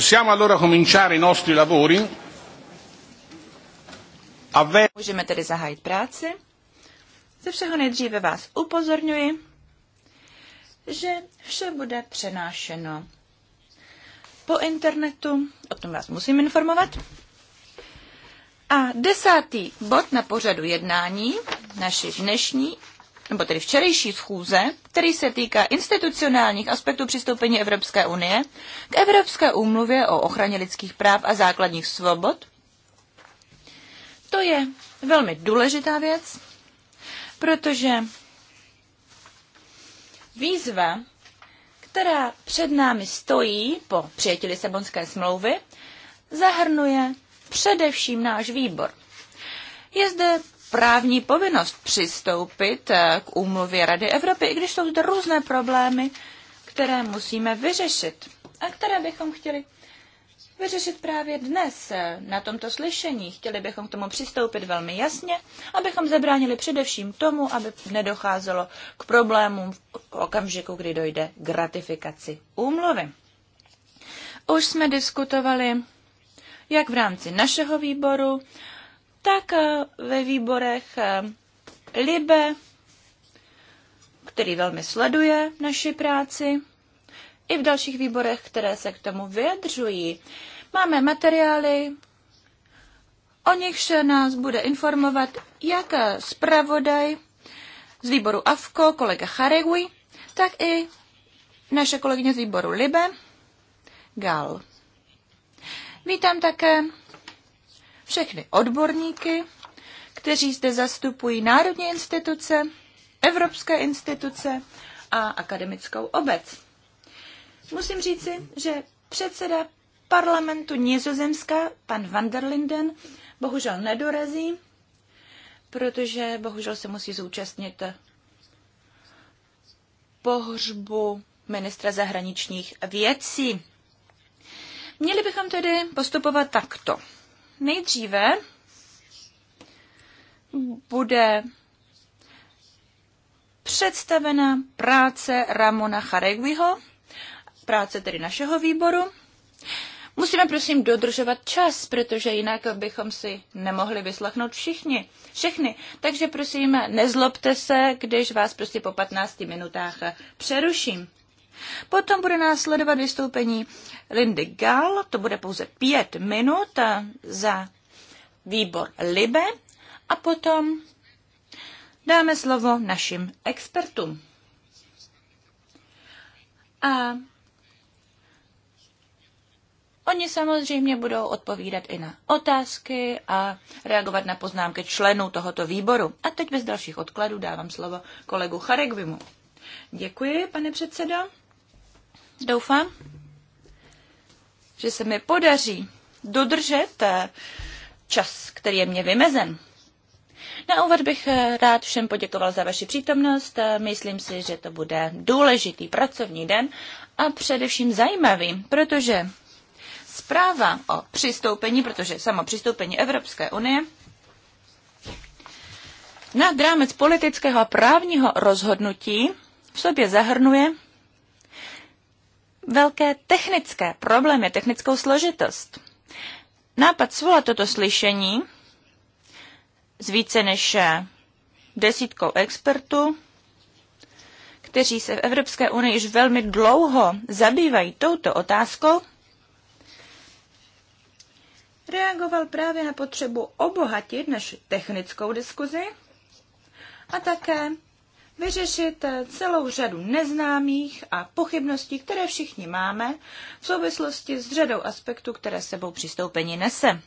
Possiamo allora cominciare i nostri lavori. Ave... Můžeme tedy zahájit práci. Ze všeho nejdříve vás upozorňuji, že vše bude přenášeno po internetu, o tom vás musím informovat. A desátý bod na pořadu jednání, naši dnešní nebo tedy včerejší schůze, který se týká institucionálních aspektů přistoupení Evropské unie k Evropské úmluvě o ochraně lidských práv a základních svobod. To je velmi důležitá věc, protože výzva, která před námi stojí po přijetí Lisabonské smlouvy, zahrnuje především náš výbor. Je zde právní povinnost přistoupit eh, k úmluvě Rady Evropy, i když jsou zde různé problémy, které musíme vyřešit a které bychom chtěli vyřešit právě dnes eh, na tomto slyšení. Chtěli bychom k tomu přistoupit velmi jasně, abychom zabránili především tomu, aby nedocházelo k problémům v okamžiku, kdy dojde k ratifikaci úmluvy. Už jsme diskutovali jak v rámci našeho výboru, tak eh, ve výborech eh, Libe, který velmi sleduje naši práci, i v dalších výborech, které se k tomu vyjadřují. Máme materiály, o nichž nás bude informovat jak zpravodaj z výboru AFKO, kolega Charegui, tak i naše kolegyně z výboru Libe, Gal. Vítám také všechny odborníky, kteří zde zastupují národní instituce, evropské instituce a akademickou obec. Musím říci, že předseda parlamentu Nizozemska, pan van der Linden, bohužel nedorazí, protože bohužel se musí zúčastnit pohřbu ministra zahraničních věcí. Měli bychom tedy postupovat takto. Nejdříve bude představena práce Ramona Chareguiho, práce tedy našeho výboru. Musíme prosím dodržovat čas, protože jinak bychom si nemohli vyslechnout všichni, všechny. Takže prosím, nezlobte se, když vás prostě po 15 minutách přeruším. Potom bude následovat vystoupení Lindy Gall, to bude pouze pět minut eh, za výbor Libe a potom dáme slovo našim expertům. A Oni samozřejmě budou odpovídat i na otázky a reagovat na poznámky členů tohoto výboru. A teď bez dalších odkladů dávám slovo kolegu Charegvimu. Děkuji, pane předsedo. Doufám, že se mi podaří dodržet eh, čas, který je mě vymezen. Na úvod bych eh, rád všem poděkoval za vaši přítomnost. Eh, myslím si, že to bude důležitý pracovní den a především zajímavý, protože zpráva o přistoupení, protože samo přistoupení Evropské unie na rámec politického a právního rozhodnutí v sobě zahrnuje velké technické problémy, technickou složitost. Nápad svolat toto slyšení s více než eh, desítkou expertů, kteří se v Evropské unii již velmi dlouho zabývají touto otázkou, reagoval právě na potřebu obohatit naši technickou diskuzi a také vyřešit eh, celou řadu neznámých a pochybností, které všichni máme v souvislosti s řadou aspektů, které sebou přistoupení nese.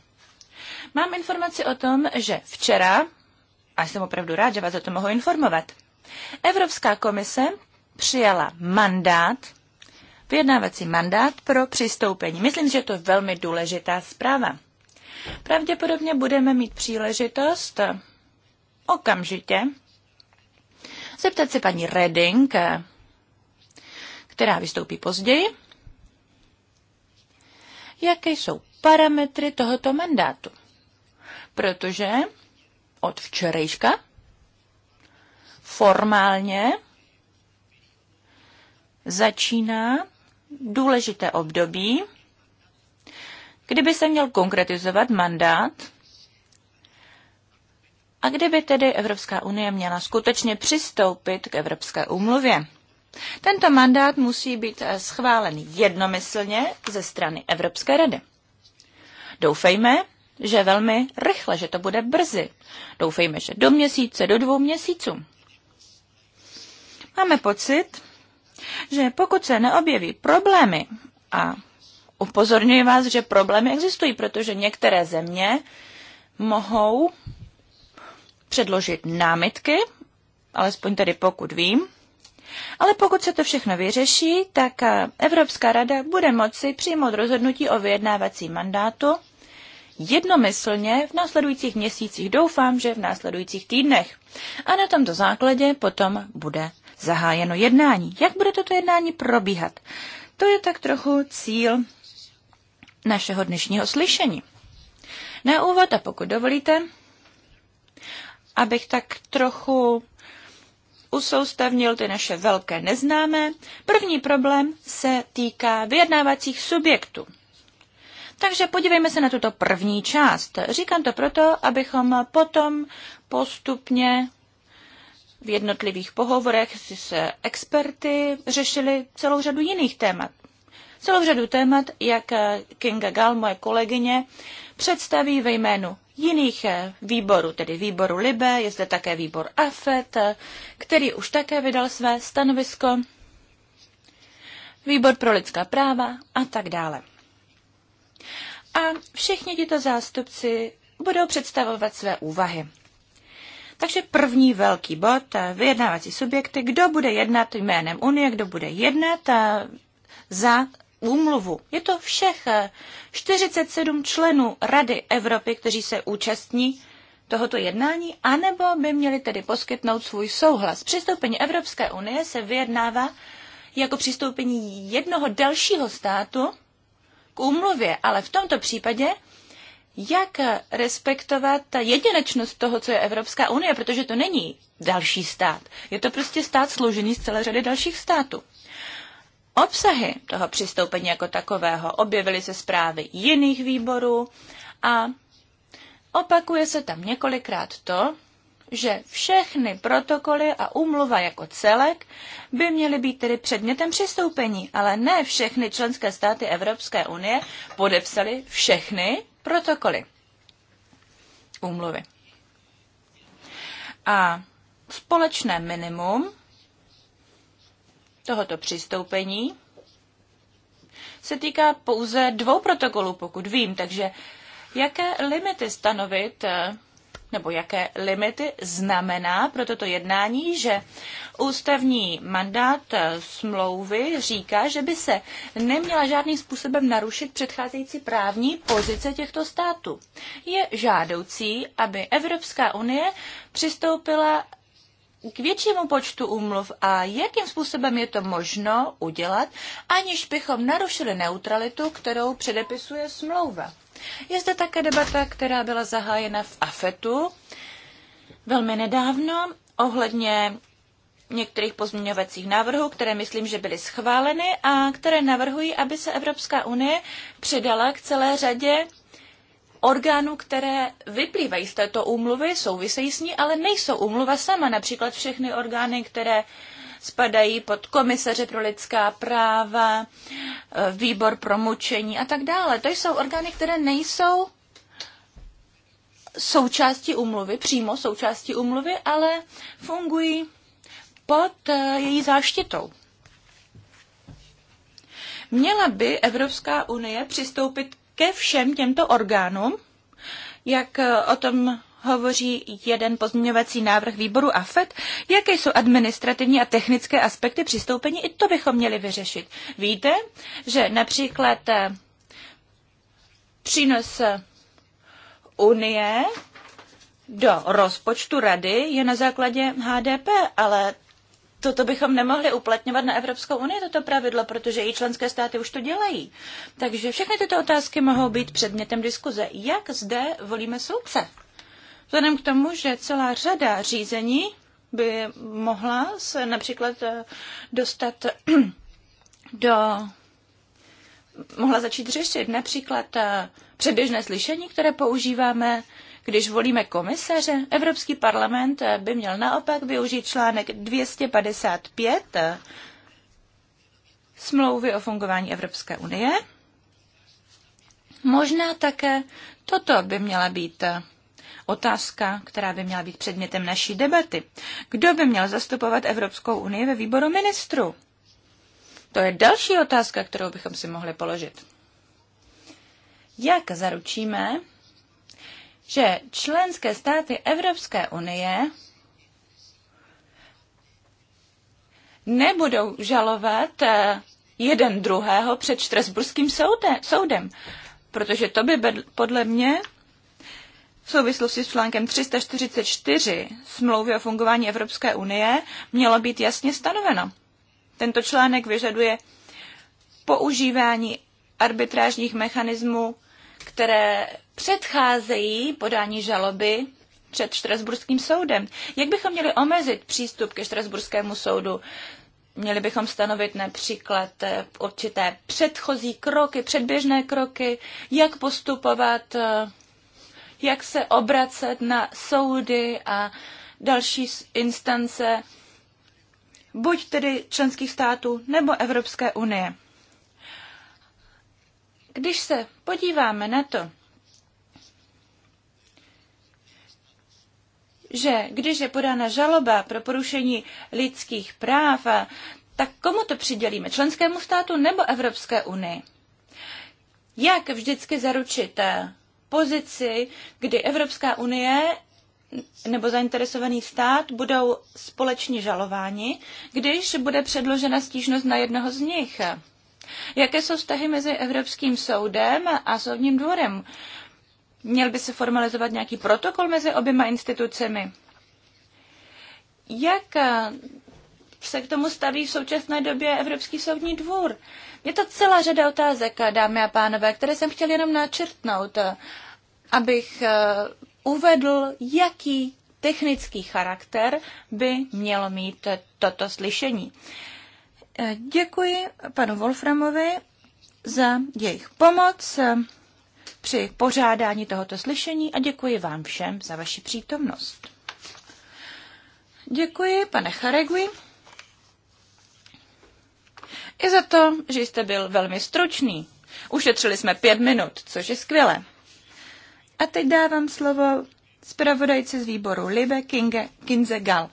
Mám informaci o tom, že včera, a jsem opravdu rád, že vás o to mohu informovat, Evropská komise přijala mandát, vyjednávací mandát pro přistoupení. Myslím, že to je velmi důležitá zpráva. Pravděpodobně budeme mít příležitost okamžitě zeptat se paní Redding, která vystoupí později, jaké jsou parametry tohoto mandátu. Protože od včerejška formálně začíná důležité období, kdyby se měl konkretizovat mandát a kdyby tedy Evropská unie měla skutečně přistoupit k Evropské úmluvě? Tento mandát musí být eh, schválen jednomyslně ze strany Evropské rady. Doufejme, že velmi rychle, že to bude brzy. Doufejme, že do měsíce, do dvou měsíců. Máme pocit, že pokud se neobjeví problémy, a upozorňuji vás, že problémy existují, protože některé země mohou předložit námitky, alespoň tedy pokud vím. Ale pokud se to všechno vyřeší, tak eh, Evropská rada bude moci přijmout rozhodnutí o vyjednávací mandátu jednomyslně v následujících měsících, doufám, že v následujících týdnech. A na tomto základě potom bude zahájeno jednání. Jak bude toto jednání probíhat? To je tak trochu cíl našeho dnešního slyšení. Na úvod, a pokud dovolíte, abych tak trochu usoustavnil ty naše velké neznámé. První problém se týká vyjednávacích subjektů. Takže podívejme se na tuto první část. Říkám to proto, abychom potom postupně v jednotlivých pohovorech se experty řešili celou řadu jiných témat. Celou řadu témat, jak Kinga Gal, moje kolegyně, představí ve jménu jiných eh, výborů, tedy výboru Libe, je zde také výbor AFET, eh, který už také vydal své stanovisko, výbor pro lidská práva a tak dále. A všichni tito zástupci budou představovat své úvahy. Takže první velký bod, eh, vyjednávací subjekty, kdo bude jednat jménem Unie, kdo bude jednat za úmluvu. Je to všech 47 eh, členů Rady Evropy, kteří se účastní tohoto jednání, anebo by měli tedy poskytnout svůj souhlas. Přistoupení Evropské unie se vyjednává jako přistoupení jednoho dalšího státu k úmluvě, ale v tomto případě jak respektovat jedinečnost toho, co je Evropská unie, protože to není další stát. Je to prostě stát složený z celé řady dalších států obsahy toho přistoupení jako takového. Objevily se zprávy jiných výborů a opakuje se tam několikrát to, že všechny protokoly a úmluva jako celek by měly být tedy předmětem přistoupení, ale ne všechny členské státy Evropské unie podepsaly všechny protokoly úmluvy. A společné minimum tohoto přistoupení se týká pouze dvou protokolů, pokud vím. Takže jaké limity stanovit, eh, nebo jaké limity znamená pro toto jednání, že ústavní mandát eh, smlouvy říká, že by se neměla žádným způsobem narušit předcházející právní pozice těchto států. Je žádoucí, aby Evropská unie přistoupila k většímu počtu úmluv a jakým způsobem je to možno udělat, aniž bychom narušili neutralitu, kterou předepisuje smlouva. Je zde také debata, která byla zahájena v AFETu velmi nedávno ohledně některých pozměňovacích návrhů, které myslím, že byly schváleny a které navrhují, aby se Evropská unie přidala k celé řadě orgánů, které vyplývají z této úmluvy, souvisejí s ní, ale nejsou úmluva sama. Například všechny orgány, které spadají pod komisaře pro lidská práva, eh, výbor pro mučení a tak dále. To jsou orgány, které nejsou součástí úmluvy, přímo součástí úmluvy, ale fungují pod eh, její záštitou. Měla by Evropská unie přistoupit ke všem těmto orgánům, jak eh, o tom hovoří jeden pozměňovací návrh výboru AFET, jaké jsou administrativní a technické aspekty přistoupení, i to bychom měli vyřešit. Víte, že například eh, přínos eh, Unie do rozpočtu rady je na základě HDP, ale toto bychom nemohli uplatňovat na Evropskou unii, toto pravidlo, protože i členské státy už to dělají. Takže všechny tyto otázky mohou být předmětem diskuze. Jak zde volíme soudce? Vzhledem k tomu, že celá řada řízení by mohla se například eh, dostat do mohla začít řešit například eh, předběžné slyšení, které používáme když volíme komisaře. Evropský parlament by měl naopak využít článek 255 smlouvy o fungování Evropské unie. Možná také toto by měla být otázka, která by měla být předmětem naší debaty. Kdo by měl zastupovat Evropskou unii ve výboru ministru? To je další otázka, kterou bychom si mohli položit. Jak zaručíme, že členské státy Evropské unie nebudou žalovat eh, jeden druhého před Štrasburským soudem, protože to by podle mě v souvislosti s článkem 344 smlouvy o fungování Evropské unie mělo být jasně stanoveno. Tento článek vyžaduje používání arbitrážních mechanismů, které předcházejí podání žaloby před Štrasburským soudem. Jak bychom měli omezit přístup ke Štrasburskému soudu? Měli bychom stanovit například eh, určité předchozí kroky, předběžné kroky, jak postupovat, eh, jak se obracet na soudy a další instance, buď tedy členských států nebo Evropské unie. Když se podíváme na to, že když je podána žaloba pro porušení lidských práv, tak komu to přidělíme? Členskému státu nebo Evropské unii? Jak vždycky zaručit eh, pozici, kdy Evropská unie nebo zainteresovaný stát budou společně žalováni, když bude předložena stížnost na jednoho z nich? Jaké jsou vztahy mezi Evropským soudem a soudním dvorem? Měl by se formalizovat nějaký protokol mezi oběma institucemi? Jak eh, se k tomu staví v současné době Evropský soudní dvůr? Je to celá řada otázek, dámy a pánové, které jsem chtěl jenom načrtnout, abych eh, uvedl, jaký technický charakter by mělo mít toto slyšení. Eh, děkuji panu Wolframovi za jejich pomoc při pořádání tohoto slyšení a děkuji vám všem za vaši přítomnost. Děkuji, pane Charegui, i za to, že jste byl velmi stručný. Ušetřili jsme pět minut, což je skvělé. A teď dávám slovo zpravodajce z výboru Libe Kinge, Kinze Gal.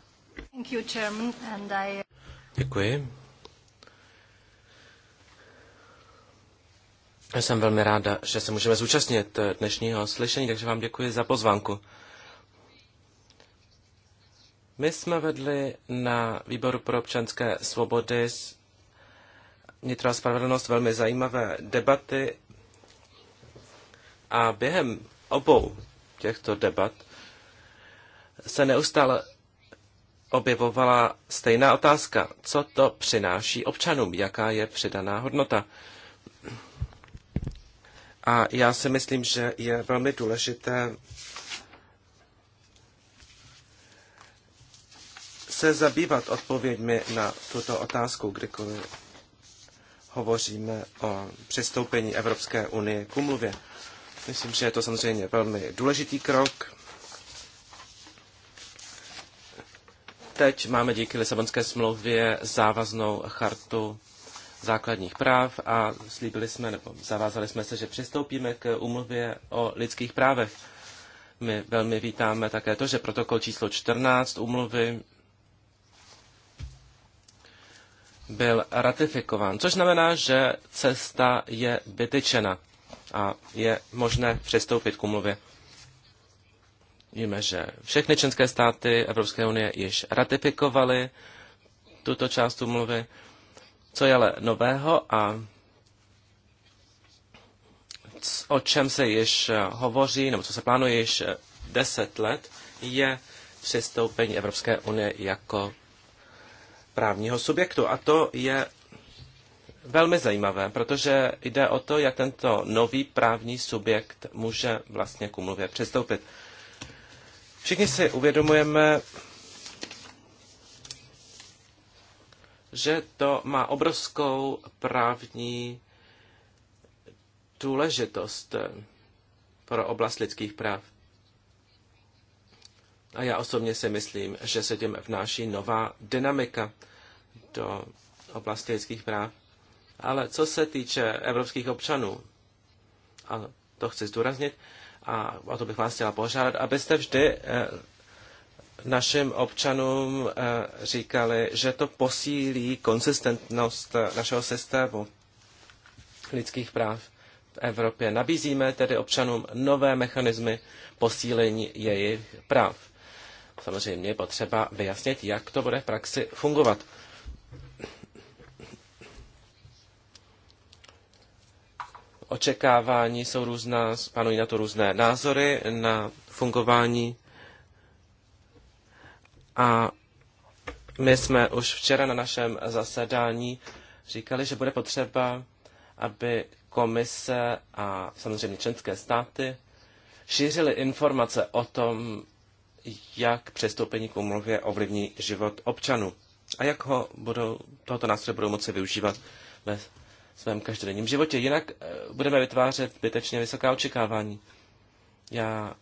Děkuji. Jsem velmi ráda, že se můžeme zúčastnit eh, dnešního slyšení, takže vám děkuji za pozvánku. My jsme vedli na výboru pro občanské svobody vnitro a spravedlnost velmi zajímavé debaty a během obou těchto debat se neustále objevovala stejná otázka, co to přináší občanům, jaká je přidaná hodnota. A já si myslím, že je velmi důležité se zabývat odpověďmi na tuto otázku, kdykoliv hovoříme o přistoupení Evropské unie k umluvě. Myslím, že je to samozřejmě velmi důležitý krok. Teď máme díky Lisabonské smlouvě závaznou chartu základních práv a slíbili jsme, nebo zavázali jsme se, že přistoupíme k umluvě o lidských právech. My velmi vítáme také to, že protokol číslo 14 umluvy byl ratifikován, což znamená, že cesta je vytyčena a je možné přistoupit k umluvě. Víme, že všechny členské státy Evropské unie již ratifikovaly tuto část umluvy co je ale nového a o čem se již eh, hovoří, nebo co se plánuje již eh, deset let, je přistoupení Evropské unie jako právního subjektu. A to je velmi zajímavé, protože jde o to, jak tento nový právní subjekt může vlastně k umluvě přistoupit. Všichni si uvědomujeme že to má obrovskou právní důležitost pro oblast lidských práv. A já osobně si myslím, že se tím vnáší nová dynamika do oblasti lidských práv. Ale co se týče evropských občanů, a to chci zdůraznit, a o to bych vás chtěla požádat, abyste vždy eh, našim občanům eh, říkali, že to posílí konsistentnost našeho systému lidských práv v Evropě. Nabízíme tedy občanům nové mechanismy posílení jejich práv. Samozřejmě je potřeba vyjasnit, jak to bude v praxi fungovat. Očekávání jsou různá, panují na to různé názory na fungování a my jsme už včera na našem zasedání říkali, že bude potřeba, aby komise a samozřejmě členské státy šířily informace o tom, jak přestoupení k umluvě ovlivní život občanů a jak ho budou, tohoto nástroje budou moci využívat ve svém každodenním životě. Jinak eh, budeme vytvářet zbytečně vysoká očekávání. Já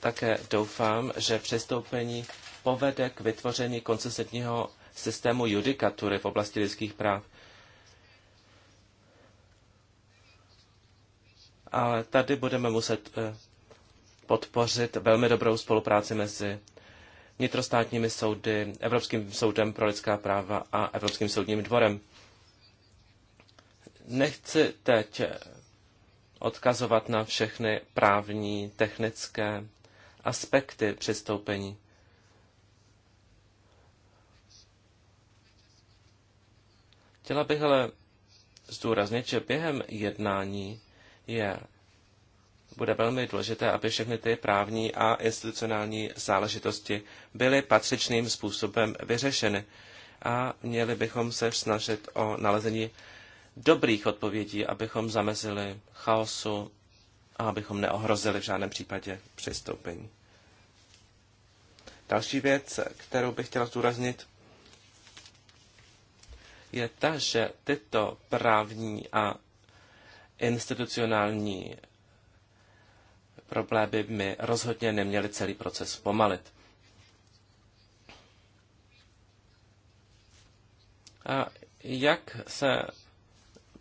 také doufám, že přistoupení povede k vytvoření koncesetního systému judikatury v oblasti lidských práv. Ale tady budeme muset eh, podpořit velmi dobrou spolupráci mezi vnitrostátními soudy, Evropským soudem pro lidská práva a Evropským soudním dvorem. Nechci teď odkazovat na všechny právní, technické aspekty přistoupení. Chtěla bych ale zdůraznit, že během jednání je, bude velmi důležité, aby všechny ty právní a institucionální záležitosti byly patřičným způsobem vyřešeny a měli bychom se snažit o nalezení dobrých odpovědí, abychom zamezili chaosu a abychom neohrozili v žádném případě přistoupení. Další věc, kterou bych chtěla zdůraznit, je ta, že tyto právní a institucionální problémy by rozhodně neměly celý proces pomalit. A jak se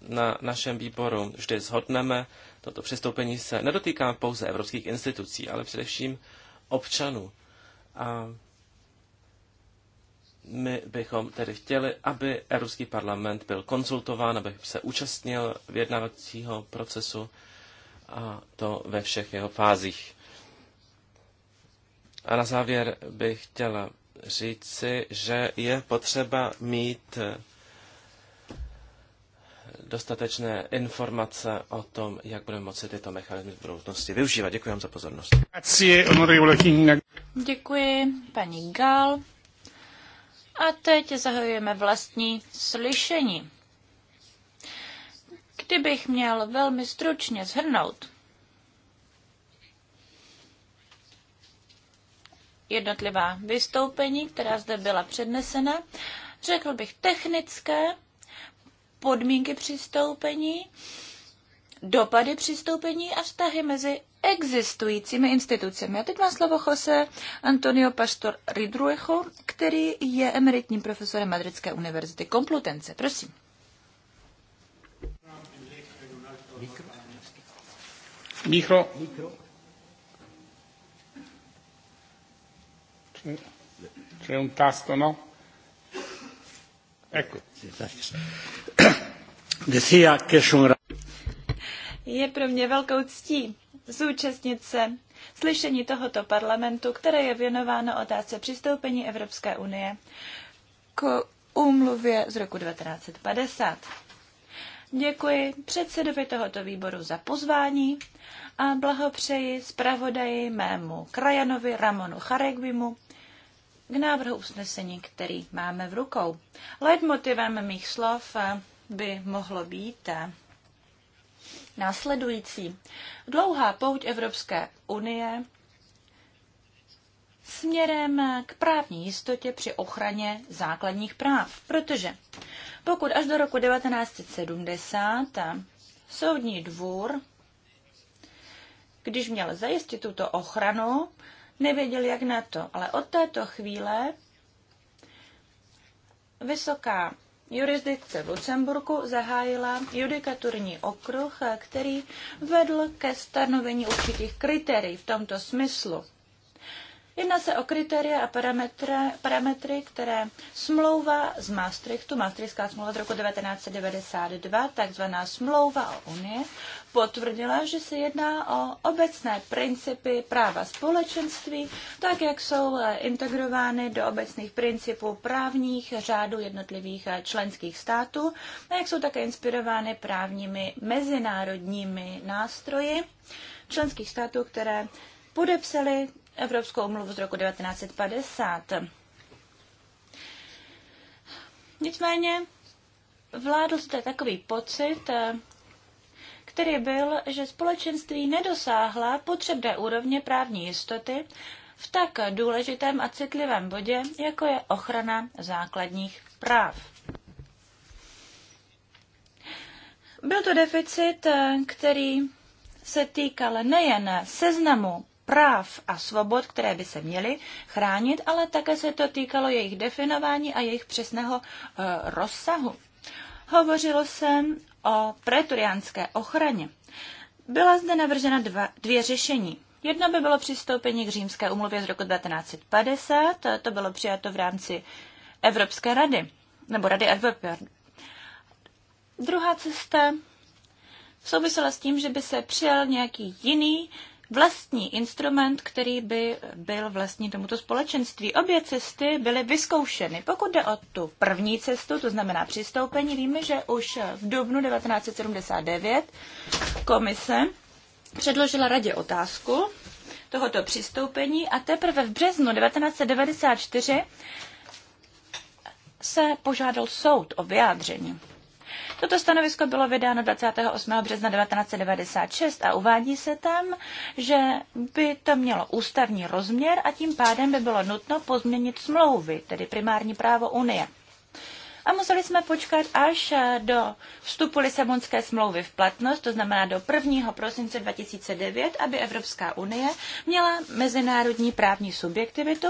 na našem výboru vždy zhodneme, Toto přestoupení se nedotýká pouze evropských institucí, ale především občanů. A my bychom tedy chtěli, aby Evropský parlament byl konzultován, aby se účastnil vyjednávacího procesu a to ve všech jeho fázích. A na závěr bych chtěla říci, že je potřeba mít dostatečné informace o tom, jak budeme moci tyto mechanizmy v budoucnosti využívat. Děkuji vám za pozornost. Děkuji, paní Gal. A teď zahajujeme vlastní slyšení. Kdybych měl velmi stručně zhrnout jednotlivá vystoupení, která zde byla přednesena, řekl bych technické, podmínky přistoupení, dopady přistoupení a vztahy mezi existujícími institucemi. A teď má slovo Jose Antonio Pastor Ridruejo, který je emeritním profesorem Madridské univerzity Komplutence. Prosím. Mikro. Mikro. C'è un tasto, no? je pro mě velkou ctí zúčastnit se slyšení tohoto parlamentu, které je věnováno otázce přistoupení Evropské unie k úmluvě z roku 1950. Děkuji předsedovi tohoto výboru za pozvání a blahopřeji zpravodaji mému krajanovi Ramonu Charegvimu k návrhu usnesení, který máme v rukou. Leitmotivem mých slov by mohlo být následující. Dlouhá pouť Evropské unie směrem k právní jistotě při ochraně základních práv, protože pokud až do roku 1970 soudní dvůr, když měl zajistit tuto ochranu, nevěděl, jak na to. Ale od této chvíle vysoká jurisdikce v Lucemburku zahájila judikaturní okruh, který vedl ke stanovení určitých kritérií v tomto smyslu. Jedná se o kritéria a parametry, parametry které smlouva z Maastrichtu, Maastrichtská smlouva z roku 1992, takzvaná smlouva o Unii, potvrdila, že se jedná o obecné principy práva společenství, tak jak jsou eh, integrovány do obecných principů právních řádů jednotlivých eh, členských států a jak jsou také inspirovány právními mezinárodními nástroji členských států, které podepsali Evropskou umluvu z roku 1950. Nicméně vládl zde takový pocit, eh, který byl, že společenství nedosáhla potřebné úrovně právní jistoty v tak důležitém a citlivém bodě, jako je ochrana základních práv. Byl to deficit, eh, který se týkal nejen seznamu práv a svobod, které by se měly chránit, ale také se to týkalo jejich definování a jejich přesného e, rozsahu. Hovořilo se o pretoriánské ochraně. Byla zde navržena dva, dvě řešení. Jedno by bylo přistoupení k římské umluvě z roku 1950, e, to bylo přijato v rámci Evropské rady, nebo Rady Evropy. Druhá cesta souvisela s tím, že by se přijal nějaký jiný vlastní instrument, který by byl vlastní tomuto společenství. Obě cesty byly vyzkoušeny. Pokud jde o tu první cestu, to znamená přistoupení, víme, že už v dubnu 1979 komise předložila radě otázku tohoto přistoupení a teprve v březnu 1994 se požádal soud o vyjádření. Toto stanovisko bylo vydáno 28. března 1996 a uvádí se tam, že by to mělo ústavní rozměr a tím pádem by bylo nutno pozměnit smlouvy, tedy primární právo Unie. A museli jsme počkat až do vstupu Lisabonské smlouvy v platnost, to znamená do 1. prosince 2009, aby Evropská unie měla mezinárodní právní subjektivitu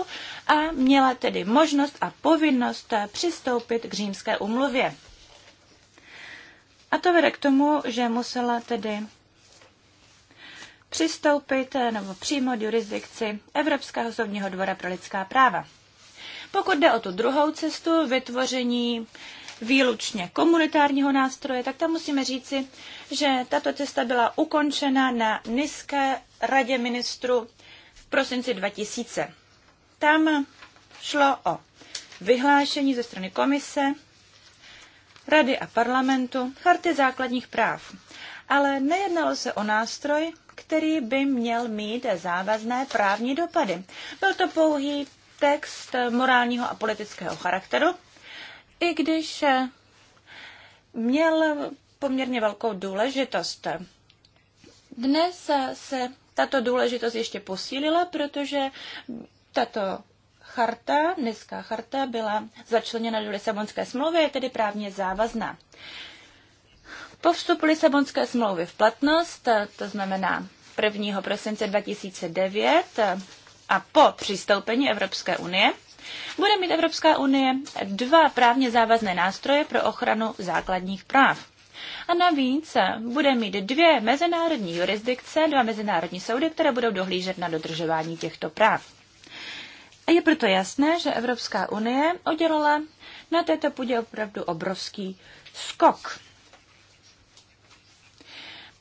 a měla tedy možnost a povinnost přistoupit k římské umluvě. A to vede k tomu, že musela tedy přistoupit eh, nebo přijmout jurisdikci Evropského soudního dvora pro lidská práva. Pokud jde o tu druhou cestu, vytvoření výlučně komunitárního nástroje, tak tam musíme říci, že tato cesta byla ukončena na Niské radě ministru v prosinci 2000. Tam šlo o vyhlášení ze strany komise Rady a parlamentu Charty základních práv. Ale nejednalo se o nástroj, který by měl mít závazné právní dopady. Byl to pouhý text morálního a politického charakteru, i když eh, měl poměrně velkou důležitost. Dnes eh, se tato důležitost ještě posílila, protože tato charta, městská charta byla začleněna do Lisabonské smlouvy, je tedy právně závazná. Po vstupu Lisabonské smlouvy v platnost, to znamená 1. prosince 2009 a po přistoupení Evropské unie, bude mít Evropská unie dva právně závazné nástroje pro ochranu základních práv. A navíc bude mít dvě mezinárodní jurisdikce, dva mezinárodní soudy, které budou dohlížet na dodržování těchto práv. A je proto jasné, že Evropská unie udělala na této půdě opravdu obrovský skok.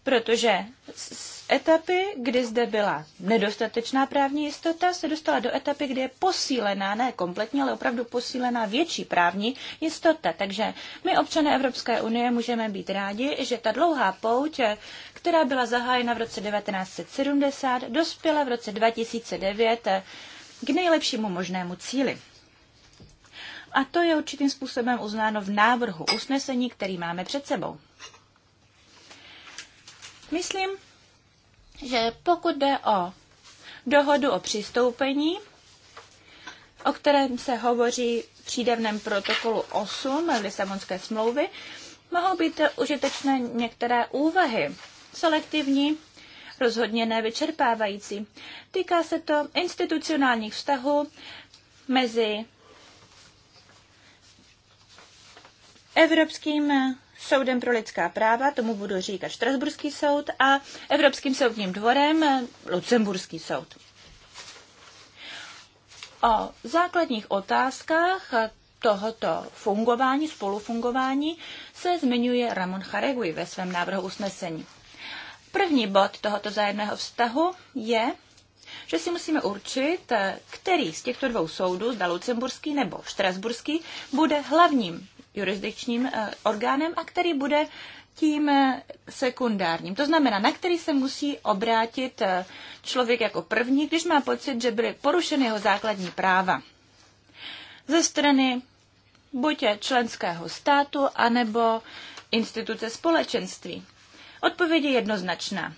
Protože z etapy, kdy zde byla nedostatečná právní jistota, se dostala do etapy, kdy je posílená, ne kompletně, ale opravdu posílená větší právní jistota. Takže my, občané Evropské unie, můžeme být rádi, že ta dlouhá pouť, která byla zahájena v roce 1970, dospěla v roce 2009 k nejlepšímu možnému cíli. A to je určitým způsobem uznáno v návrhu usnesení, který máme před sebou. Myslím, že pokud jde o dohodu o přistoupení, o kterém se hovoří v přídavném protokolu 8 Lisabonské smlouvy, mohou být užitečné některé úvahy, selektivní rozhodně nevyčerpávající. Týká se to institucionálních vztahů mezi Evropským soudem pro lidská práva, tomu budu říkat Štrasburský soud, a Evropským soudním dvorem Lucemburský soud. O základních otázkách tohoto fungování, spolufungování, se zmiňuje Ramon Charegui ve svém návrhu usnesení. První bod tohoto zájemného vztahu je, že si musíme určit, eh, který z těchto dvou soudů, zda lucemburský nebo štrasburský, bude hlavním jurisdikčním eh, orgánem a který bude tím eh, sekundárním. To znamená, na který se musí obrátit člověk jako první, když má pocit, že byly porušeny jeho základní práva. Ze strany buď členského státu, anebo instituce společenství. Odpověď je jednoznačná.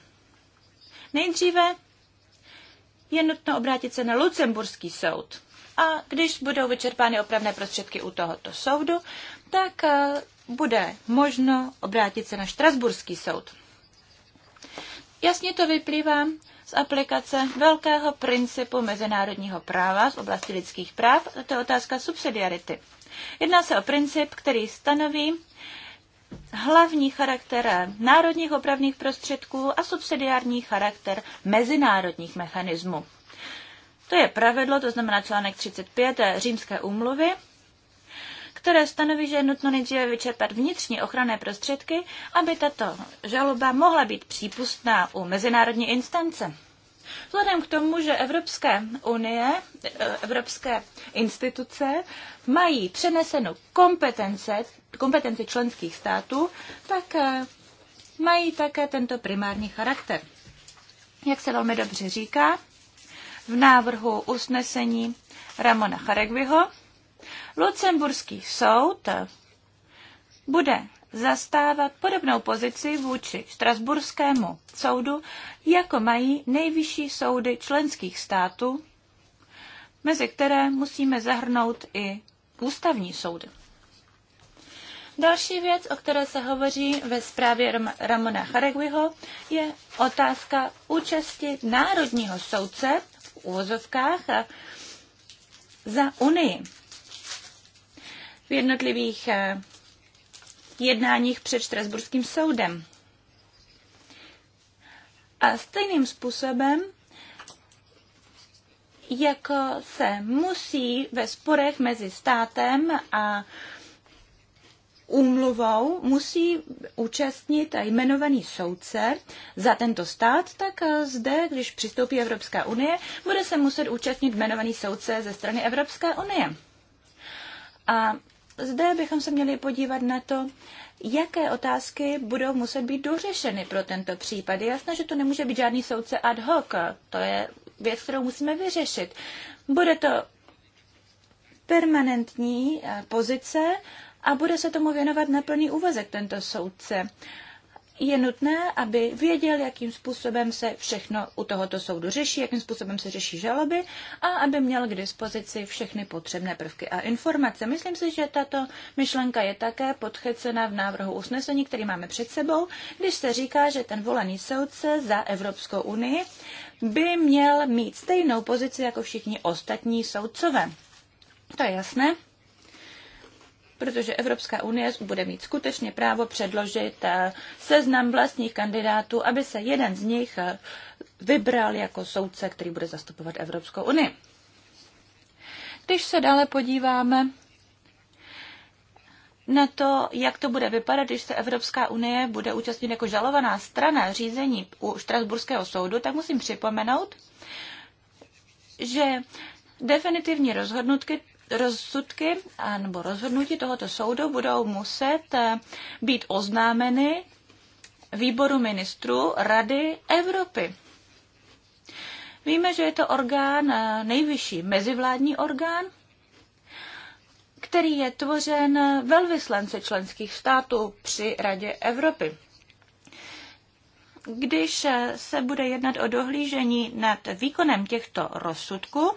Nejdříve je nutno obrátit se na Lucemburský soud. A když budou vyčerpány opravné prostředky u tohoto soudu, tak eh, bude možno obrátit se na Štrasburský soud. Jasně to vyplývá z aplikace velkého principu mezinárodního práva z oblasti lidských práv, a to je otázka subsidiarity. Jedná se o princip, který stanoví, hlavní charakter národních opravných prostředků a subsidiární charakter mezinárodních mechanismů. To je pravidlo, to znamená článek 35 římské úmluvy, které stanoví, že je nutno nejdříve vyčerpat vnitřní ochranné prostředky, aby tato žaloba mohla být přípustná u mezinárodní instance. Vzhledem k tomu, že Evropské unie, eh, evropské instituce mají přenesenou kompetence, kompetence členských států, tak eh, mají také tento primární charakter. Jak se velmi dobře říká, v návrhu usnesení Ramona Charegviho, Lucemburský soud bude zastávat podobnou pozici vůči Štrasburskému soudu, jako mají nejvyšší soudy členských států, mezi které musíme zahrnout i ústavní soudy. Další věc, o které se hovoří ve zprávě Ramona Chareguiho, je otázka účasti národního soudce v úvozovkách za Unii v jednotlivých eh, jednáních před Štrasburským soudem. A stejným způsobem, jako se musí ve sporech mezi státem a úmluvou musí účastnit jmenovaný soudce za tento stát, tak zde, když přistoupí Evropská unie, bude se muset účastnit jmenovaný soudce ze strany Evropské unie. A zde bychom se měli podívat na to, jaké otázky budou muset být dořešeny pro tento případ. Je jasné, že to nemůže být žádný soudce ad hoc. To je věc, kterou musíme vyřešit. Bude to permanentní eh, pozice a bude se tomu věnovat na plný úvazek tento soudce je nutné, aby věděl, jakým způsobem se všechno u tohoto soudu řeší, jakým způsobem se řeší žaloby a aby měl k dispozici všechny potřebné prvky a informace. Myslím si, že tato myšlenka je také podchycena v návrhu usnesení, který máme před sebou, když se říká, že ten volený soudce za Evropskou unii by měl mít stejnou pozici jako všichni ostatní soudcové. To je jasné protože Evropská unie bude mít skutečně právo předložit eh, seznam vlastních kandidátů, aby se jeden z nich eh, vybral jako soudce, který bude zastupovat Evropskou unii. Když se dále podíváme na to, jak to bude vypadat, když se Evropská unie bude účastnit jako žalovaná strana řízení u Štrasburského soudu, tak musím připomenout, že definitivní rozhodnutky rozsudky a, nebo rozhodnutí tohoto soudu budou muset eh, být oznámeny výboru ministrů Rady Evropy. Víme, že je to orgán, eh, nejvyšší mezivládní orgán, který je tvořen velvyslanci členských států při Radě Evropy. Když eh, se bude jednat o dohlížení nad výkonem těchto rozsudků,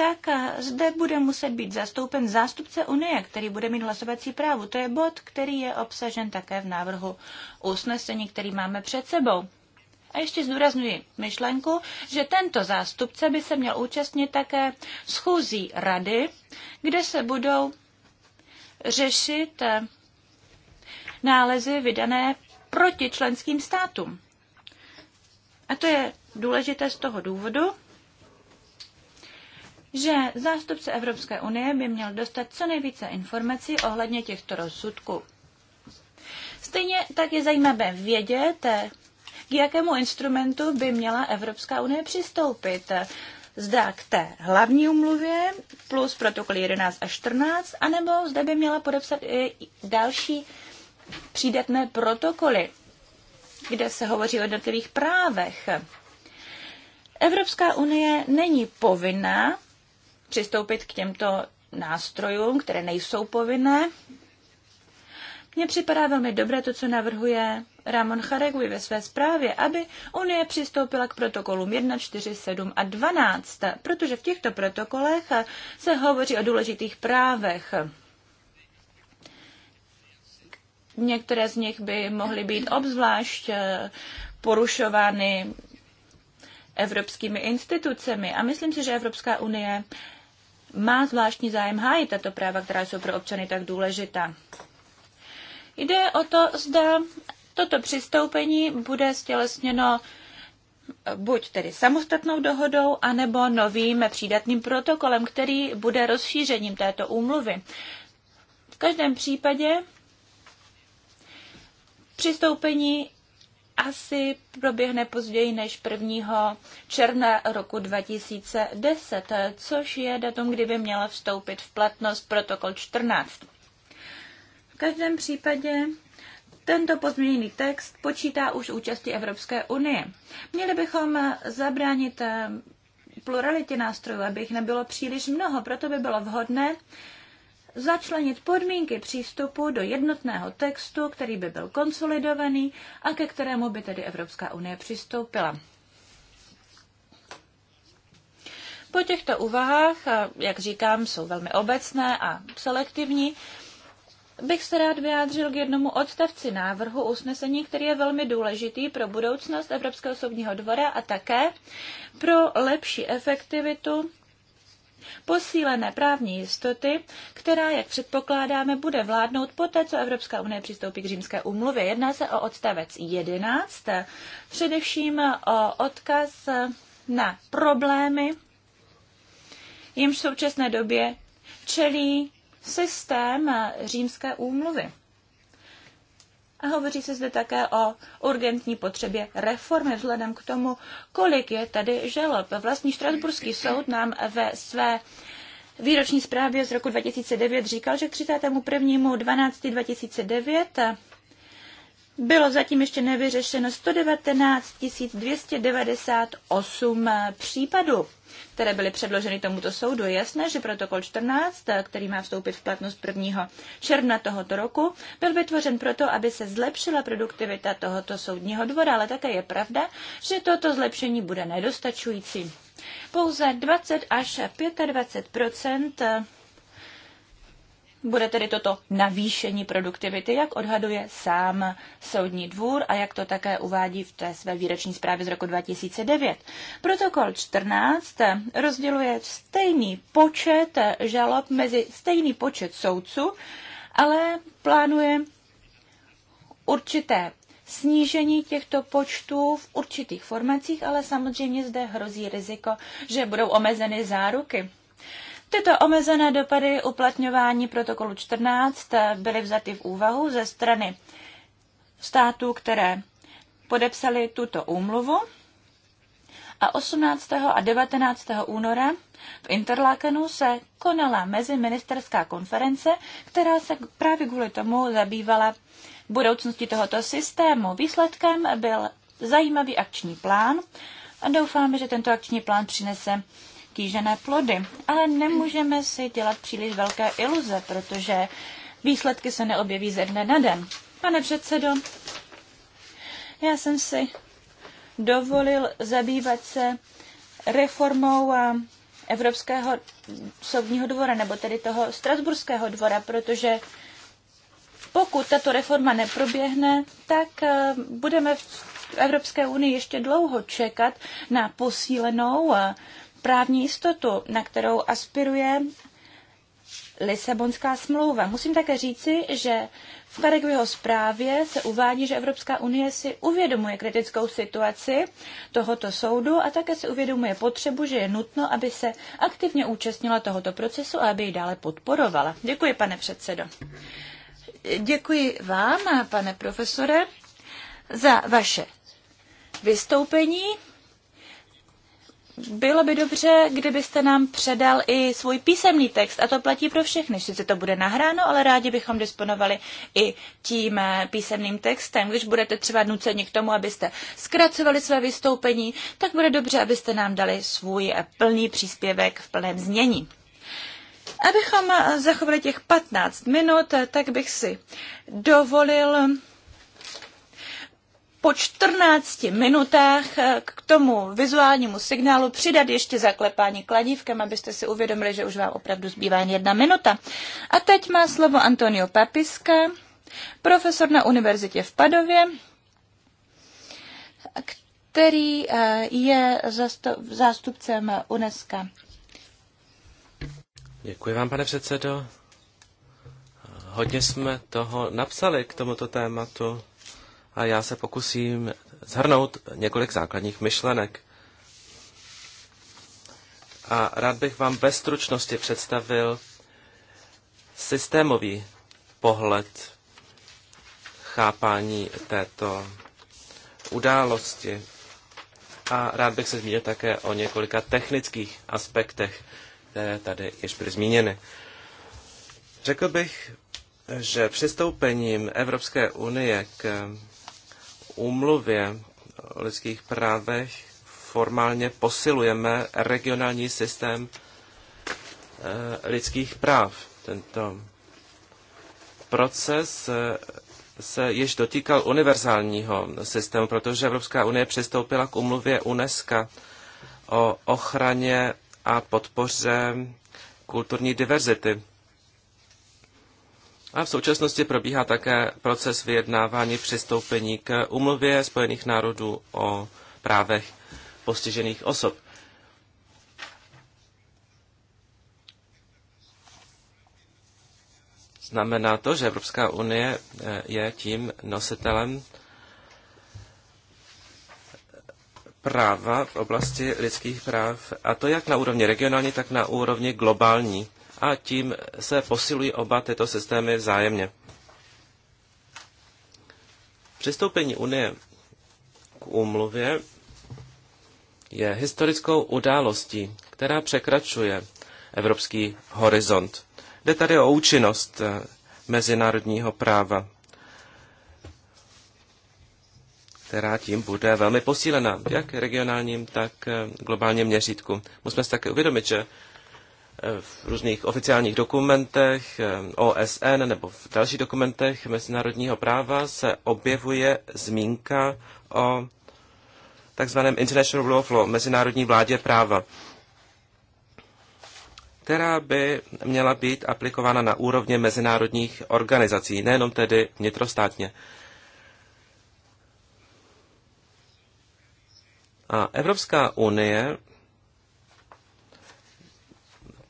tak zde bude muset být zastoupen zástupce Unie, který bude mít hlasovací právo. To je bod, který je obsažen také v návrhu usnesení, který máme před sebou. A ještě zdůraznuju myšlenku, že tento zástupce by se měl účastnit také schůzí rady, kde se budou řešit eh, nálezy vydané proti členským státům. A to je důležité z toho důvodu, že zástupce Evropské unie by měl dostat co nejvíce informací ohledně těchto rozsudků. Stejně tak je zajímavé vědět, k jakému instrumentu by měla Evropská unie přistoupit. Zda k té hlavní umluvě plus protokoly 11 a 14, anebo zde by měla podepsat i další přídatné protokoly, kde se hovoří o jednotlivých právech. Evropská unie není povinná přistoupit k těmto nástrojům, které nejsou povinné. Mně připadá velmi dobré to, co navrhuje Ramon Charegui ve své zprávě, aby Unie přistoupila k protokolům 1, 4, 7 a 12, protože v těchto protokolech se hovoří o důležitých právech. Některé z nich by mohly být obzvlášť eh, porušovány evropskými institucemi. A myslím si, že Evropská unie má zvláštní zájem hájit tato práva, která jsou pro občany tak důležitá. Jde o to, zda toto přistoupení bude stělesněno buď tedy samostatnou dohodou, anebo novým přídatným protokolem, který bude rozšířením této úmluvy. V každém případě přistoupení asi proběhne později než 1. června roku 2010, což je datum, kdy by měla vstoupit v platnost protokol 14. V každém případě tento pozměněný text počítá už účasti Evropské unie. Měli bychom zabránit pluralitě nástrojů, aby jich nebylo příliš mnoho, proto by bylo vhodné, začlenit podmínky přístupu do jednotného textu, který by byl konsolidovaný a ke kterému by tedy Evropská unie přistoupila. Po těchto úvahách, jak říkám, jsou velmi obecné a selektivní, bych se rád vyjádřil k jednomu odstavci návrhu usnesení, který je velmi důležitý pro budoucnost Evropského soudního dvora a také pro lepší efektivitu posílené právní jistoty, která, jak předpokládáme, bude vládnout poté, co Evropská unie přistoupí k římské úmluvě. Jedná se o odstavec 11, především o odkaz na problémy, jimž v současné době čelí systém římské úmluvy. A hovoří se zde také o urgentní potřebě reformy vzhledem k tomu, kolik je tady žalob. Vlastní Štrasburský soud nám ve své výroční zprávě z roku 2009 říkal, že k 31.12.2009 bylo zatím ještě nevyřešeno 119 298 eh, případů, které byly předloženy tomuto soudu. Je jasné, že protokol 14, eh, který má vstoupit v platnost 1. června tohoto roku, byl vytvořen proto, aby se zlepšila produktivita tohoto soudního dvora, ale také je pravda, že toto zlepšení bude nedostačující. Pouze 20 až 25 bude tedy toto navýšení produktivity, jak odhaduje sám Soudní dvůr a jak to také uvádí v té své výroční zprávě z roku 2009. Protokol 14 rozděluje stejný počet žalob mezi stejný počet soudců, ale plánuje určité snížení těchto počtů v určitých formacích, ale samozřejmě zde hrozí riziko, že budou omezeny záruky. Tyto omezené dopady uplatňování protokolu 14 byly vzaty v úvahu ze strany států, které podepsali tuto úmluvu a 18. a 19. února v Interlakenu se konala meziministerská konference, která se právě kvůli tomu zabývala budoucností tohoto systému. Výsledkem byl zajímavý akční plán a doufáme, že tento akční plán přinese kýžené plody. Ale nemůžeme si dělat příliš velké iluze, protože výsledky se neobjeví ze dne na den. Pane předsedo, já jsem si dovolil zabývat se reformou eh, Evropského soudního dvora, nebo tedy toho Strasburského dvora, protože pokud tato reforma neproběhne, tak eh, budeme v Evropské unii ještě dlouho čekat na posílenou eh, právní jistotu, na kterou aspiruje Lisabonská smlouva. Musím také říci, že v Karegviho zprávě se uvádí, že Evropská unie si uvědomuje kritickou situaci tohoto soudu a také si uvědomuje potřebu, že je nutno, aby se aktivně účastnila tohoto procesu a aby ji dále podporovala. Děkuji, pane předsedo. Děkuji vám, pane profesore, za vaše vystoupení bylo by dobře, kdybyste nám předal i svůj písemný text, a to platí pro všechny. Sice to bude nahráno, ale rádi bychom disponovali i tím eh, písemným textem. Když budete třeba nuceni k tomu, abyste zkracovali své vystoupení, tak bude dobře, abyste nám dali svůj eh, plný příspěvek v plném znění. Abychom eh, zachovali těch 15 minut, tak bych si dovolil po 14 minutách eh, k tomu vizuálnímu signálu přidat ještě zaklepání kladívkem, abyste si uvědomili, že už vám opravdu zbývá jen jedna minuta. A teď má slovo Antonio Papiska, profesor na univerzitě v Padově, který eh, je zástupcem UNESCO. Děkuji vám, pane předsedo. Hodně jsme toho napsali k tomuto tématu a já se pokusím zhrnout několik základních myšlenek. A rád bych vám ve stručnosti představil systémový pohled chápání této události. A rád bych se zmínil také o několika technických aspektech, které tady již byly zmíněny. Řekl bych, že přistoupením Evropské unie k úmluvě o lidských právech formálně posilujeme regionální systém eh, lidských práv. Tento proces eh, se již dotýkal univerzálního systému, protože Evropská unie přistoupila k umluvě UNESCO o ochraně a podpoře kulturní diverzity. A v současnosti probíhá také proces vyjednávání přistoupení k umluvě Spojených národů o právech postižených osob. Znamená to, že Evropská unie eh, je tím nositelem práva v oblasti lidských práv, a to jak na úrovni regionální, tak na úrovni globální a tím se posilují oba tyto systémy vzájemně. Přistoupení Unie k úmluvě je historickou událostí, která překračuje evropský horizont. Jde tady o účinnost eh, mezinárodního práva, která tím bude velmi posílena, jak regionálním, tak eh, globálním měřítku. Musíme si také uvědomit, že v různých oficiálních dokumentech eh, OSN nebo v dalších dokumentech mezinárodního práva se objevuje zmínka o takzvaném International Rule of Law, mezinárodní vládě práva, která by měla být aplikována na úrovně mezinárodních organizací, nejenom tedy vnitrostátně. A Evropská unie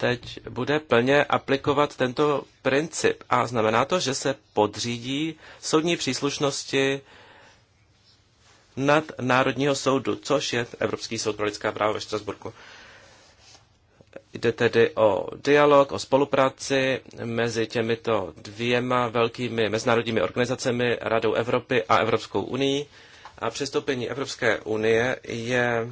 teď bude plně aplikovat tento princip. A znamená to, že se podřídí soudní příslušnosti nad Národního soudu, což je Evropský soud pro lidská práva ve Štrasburku. Jde tedy o dialog, o spolupráci mezi těmito dvěma velkými mezinárodními organizacemi, Radou Evropy a Evropskou unii. A přistoupení Evropské unie je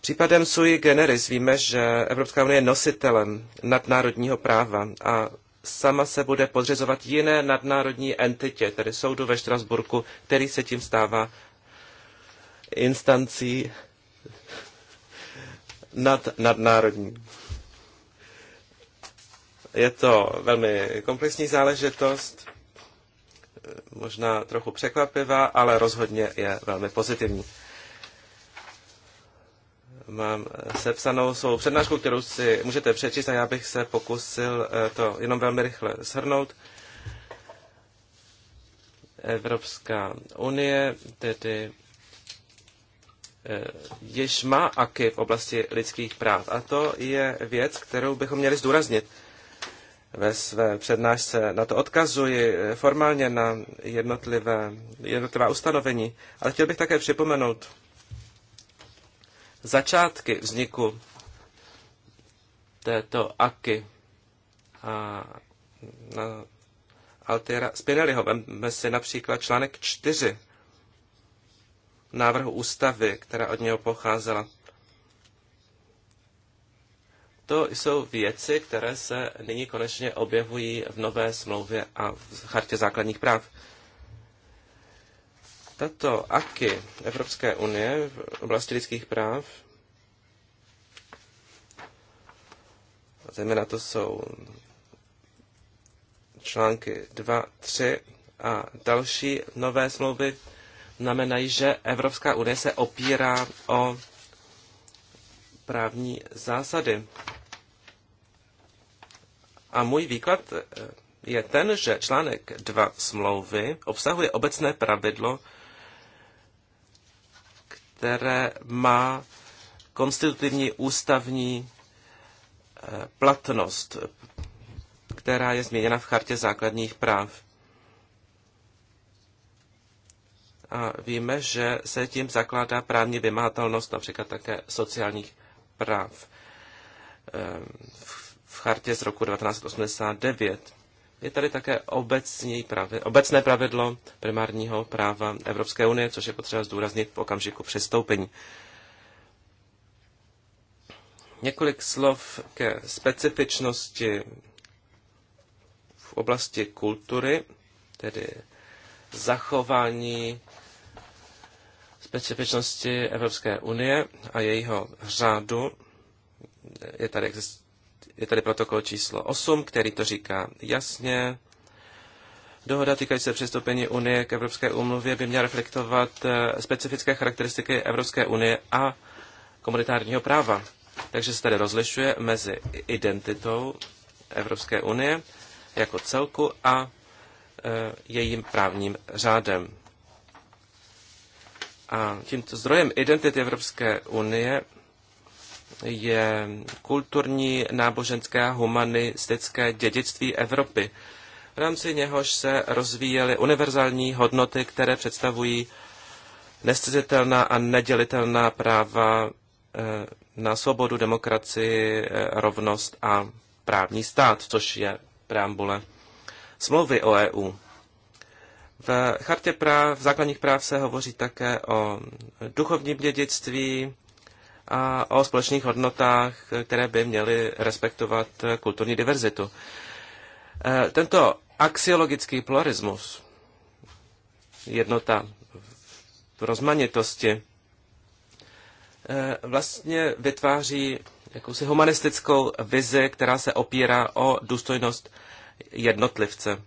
Případem sui generis víme, že Evropská unie je nositelem nadnárodního práva a sama se bude podřizovat jiné nadnárodní entitě, tedy soudu ve Štrasburku, který se tím stává instancí nad, nadnárodní. Je to velmi komplexní záležitost, možná trochu překvapivá, ale rozhodně je velmi pozitivní mám sepsanou svou přednášku, kterou si můžete přečíst a já bych se pokusil eh, to jenom velmi rychle shrnout. Evropská unie tedy eh, již má aky v oblasti lidských práv. A to je věc, kterou bychom měli zdůraznit. Ve své přednášce na to odkazuji eh, formálně na jednotlivé, jednotlivá ustanovení, ale chtěl bych také připomenout začátky vzniku této aky a na Altiera Spinelliho. Vemme si například článek 4 návrhu ústavy, která od něho pocházela. To jsou věci, které se nyní konečně objevují v nové smlouvě a v chartě základních práv. Tato AKI Evropské unie v oblasti lidských práv, a zejména to jsou články 2, 3 a další nové smlouvy, znamenají, že Evropská unie se opírá o právní zásady. A můj výklad eh, je ten, že článek 2 smlouvy obsahuje obecné pravidlo které má konstitutivní ústavní eh, platnost, která je změněna v chartě základních práv. A víme, že se tím zakládá právní vymahatelnost například také sociálních práv eh, v chartě z roku 1989. Je tady také obecní pravidlo, obecné pravidlo primárního práva Evropské unie, což je potřeba zdůraznit v okamžiku přestoupení. Několik slov ke specifičnosti v oblasti kultury, tedy zachování specifičnosti Evropské unie a jejího řádu. Je tady, exist, je tady protokol číslo 8, který to říká jasně. Dohoda týkající se přistoupení Unie k Evropské úmluvě by měla reflektovat eh, specifické charakteristiky Evropské unie a komunitárního práva. Takže se tady rozlišuje mezi identitou Evropské unie jako celku a eh, jejím právním řádem. A tímto zdrojem identity Evropské unie je kulturní, náboženské a humanistické dědictví Evropy. V rámci něhož se rozvíjely univerzální hodnoty, které představují nescizitelná a nedělitelná práva eh, na svobodu, demokracii, eh, rovnost a právní stát, což je preambule smlouvy o EU. V chartě práv, v základních práv se hovoří také o duchovním dědictví, a o společných hodnotách, které by měly respektovat kulturní diverzitu. E, tento axiologický pluralismus, jednota v rozmanitosti, e, vlastně vytváří jakousi humanistickou vizi, která se opírá o důstojnost jednotlivce.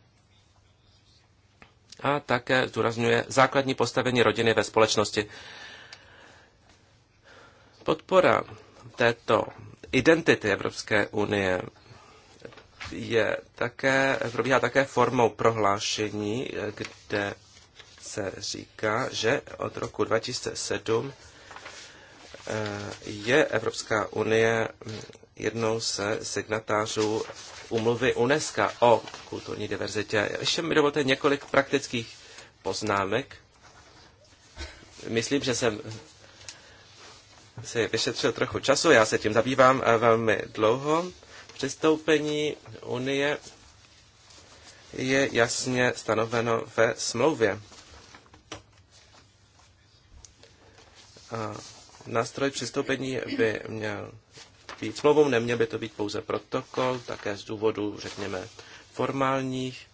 A také zdůrazňuje základní postavení rodiny ve společnosti. Podpora této identity Evropské unie je také, probíhá také formou prohlášení, kde se říká, že od roku 2007 eh, je Evropská unie jednou se signatářů umluvy UNESCO o kulturní diverzitě. Ještě mi dovolte několik praktických poznámek. Myslím, že jsem si vyšetřil trochu času, já se tím zabývám eh, velmi dlouho. Přistoupení Unie je jasně stanoveno ve smlouvě. A nástroj přistoupení by měl být smlouvou, neměl by to být pouze protokol, také z důvodu, řekněme, formálních,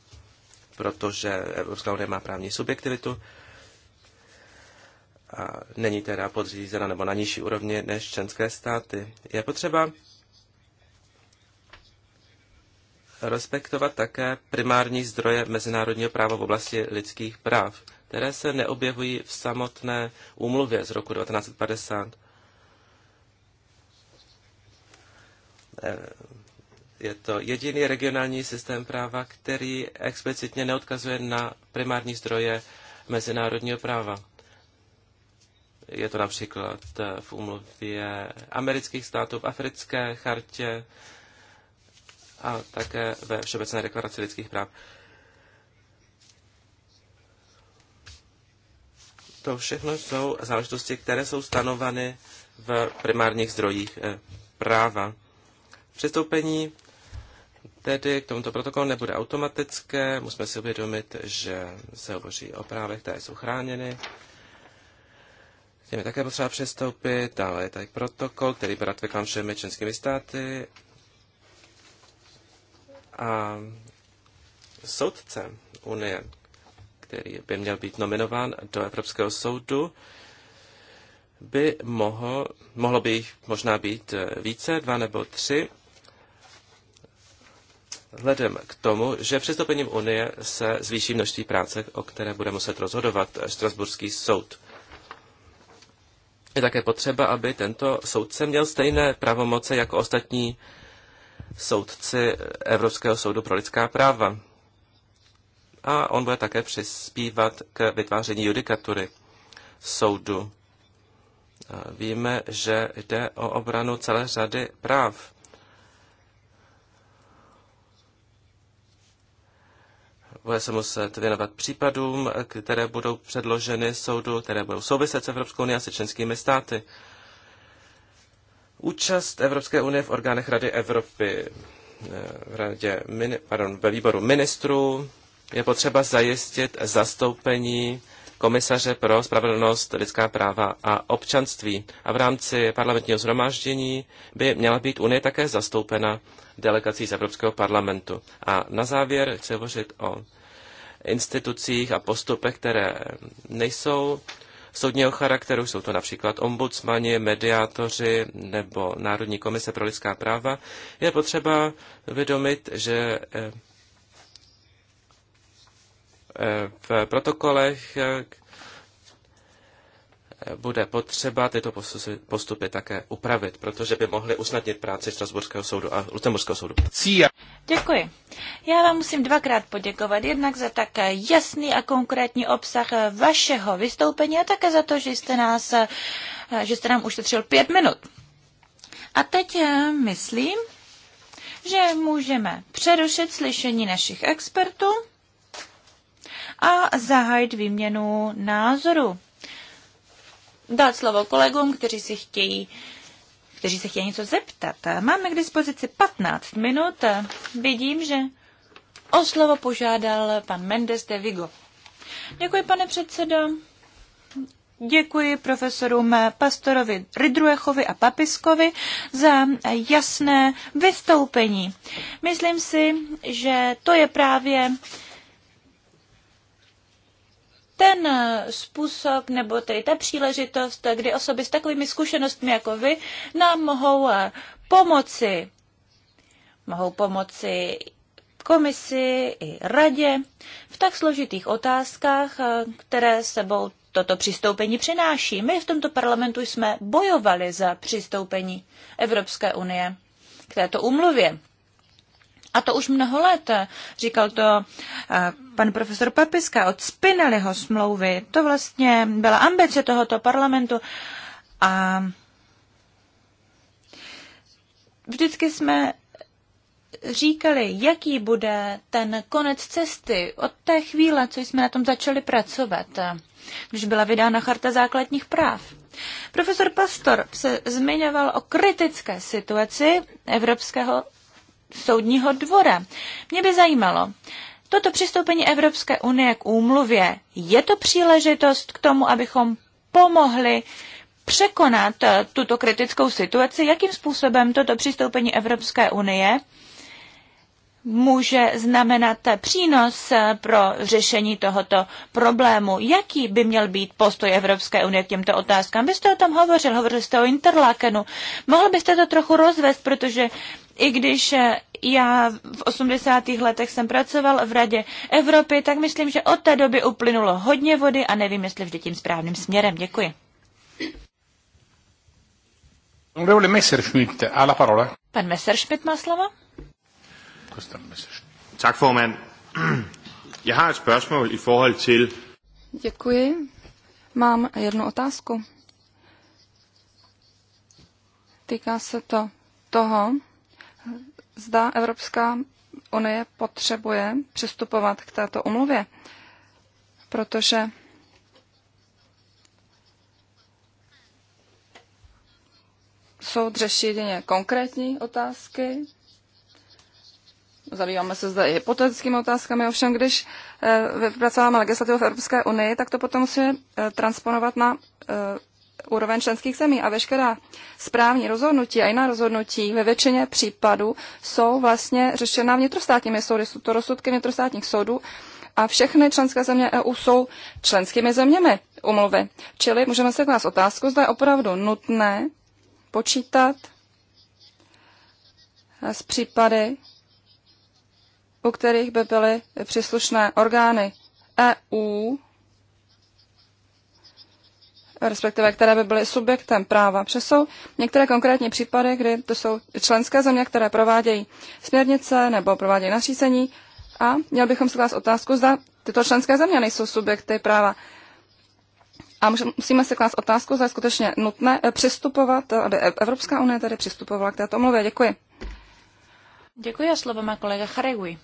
protože Evropská unie má právní subjektivitu a není teda podřízena nebo na nižší úrovni než členské státy. Je potřeba respektovat také primární zdroje mezinárodního práva v oblasti lidských práv, které se neobjevují v samotné úmluvě z roku 1950. Eh, je to jediný regionální systém práva, který explicitně neodkazuje na primární zdroje mezinárodního práva. Je to například eh, v úmluvě amerických států, v africké chartě a také ve Všeobecné deklaraci lidských práv. To všechno jsou záležitosti, které jsou stanovany v primárních zdrojích eh, práva. Přistoupení tedy k tomuto protokolu nebude automatické. Musíme si uvědomit, že se hovoří o právech, které jsou chráněny těm je také potřeba přestoupit. Dále je tady protokol, který ratifikován všemi členskými státy. A soudce Unie, který by měl být nominován do Evropského soudu, by mohl, mohlo by jich možná být více, dva nebo tři, vzhledem k tomu, že přistoupením Unie se zvýší množství práce, o které bude muset rozhodovat Štrasburský soud. Je také potřeba, aby tento soudce měl stejné pravomoce jako ostatní soudci Evropského soudu pro lidská práva. A on bude také přispívat k vytváření judikatury soudu. Víme, že jde o obranu celé řady práv Bude se muset věnovat případům, které budou předloženy soudu, které budou souviset s Evropskou unii a se členskými státy. Účast Evropské unie v orgánech Rady Evropy, eh, v radě, pardon, ve výboru ministrů, je potřeba zajistit zastoupení komisaře pro spravedlnost, lidská práva a občanství. A v rámci parlamentního zhromáždění by měla být Unie také zastoupena delegací z Evropského parlamentu. A na závěr chci hovořit o institucích a postupech, které nejsou soudního charakteru. Jsou to například ombudsmani, mediátoři nebo Národní komise pro lidská práva. Je potřeba vědomit, že eh, eh, v protokolech eh, bude potřeba tyto postupy, také upravit, protože by mohly usnadnit práci Strasburského soudu a Lucemburského soudu. Cíja. Děkuji. Já vám musím dvakrát poděkovat, jednak za tak jasný a konkrétní obsah vašeho vystoupení a také za to, že jste, nás, že jste nám ušetřil pět minut. A teď eh, myslím, že můžeme přerušit slyšení našich expertů a zahájit výměnu názoru dát slovo kolegům, kteří si chtějí kteří se chtějí něco zeptat. Máme k dispozici 15 minut. Vidím, že o slovo požádal pan Mendes de Vigo. Děkuji, pane předsedo. Děkuji profesorům Pastorovi Ridruechovi a Papiskovi za jasné vystoupení. Myslím si, že to je právě ten eh, způsob nebo tedy ta příležitost, eh, kdy osoby s takovými zkušenostmi jako vy nám mohou eh, pomoci. Mohou pomoci komisi i radě v tak složitých otázkách, které sebou toto přistoupení přináší. My v tomto parlamentu jsme bojovali za přistoupení Evropské unie k této umluvě. A to už mnoho let, říkal to eh, pan profesor Papiska, od Spinelliho smlouvy. To vlastně byla ambice tohoto parlamentu. A vždycky jsme říkali, jaký bude ten konec cesty od té chvíle, co jsme na tom začali pracovat, když byla vydána Charta základních práv. Profesor Pastor se zmiňoval o kritické situaci evropského soudního dvora. Mě by zajímalo, toto přistoupení Evropské unie k úmluvě, je to příležitost k tomu, abychom pomohli překonat eh, tuto kritickou situaci? Jakým způsobem toto přistoupení Evropské unie může znamenat přínos eh, pro řešení tohoto problému. Jaký by měl být postoj Evropské unie k těmto otázkám? Vy jste o tom hovořil, hovořil jste o Interlakenu. Mohl byste to trochu rozvést, protože i když eh, já v 80. letech jsem pracoval v Radě Evropy, tak myslím, že od té doby uplynulo hodně vody a nevím, jestli vždy tím správným směrem. Děkuji. la Pan Messerschmidt má slovo. Tak formand. Já har et spørgsmål i forhold til... Děkuji. Mám jednu otázku. Týká se to toho, zda Evropská unie potřebuje přistupovat k této umluvě, protože soud řeší jedině konkrétní otázky. Zabýváme se zde i hypotetickými otázkami, ovšem když eh, vypracováme legislativu v Evropské unii, tak to potom musíme eh, transponovat na eh, úroveň členských zemí a veškerá správní rozhodnutí a jiná rozhodnutí ve většině případů jsou vlastně řešena vnitrostátními soudy. Jsou to rozsudky vnitrostátních soudů a všechny členské země EU jsou členskými zeměmi umluvy. Čili můžeme se klást otázku, zda je opravdu nutné počítat s případy, u kterých by byly příslušné orgány EU respektive které by byly subjektem práva. Protože jsou některé konkrétní případy, kdy to jsou členské země, které provádějí směrnice nebo provádějí nařízení a měl bychom si klást otázku, zda tyto členské země nejsou subjekty práva. A musíme si klást otázku, zda je skutečně nutné eh, přistupovat, eh, aby e- Evropská unie tedy přistupovala k této omluvě. Děkuji. Děkuji a slovo má kolega Charegui.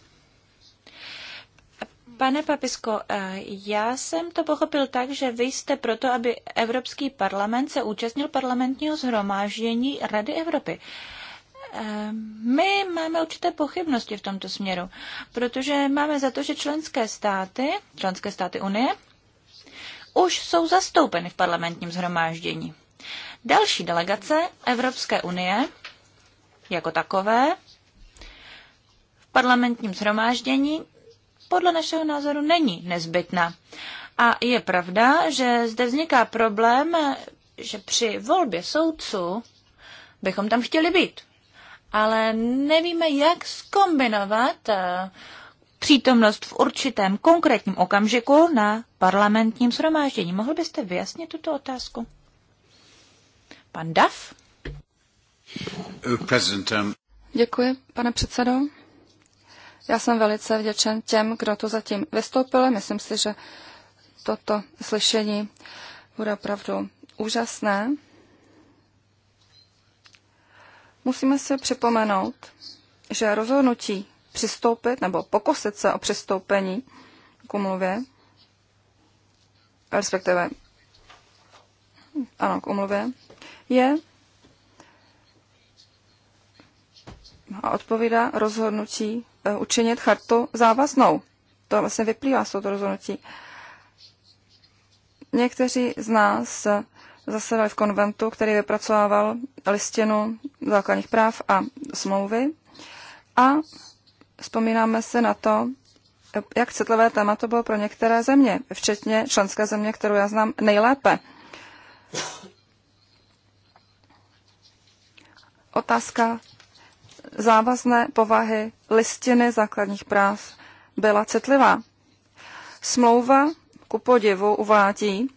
Pane Papisko, eh, já jsem to pochopil tak, že vy jste proto, aby Evropský parlament se účastnil parlamentního zhromáždění Rady Evropy. Eh, my máme určité pochybnosti v tomto směru, protože máme za to, že členské státy, členské státy Unie, už jsou zastoupeny v parlamentním zhromáždění. Další delegace Evropské unie jako takové v parlamentním zhromáždění podle našeho názoru není nezbytná. A je pravda, že zde vzniká problém, že při volbě soudců bychom tam chtěli být. Ale nevíme, jak skombinovat eh, přítomnost v určitém konkrétním okamžiku na parlamentním shromáždění. Mohl byste vyjasnit tuto otázku? Pan Duff? Uh, um, Děkuji, pane předsedo. Já jsem velice vděčen těm, kdo tu zatím vystoupili. Myslím si, že toto slyšení bude opravdu úžasné. Musíme si připomenout, že rozhodnutí přistoupit nebo pokusit se o přistoupení k umluvě, respektive ano, k umluvě, je a odpovídá rozhodnutí Eh, učinit chartu závaznou. To vlastně vyplývá z toho rozhodnutí. Někteří z nás zasedali v konventu, který vypracovával listinu základních práv a smlouvy a vzpomínáme se na to, jak citlivé téma to bylo pro některé země, včetně členské země, kterou já znám nejlépe. Otázka závazné povahy listiny základních práv byla citlivá. Smlouva ku podivu uvádí,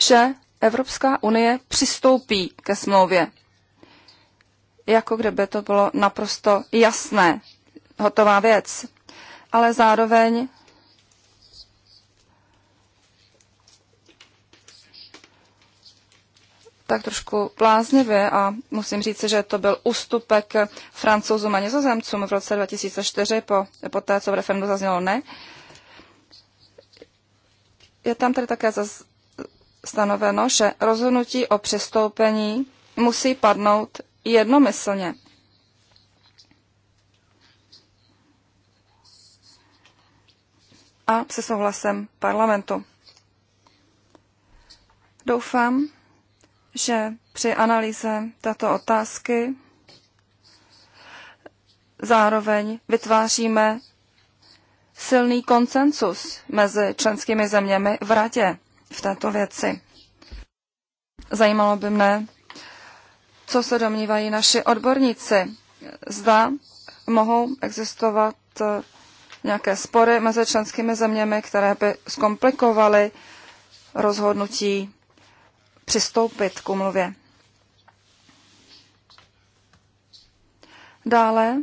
že Evropská unie přistoupí ke smlouvě, jako kdyby to bylo naprosto jasné, hotová věc. Ale zároveň tak trošku bláznivě a musím říct, že to byl ústupek francouzům a nizozemcům v roce 2004 po, po té, co v referendu zaznělo ne. Je tam tedy také zaz, stanoveno, že rozhodnutí o přistoupení musí padnout jednomyslně. A se souhlasem parlamentu. Doufám, že při analýze této otázky zároveň vytváříme silný konsensus mezi členskými zeměmi v Radě v této věci. Zajímalo by mne, co se domnívají naši odborníci. Zda mohou existovat eh, nějaké spory mezi členskými zeměmi, které by zkomplikovaly rozhodnutí přistoupit k umluvě. Dále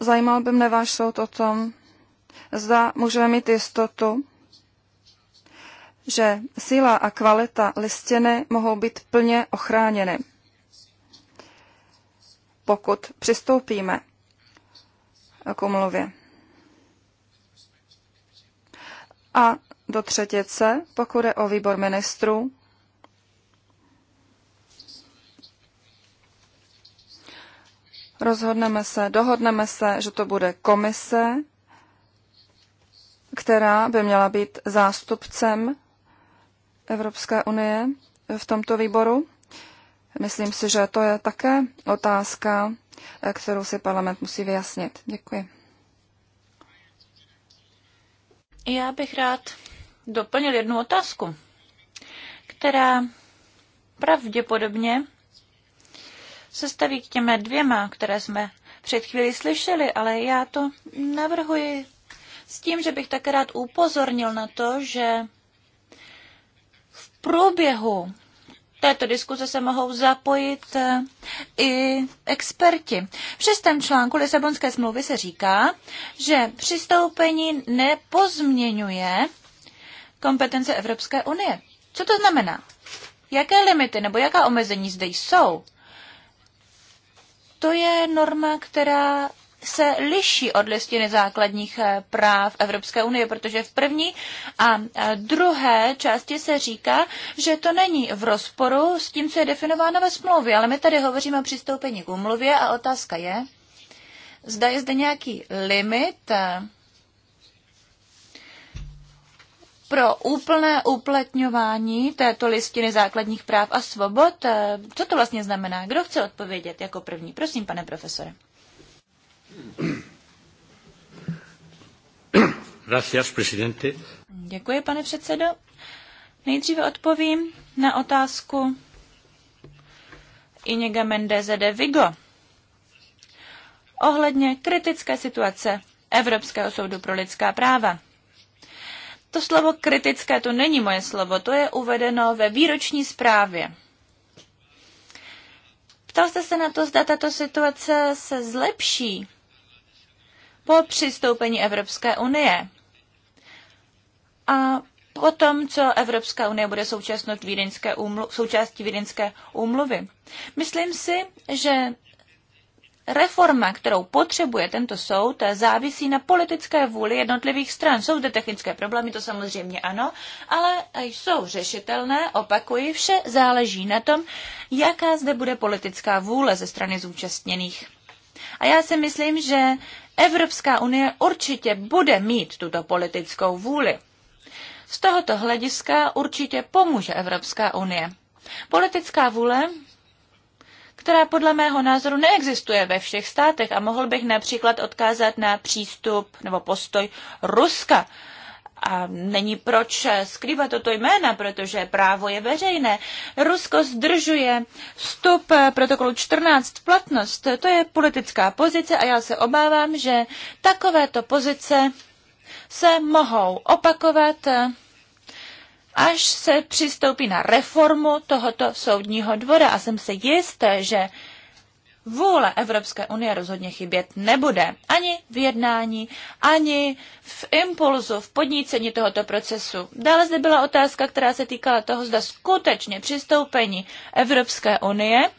zajímal by mne váš soud o tom, zda můžeme mít jistotu, že síla a kvalita listiny mohou být plně ochráněny, pokud přistoupíme k umluvě. A do třetice, pokud je o výbor ministrů. Rozhodneme se, dohodneme se, že to bude komise, která by měla být zástupcem Evropské unie v tomto výboru. Myslím si, že to je také otázka, kterou si parlament musí vyjasnit. Děkuji. Já bych rád doplnil jednu otázku, která pravděpodobně se staví k těm dvěma, které jsme před chvílí slyšeli, ale já to navrhuji s tím, že bych také rád upozornil na to, že v průběhu této diskuze se mohou zapojit eh, i experti. V šestém článku Lisabonské smlouvy se říká, že přistoupení nepozměňuje kompetence Evropské unie. Co to znamená? Jaké limity nebo jaká omezení zde jsou? To je norma, která se liší od listiny základních eh, práv Evropské unie, protože v první a druhé části se říká, že to není v rozporu s tím, co je definováno ve smlouvě, ale my tady hovoříme o přistoupení k umluvě a otázka je, zda je zde nějaký limit eh, pro úplné uplatňování této listiny základních práv a svobod. Eh, co to vlastně znamená? Kdo chce odpovědět jako první? Prosím, pane profesore. Gracias, presidente. Děkuji, pane předsedo. Nejdříve odpovím na otázku Iniga Mendeze de Vigo ohledně kritické situace Evropského soudu pro lidská práva. To slovo kritické, to není moje slovo, to je uvedeno ve výroční zprávě. Ptal jste se na to, zda tato situace se zlepší po přistoupení Evropské unie. A po tom, co Evropská unie bude součástí Vídeňské, úmlu- součástí Vídeňské úmluvy. Myslím si, že reforma, kterou potřebuje tento soud, závisí na politické vůli jednotlivých stran. Jsou zde technické problémy, to samozřejmě ano, ale jsou řešitelné, opakuji, vše záleží na tom, jaká zde bude politická vůle ze strany zúčastněných. A já si myslím, že Evropská unie určitě bude mít tuto politickou vůli. Z tohoto hlediska určitě pomůže Evropská unie. Politická vůle která podle mého názoru neexistuje ve všech státech a mohl bych například odkázat na přístup nebo postoj Ruska. A není proč skrývat toto jména, protože právo je veřejné. Rusko zdržuje vstup protokolu 14 v platnost. To je politická pozice a já se obávám, že takovéto pozice se mohou opakovat až se přistoupí na reformu tohoto soudního dvora. A jsem si jistá, že vůle Evropské unie rozhodně chybět nebude. Ani v jednání, ani v impulzu, v podnícení tohoto procesu. Dále zde byla otázka, která se týkala toho, zda skutečně přistoupení Evropské unie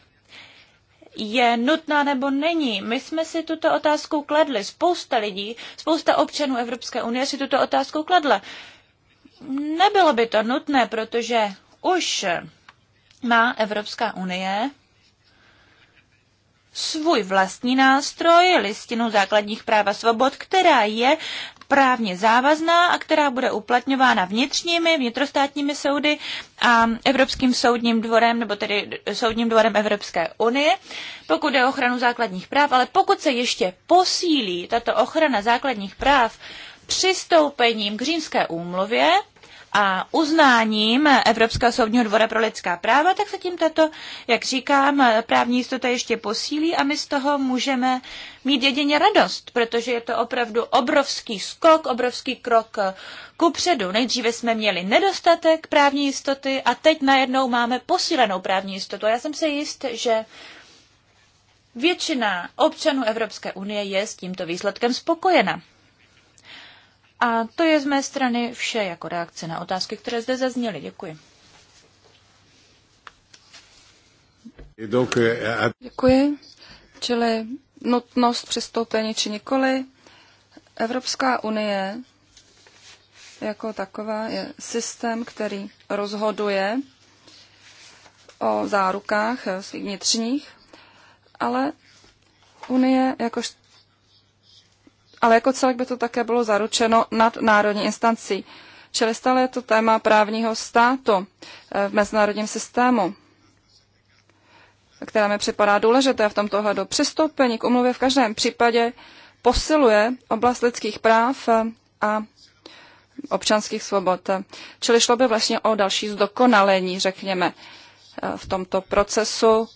je nutná nebo není. My jsme si tuto otázku kladli. Spousta lidí, spousta občanů Evropské unie si tuto otázku kladla nebylo by to nutné, protože už má Evropská unie svůj vlastní nástroj, listinu základních práv a svobod, která je právně závazná a která bude uplatňována vnitřními, vnitrostátními soudy a Evropským soudním dvorem, nebo tedy soudním dvorem Evropské unie, pokud je ochranu základních práv, ale pokud se ještě posílí tato ochrana základních práv přistoupením k římské úmluvě, a uznáním Evropského soudního dvora pro lidská práva, tak se tím tato, jak říkám, právní jistota ještě posílí a my z toho můžeme mít jedině radost, protože je to opravdu obrovský skok, obrovský krok ku předu. Nejdříve jsme měli nedostatek právní jistoty a teď najednou máme posílenou právní jistotu. A já jsem si jist, že většina občanů Evropské unie je s tímto výsledkem spokojena. A to je z mé strany vše jako reakce na otázky, které zde zazněly. Děkuji. Děkuji. Čili nutnost přistoupení či nikoli. Evropská unie jako taková je systém, který rozhoduje o zárukách svých vnitřních, ale Unie jakož ale jako celek by to také bylo zaručeno nad národní instancí. Čili stále je to téma právního státu eh, v mezinárodním systému, která mi připadá důležité v tomto hledu. Přistoupení k umluvě v každém případě posiluje oblast lidských práv eh, a občanských svobod. Čili šlo by vlastně o další zdokonalení, řekněme, eh, v tomto procesu.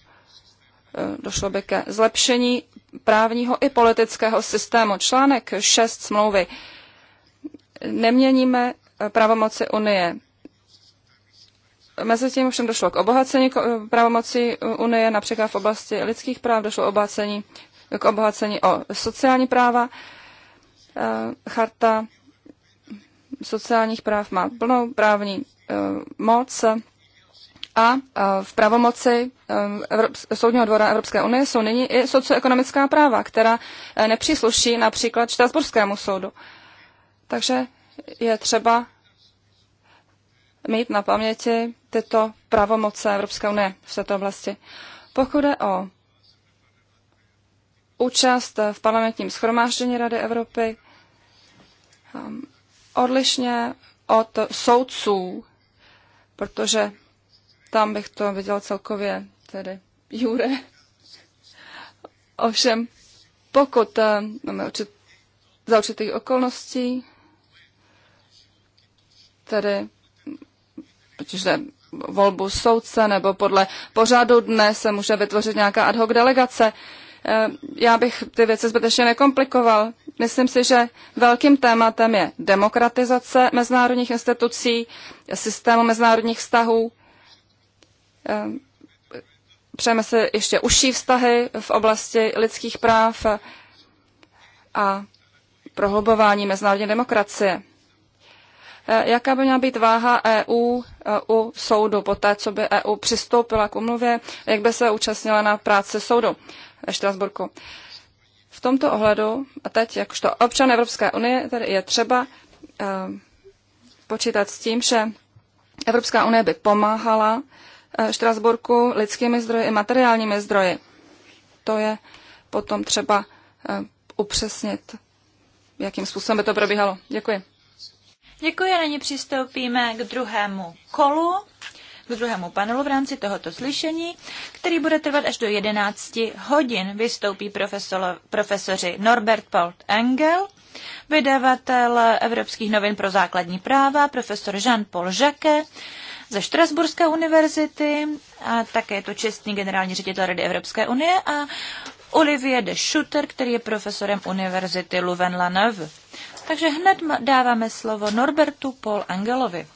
Došlo by ke zlepšení právního i politického systému. Článek 6 smlouvy. Neměníme eh, pravomoci Unie. Mezitím všem došlo k obohacení eh, pravomocí eh, Unie, například v oblasti lidských práv došlo obohacení, k obohacení o sociální práva. Charta sociálních práv má plnou právní moc a v pravomoci um, Soudního dvora Evropské unie jsou nyní i socioekonomická práva, která eh, nepřísluší například Štrasburskému soudu. Takže je třeba mít na paměti tyto pravomoce Evropské unie v této oblasti. Pokud je o účast v parlamentním schromáždění Rady Evropy, um, odlišně od soudců, protože tam bych to viděl celkově, tedy jure. Ovšem, pokud eh, máme určit, za určitých okolností, tedy protože volbu soudce nebo podle pořadu dne se může vytvořit nějaká ad hoc delegace. Eh, já bych ty věci zbytečně nekomplikoval. Myslím si, že velkým tématem je demokratizace mezinárodních institucí, systému mezinárodních vztahů, Ehm, přejeme si ještě užší vztahy v oblasti lidských práv a prohlubování mezinárodní demokracie. Ehm, jaká by měla být váha EU e, u soudu po té, co by EU přistoupila k umluvě, jak by se účastnila na práci soudu ve Štrasburku? V tomto ohledu, a teď jakožto občan Evropské unie, tedy je třeba ehm, počítat s tím, že Evropská unie by pomáhala Eh, Štrasburku lidskými zdroji i materiálními zdroji. To je potom třeba eh, upřesnit, jakým způsobem by to probíhalo. Děkuji. Děkuji a nyní přistoupíme k druhému kolu, k druhému panelu v rámci tohoto slyšení, který bude trvat až do 11 hodin. Vystoupí profesor, profesoři Norbert Paul Engel, vydavatel Evropských novin pro základní práva, profesor Jean-Paul Jacquet, ze Štrasburské univerzity a také je to čestný generální ředitel Rady Evropské unie a Olivier de Schutter, který je profesorem univerzity Louvain-la-Neuve. Takže hned dáváme slovo Norbertu Paul Angelovi.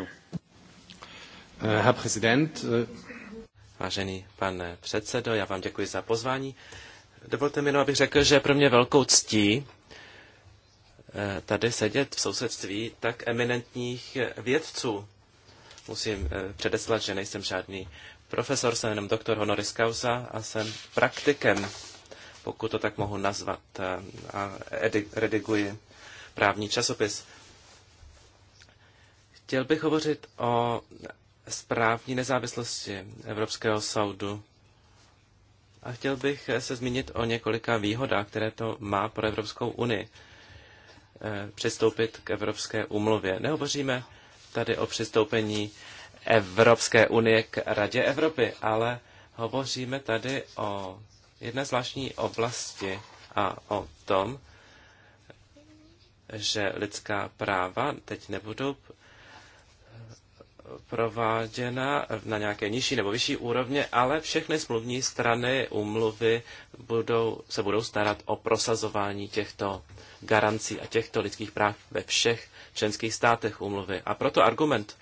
Uh, Herr Präsident. Uh, Vážený pane předsedo, já vám děkuji za pozvání. Dovolte mi, no, abych řekl, že pro mě velkou ctí Eh, tady sedět v sousedství tak eminentních eh, vědců. Musím eh, předeslat, že nejsem žádný profesor, jsem jenom doktor honoris causa a jsem praktikem, pokud to tak mohu nazvat, a rediguji právní časopis. Chtěl bych hovořit o správní nezávislosti Evropského soudu a chtěl bych se zmínit o několika výhodách, které to má pro Evropskou unii. Eh, přistoupit k Evropské úmluvě. Nehovoříme tady o přistoupení Evropské unie k Radě Evropy, ale hovoříme tady o jedné zvláštní oblasti a o tom, že lidská práva teď nebudou prováděna na nějaké nižší nebo vyšší úrovně, ale všechny smluvní strany umluvy budou, se budou starat o prosazování těchto garancí a těchto lidských práv ve všech členských státech umluvy. A proto argument,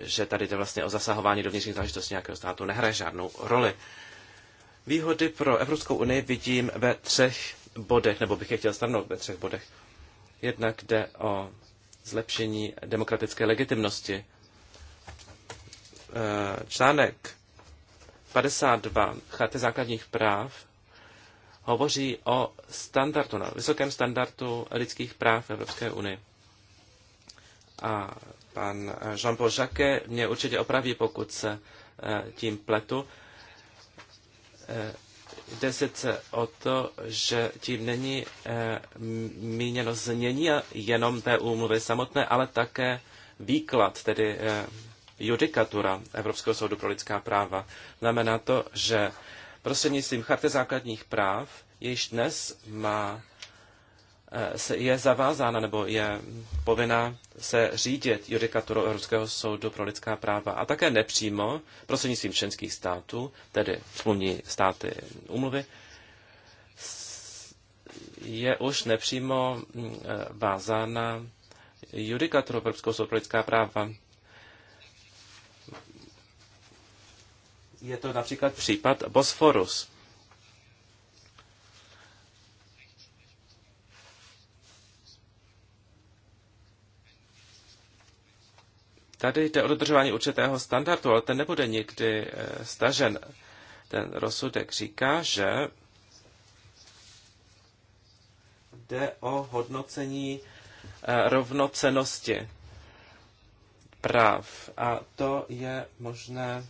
že tady jde vlastně o zasahování do vnitřních záležitostí nějakého státu, nehraje žádnou roli. Výhody pro Evropskou unii vidím ve třech bodech, nebo bych je chtěl stavnout ve třech bodech. Jednak jde o zlepšení demokratické legitimnosti Eh, článek 52 Charty základních práv hovoří o standardu, na vysokém standardu lidských práv v Evropské unii. A pan eh, Jean-Paul Jacquet mě určitě opraví, pokud se eh, tím pletu. Jde sice o to, že tím není míněno znění jenom té úmluvy samotné, ale také výklad, tedy judikatura Evropského soudu pro lidská práva. Znamená to, že prostřednictvím Charty základních práv již dnes má, eh, je zavázána nebo je povinná se řídit judikaturou Evropského soudu pro lidská práva a také nepřímo prostřednictvím členských států, tedy smluvní státy umluvy, je už nepřímo mm, eh, vázána judikaturou Evropského soudu pro lidská práva. Je to například případ Bosforus. Tady jde o dodržování určitého standardu, ale ten nebude nikdy eh, stažen. Ten rozsudek říká, že jde o hodnocení eh, rovnocenosti práv. A to je možné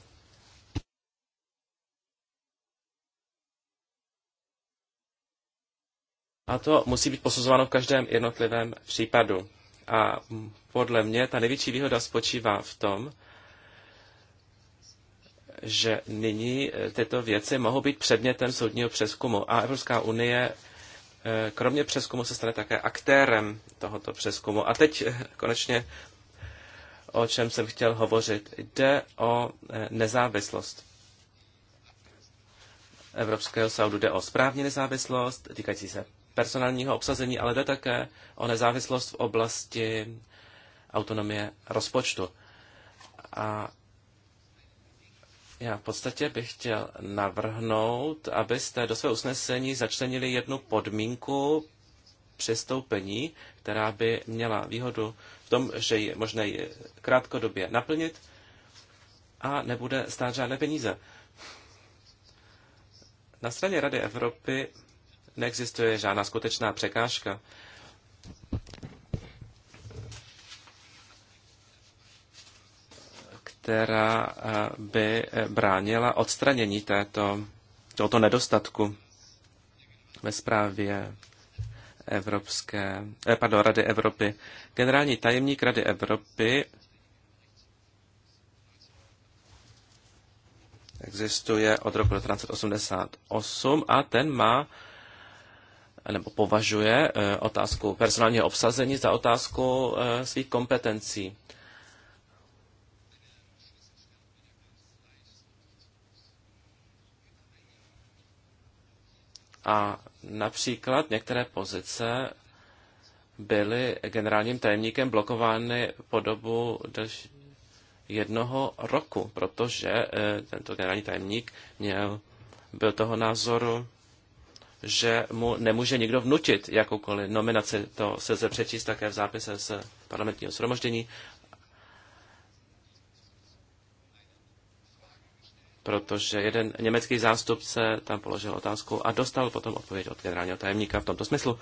A to musí být posuzováno v každém jednotlivém případu. A podle mě ta největší výhoda spočívá v tom, že nyní eh, tyto věci mohou být předmětem soudního přeskumu. A Evropská unie eh, kromě přeskumu se stane také aktérem tohoto přeskumu. A teď eh, konečně, o čem jsem chtěl hovořit, jde o nezávislost. Evropského soudu jde o správní nezávislost, týkající se personálního obsazení, ale jde také o nezávislost v oblasti autonomie rozpočtu. A já v podstatě bych chtěl navrhnout, abyste do své usnesení začlenili jednu podmínku přistoupení, která by měla výhodu v tom, že je možné ji krátkodobě naplnit a nebude stát žádné peníze. Na straně Rady Evropy neexistuje žádná skutečná překážka. která eh, by eh, bránila odstranění této, tohoto nedostatku ve zprávě Evropské, eh, pardon, Rady Evropy. Generální tajemník Rady Evropy existuje od roku 1988 a ten má nebo považuje eh, otázku personálního obsazení za otázku eh, svých kompetencí. A například některé pozice byly generálním tajemníkem blokovány po dobu jednoho roku, protože eh, tento generální tajemník měl, byl toho názoru, že mu nemůže nikdo vnutit jakoukoliv nominaci. To se lze přečíst také v zápise z parlamentního shromaždění. Protože jeden německý zástupce tam položil otázku a dostal potom odpověď od generálního tajemníka v tomto smyslu.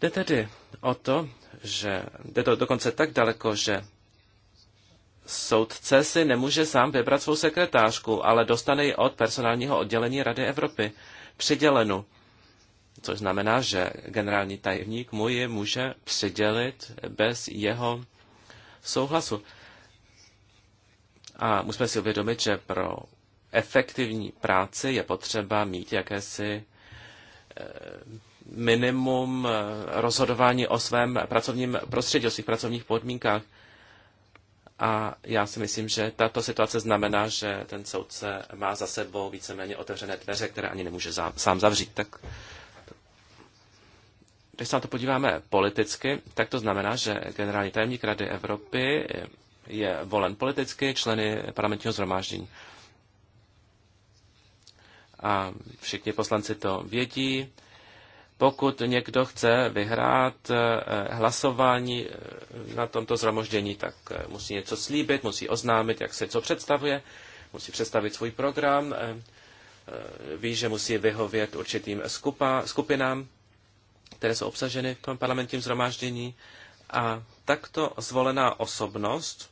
Jde tedy o to, že jde to dokonce tak daleko, že soudce si nemůže sám vybrat svou sekretářku, ale dostane ji od personálního oddělení Rady Evropy přiděleno. Což znamená, že generální tajemník mu je může přidělit bez jeho souhlasu. A musíme si uvědomit, že pro efektivní práci je potřeba mít jakési eh, minimum eh, rozhodování o svém pracovním prostředí, o svých pracovních podmínkách. A já si myslím, že tato situace znamená, že ten soudce má za sebou víceméně otevřené dveře, které ani nemůže zám, sám zavřít. Tak když se na to podíváme politicky, tak to znamená, že generální tajemník Rady Evropy je volen politicky členy parlamentního zhromáždění. A všichni poslanci to vědí. Pokud někdo chce vyhrát eh, hlasování eh, na tomto zhromoždění, tak eh, musí něco slíbit, musí oznámit, jak se co představuje, musí představit svůj program, ví, že musí vyhovět určitým skupa, skupinám, které jsou obsaženy v tom parlamentním zhromáždění. A takto zvolená osobnost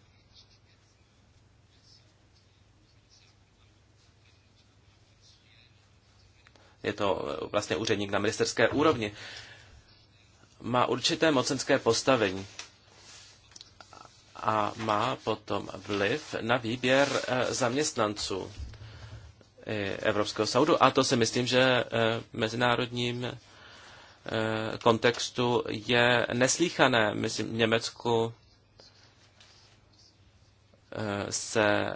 je to vlastně úředník na ministerské úrovni, má určité mocenské postavení a má potom vliv na výběr eh, zaměstnanců eh, Evropského soudu. A to si myslím, že eh, v mezinárodním kontextu je neslíchané. Myslím, v Německu se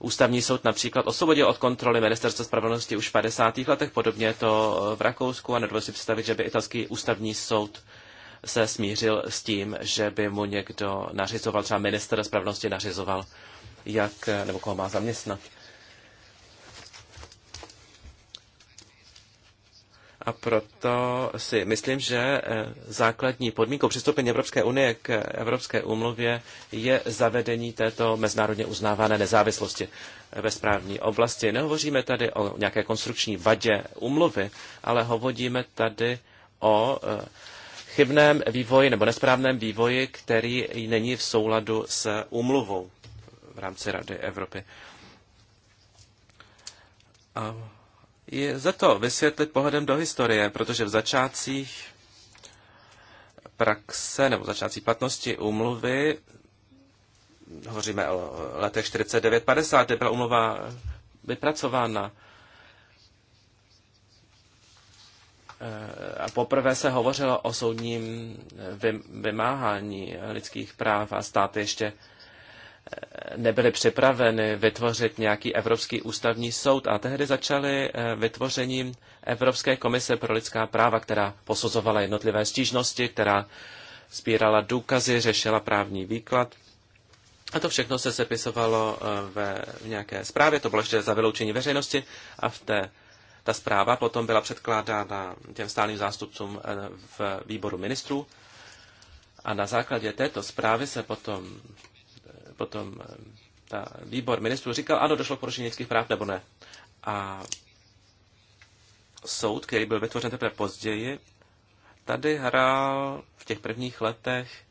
Ústavní soud například osvobodil od kontroly ministerstva spravedlnosti už v 50. letech, podobně je to eh, v Rakousku a nedovedu si představit, že by italský ústavní soud se smířil s tím, že by mu někdo nařizoval, třeba minister spravedlnosti nařizoval, jak, eh, nebo koho má zaměstnat. A proto si myslím, že eh, základní podmínkou přistoupení Evropské unie k Evropské úmluvě je zavedení této mezinárodně uznávané nezávislosti ve správní oblasti. Nehovoříme tady o nějaké konstrukční vadě úmluvy, ale hovoříme tady o eh, chybném vývoji nebo nesprávném vývoji, který není v souladu s úmluvou v rámci Rady Evropy. A je za to vysvětlit pohledem do historie, protože v začátcích praxe nebo začátcí platnosti úmluvy, hovoříme o letech 49-50, kdy byla úmluva vypracována, eh, a poprvé se hovořilo o soudním vymáhání lidských práv a státy ještě nebyly připraveny vytvořit nějaký Evropský ústavní soud a tehdy začaly eh, vytvořením Evropské komise pro lidská práva, která posuzovala jednotlivé stížnosti, která sbírala důkazy, řešila právní výklad. A to všechno se sepisovalo eh, ve, v nějaké zprávě, to bylo ještě za vyloučení veřejnosti a v té ta zpráva potom byla předkládána těm stálým zástupcům eh, v výboru ministrů. A na základě této zprávy se potom potom eh, ta výbor ministrů říkal, ano, došlo k porušení lidských práv nebo ne. A soud, který byl vytvořen teprve později, tady hrál v těch prvních letech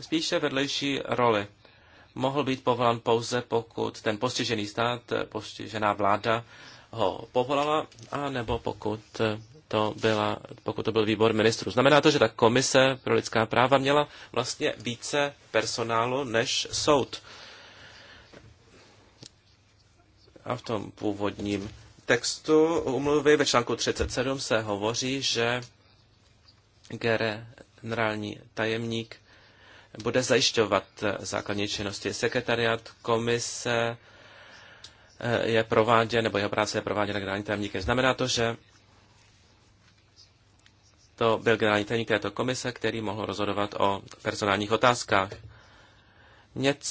spíše vedlejší roli. Mohl být povolán pouze, pokud ten postižený stát, eh, postižená vláda ho povolala, a nebo pokud eh, to byla, pokud to byl výbor ministrů. Znamená to, že ta komise pro lidská práva měla vlastně více personálu než soud. A v tom původním textu umluvy ve článku 37 se hovoří, že generální tajemník bude zajišťovat základní činnosti sekretariat, komise eh, je prováděn, nebo jeho práce je prováděna generálním tajemníkem. Znamená to, že to byl generální tajemník této komise, který mohl rozhodovat o personálních otázkách. Nic,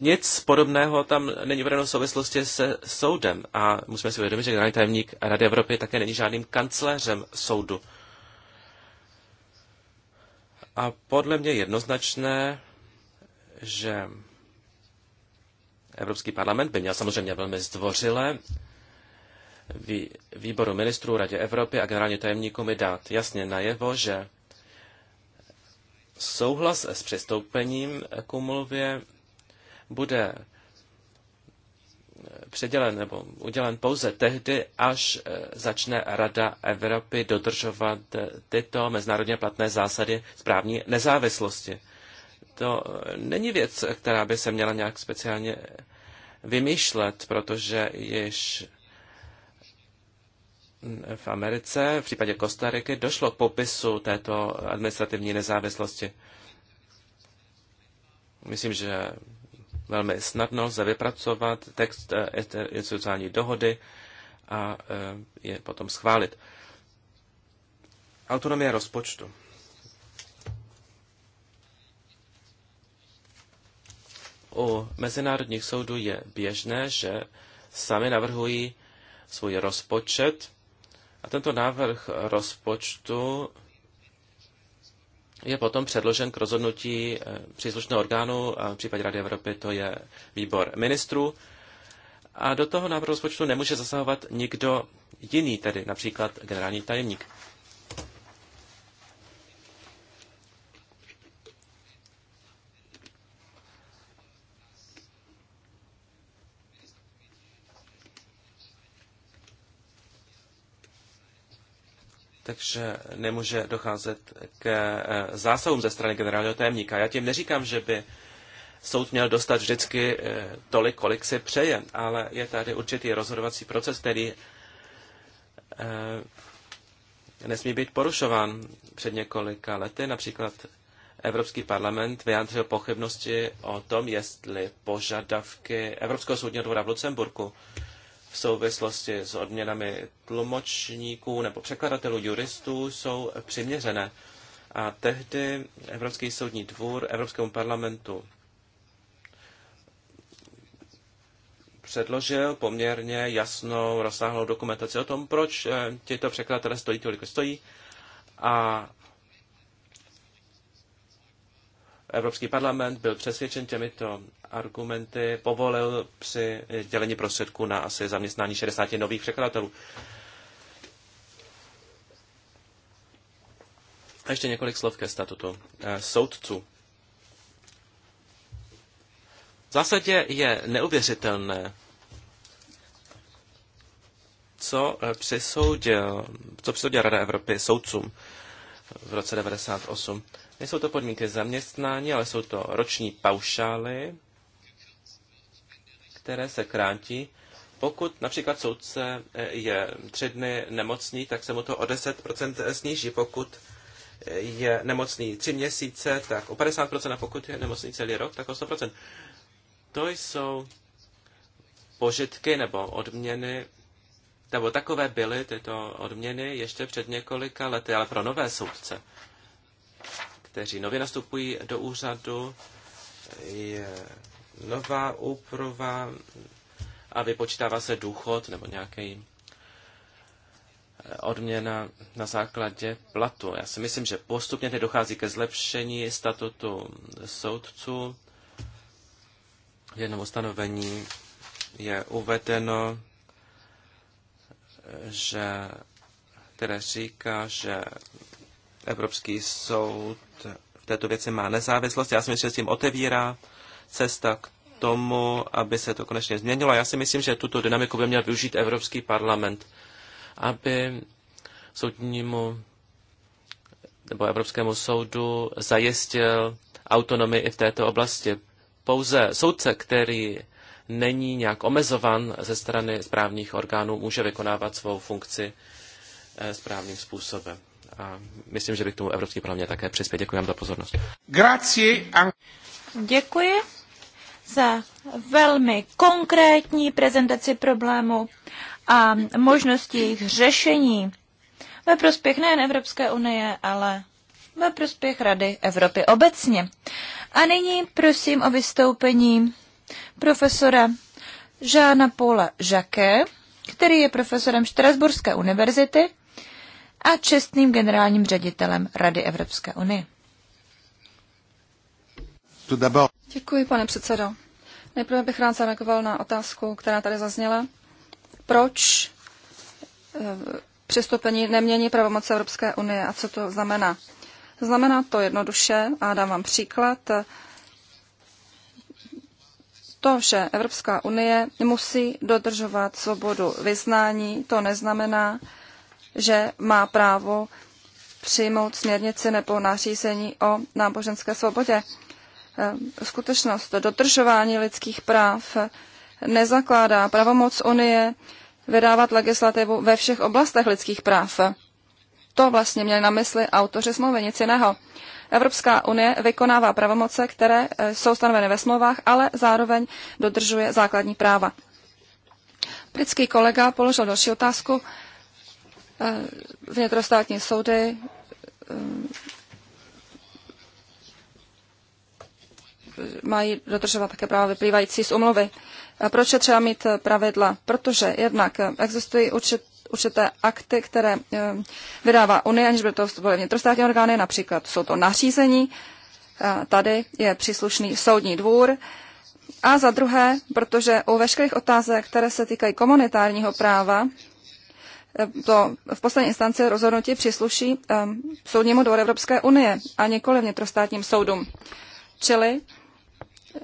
nic podobného tam není vedeno v souvislosti se soudem a musíme si uvědomit, že generální tajemník Rady Evropy také není žádným kancléřem soudu. A podle mě jednoznačné, že Evropský parlament by měl samozřejmě velmi zdvořile výboru ministrů Radě Evropy a generálně tajemníku mi dát jasně najevo, že souhlas s přistoupením k umluvě bude předělen nebo udělen pouze tehdy, až eh, začne Rada Evropy dodržovat eh, tyto mezinárodně platné zásady správní nezávislosti. To eh, není věc, která by se měla nějak speciálně vymýšlet, protože již v Americe, v případě Kostariky, došlo k popisu této administrativní nezávislosti. Myslím, že velmi snadno se vypracovat text eh, institucionální dohody a eh, je potom schválit. Autonomie rozpočtu. U mezinárodních soudů je běžné, že sami navrhují svůj rozpočet a tento návrh rozpočtu je potom předložen k rozhodnutí eh, příslušného orgánu, v případě Rady Evropy to je výbor ministrů. A do toho návrhu rozpočtu nemůže zasahovat nikdo jiný, tedy například generální tajemník. takže nemůže docházet k eh, zásahům ze strany generálního tajemníka. Já tím neříkám, že by soud měl dostat vždycky eh, tolik, kolik si přeje, ale je tady určitý rozhodovací proces, který eh, nesmí být porušován. Před několika lety například Evropský parlament vyjádřil pochybnosti o tom, jestli požadavky Evropského soudního dvora v Lucemburku v souvislosti s odměnami tlumočníků nebo překladatelů juristů jsou přiměřené. A tehdy Evropský soudní dvůr Evropskému parlamentu předložil poměrně jasnou, rozsáhlou dokumentaci o tom, proč eh, těto překladatelé stojí tolik, stojí. A Evropský parlament byl přesvědčen těmito argumenty, povolil při dělení prostředků na asi zaměstnání 60 nových překladatelů. A ještě několik slov ke statutu eh, soudců. V zásadě je neuvěřitelné, co eh, přisoudil, co přisoudil Rada Evropy soudcům v roce 98. Nejsou to podmínky zaměstnání, ale jsou to roční paušály, které se krátí. Pokud například soudce je tři dny nemocný, tak se mu to o 10% sníží. Pokud je nemocný tři měsíce, tak o 50%, a pokud je nemocný celý rok, tak o 100%. To jsou požitky nebo odměny, nebo takové byly tyto odměny ještě před několika lety, ale pro nové soudce kteří nově nastupují do úřadu. Je nová úprava a vypočítává se důchod nebo nějaký eh, odměna na základě platu. Já si myslím, že postupně teď dochází ke zlepšení statutu soudců. V jednom ustanovení je uvedeno, eh, které říká, že Evropský soud v této věci má nezávislost. Já si myslím, že s tím otevírá cesta k tomu, aby se to konečně změnilo. Já si myslím, že tuto dynamiku by měl využít Evropský parlament, aby soudnímu nebo Evropskému soudu zajistil autonomii i v této oblasti. Pouze soudce, který není nějak omezovan ze strany správních orgánů, může vykonávat svou funkci eh, správným způsobem a myslím, že by k tomu Evropský parlament také přispěl. Děkuji vám za pozornost. Grazie. Děkuji za velmi konkrétní prezentaci problému a možnosti jejich řešení ve prospěch nejen Evropské unie, ale ve prospěch Rady Evropy obecně. A nyní prosím o vystoupení profesora Žána Paula Žaké, který je profesorem Štrasburské univerzity a čestným generálním ředitelem Rady Evropské unie. Děkuji, pane předsedo. Nejprve bych rád zareagoval na otázku, která tady zazněla. Proč eh, přistoupení nemění pravomoc Evropské unie a co to znamená? Znamená to jednoduše, a dám vám příklad, to, že Evropská unie musí dodržovat svobodu vyznání, to neznamená, že má právo přijmout směrnici nebo nařízení o náboženské svobodě. E, skutečnost dodržování lidských práv nezakládá pravomoc Unie vydávat legislativu ve všech oblastech lidských práv. To vlastně měli na mysli autoři smlouvy, nic jiného. Evropská unie vykonává pravomoce, které e, jsou stanoveny ve smlouvách, ale zároveň dodržuje základní práva. Britský kolega položil další otázku. Eh, vnitrostátní soudy eh, mají dodržovat také práva vyplývající z umluvy. A proč je třeba mít eh, pravidla? Protože jednak existují určit, určité akty, které vydává Unie, aniž by to byly vnitrostátní orgány, například jsou to nařízení, a tady je příslušný soudní dvůr. A za druhé, protože u veškerých otázek, které se týkají komunitárního práva, to v poslední instanci rozhodnutí přísluší soudnímu dvoru Evropské unie a nikoli vnitrostátním soudům. Čili eh,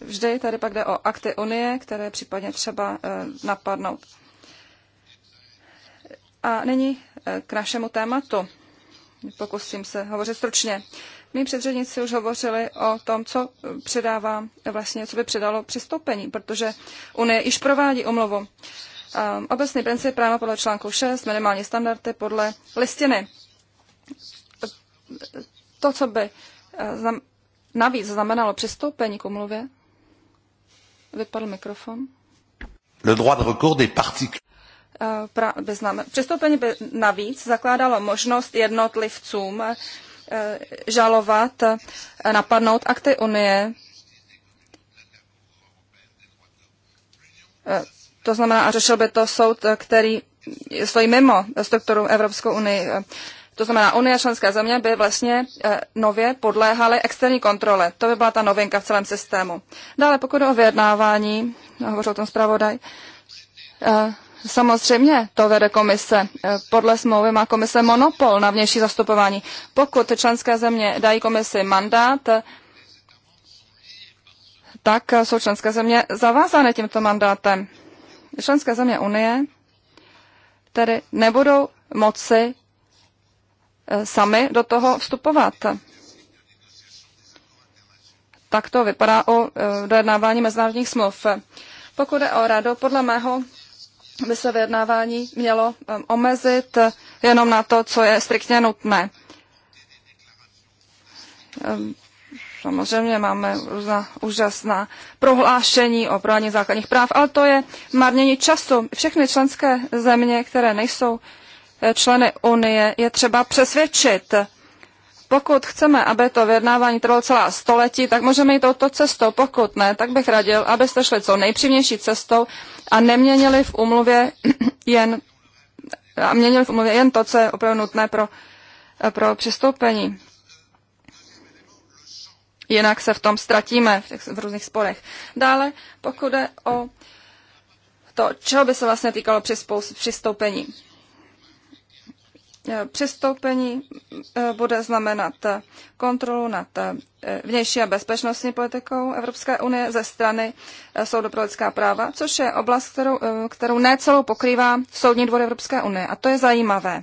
vždy tady pak jde o akty unie, které případně třeba eh, napadnout. A nyní eh, k našemu tématu. Pokusím se hovořit stručně. Mí předředníci už hovořili o tom, co předává, vlastně, co by předalo přistoupení, protože Unie již provádí omluvu. Um, obecný princip práva podle článku 6, minimální standardy podle listiny. To, co by eh, navíc znamenalo přistoupení k umluvě, vypadl mikrofon. Le droit de recours des particules. Eh, pra, by znamen, přistoupení by navíc zakládalo možnost jednotlivcům eh, žalovat, napadnout akty Unie to znamená, a řešil by to soud, který stojí mimo strukturu Evropskou unii. To znamená, Unie a členské země by vlastně eh, nově podléhaly externí kontrole. To by byla ta novinka v celém systému. Dále, pokud o vyjednávání, hovořil o tom zpravodaj, eh, Samozřejmě to vede komise. Eh, podle smlouvy má komise monopol na vnější zastupování. Pokud členské země dají komisi mandát, tak jsou členské země zavázány tímto mandátem členské země Unie tedy nebudou moci e, sami do toho vstupovat. Tak to vypadá o e, dojednávání mezinárodních smluv. Pokud je o radu, podle mého by se vyjednávání mělo e, omezit jenom na to, co je striktně nutné. Samozřejmě máme různá úžasná prohlášení o prohlání základních práv, ale to je marnění času. Všechny členské země, které nejsou eh, členy Unie, je třeba přesvědčit. Pokud chceme, aby to vyjednávání trvalo celá století, tak můžeme jít touto cestou. Pokud ne, tak bych radil, abyste šli co nejpřímější cestou a neměnili v umluvě jen, a měnili v umluvě jen to, co je opravdu nutné pro, pro přistoupení jinak se v tom ztratíme v, těch, v různých sporech. Dále, pokud je o to, čeho by se vlastně týkalo přistoupení. E, přistoupení e, bude znamenat kontrolu nad e, vnější a bezpečnostní politikou Evropské unie ze strany Soudu pro lidská práva, což je oblast, kterou, kterou ne celou pokrývá Soudní dvor Evropské unie. A to je zajímavé.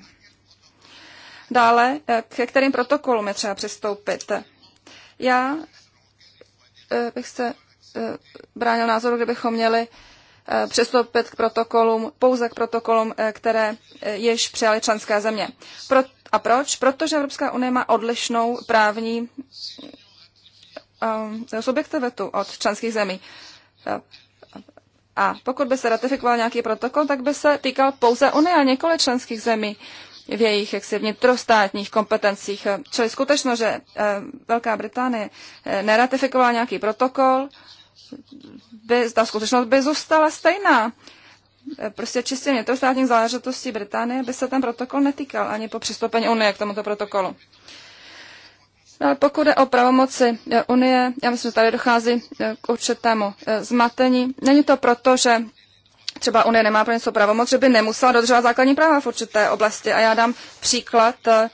Dále, ke kterým protokolům je třeba přistoupit. Já eh, bych se eh, bránil názoru, kdybychom měli eh, přistoupit k protokolům, pouze k protokolům, které již přijaly členské země. Pro, a proč? Protože Evropská unie má odlišnou právní um, subjektivitu od členských zemí. A pokud by se ratifikoval nějaký protokol, tak by se týkal pouze Unie a několik členských zemí v jejich jaksi vnitrostátních kompetencích. Čili skutečno, že eh, Velká Británie eh, neratifikovala nějaký protokol, by, ta skutečnost by zůstala stejná. Eh, prostě čistě vnitrostátních záležitostí Británie by se ten protokol netýkal ani po přistoupení Unie k tomuto protokolu. No, ale pokud je o pravomoci Unie, já myslím, že tady dochází k určitému zmatení. Není to proto, že třeba Unie nemá pro něco pravomoc, že by nemusela dodržovat základní práva v určité oblasti. A já dám příklad eh,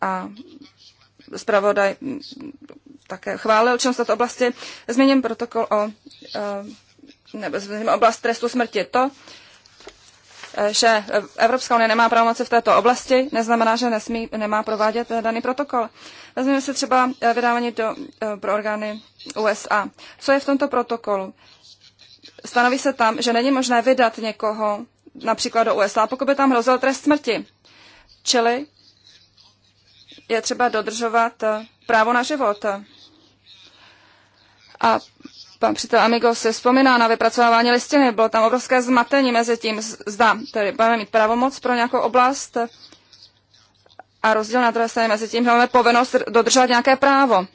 a zpravodaj také chválil se to oblasti. Změním protokol o eh, nebo změním oblast trestu smrti. To, eh, že Evropská unie nemá pravomoci v této oblasti, neznamená, že nesmí, nemá provádět daný protokol. Vezmeme se třeba vydávání do, pro orgány USA. Co je v tomto protokolu? stanoví se tam, že není možné vydat někoho například do USA, pokud by tam hrozil trest smrti. Čili je třeba dodržovat eh, právo na život. A pan přítel Amigo se vzpomíná na vypracování listiny. Bylo tam obrovské zmatení mezi tím, zda tedy budeme mít pravomoc pro nějakou oblast a rozdíl na druhé straně mezi tím, že máme povinnost dodržovat nějaké právo.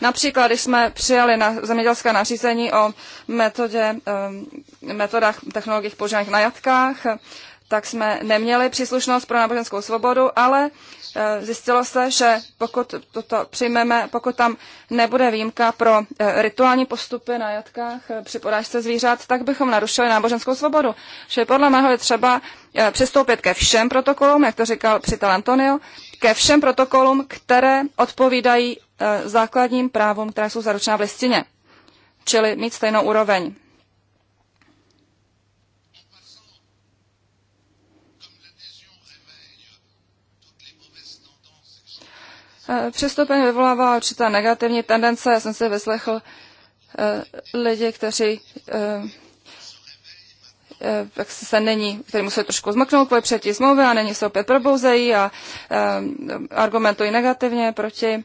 Například, když jsme přijali na zemědělské nařízení o metodě, ehm, metodách technologiích používaných na jatkách, tak jsme neměli příslušnost pro náboženskou svobodu, ale eh, zjistilo se, že pokud toto přijmeme, pokud tam nebude výjimka pro eh, rituální postupy na jatkách eh, při porážce zvířat, tak bychom narušili náboženskou svobodu. Že podle mého je třeba přistoupit ke všem protokolům, jak to říkal přítel Antonio, ke všem protokolům, které odpovídají e, základním právům, která jsou zaručena v listině, čili mít stejnou úroveň. E, Přistoupení vyvolává určité negativní tendence. Já jsem si vyslechl e, lidi, kteří Eh, jak se není, který musí trošku zmoknout kvůli přijetí smlouvy a není se opět probouzejí a eh, argumentují negativně proti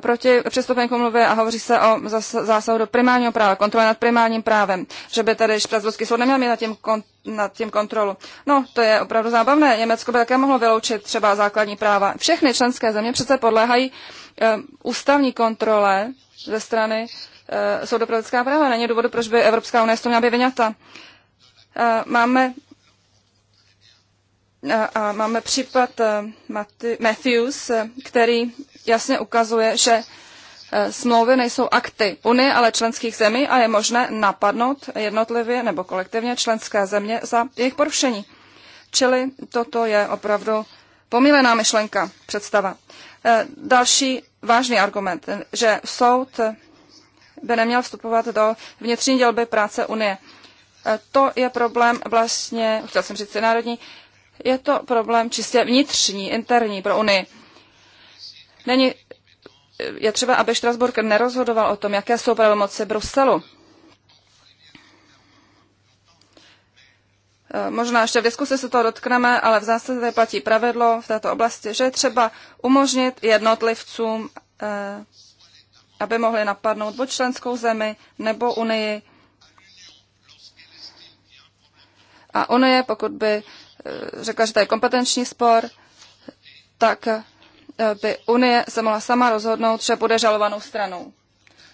proti přistoupení k umluvě a hovoří se o zásahu do primárního práva, kontrole nad primárním právem, že by tady Štrasburský soud neměl mít nad tím, kon, nad tím kontrolu. No, to je opravdu zábavné. Německo by také mohlo vyloučit třeba základní práva. Všechny členské země přece podléhají e, ústavní kontrole ze strany e, soudu pro lidská práva. Není důvodu, proč by Evropská unie z toho měla být vyňata. E, máme a máme případ Matthews, který jasně ukazuje, že smlouvy nejsou akty Unie, ale členských zemí a je možné napadnout jednotlivě nebo kolektivně členské země za jejich porušení. Čili toto je opravdu pomílená myšlenka, představa. E, další vážný argument, že soud by neměl vstupovat do vnitřní dělby práce Unie. E, to je problém vlastně, chtěl jsem říct národní, je to problém čistě vnitřní, interní pro Unii. Není, e, je třeba, aby Štrasburg nerozhodoval o tom, jaké jsou pravomoci Bruselu. E, možná ještě v diskusi se to dotkneme, ale v zásadě platí pravidlo v této oblasti, že je třeba umožnit jednotlivcům, aby mohli napadnout buď členskou zemi nebo Unii A je, pokud by eh, řekla, že to je kompetenční spor, tak eh, by Unie se mohla sama rozhodnout, že bude žalovanou stranou.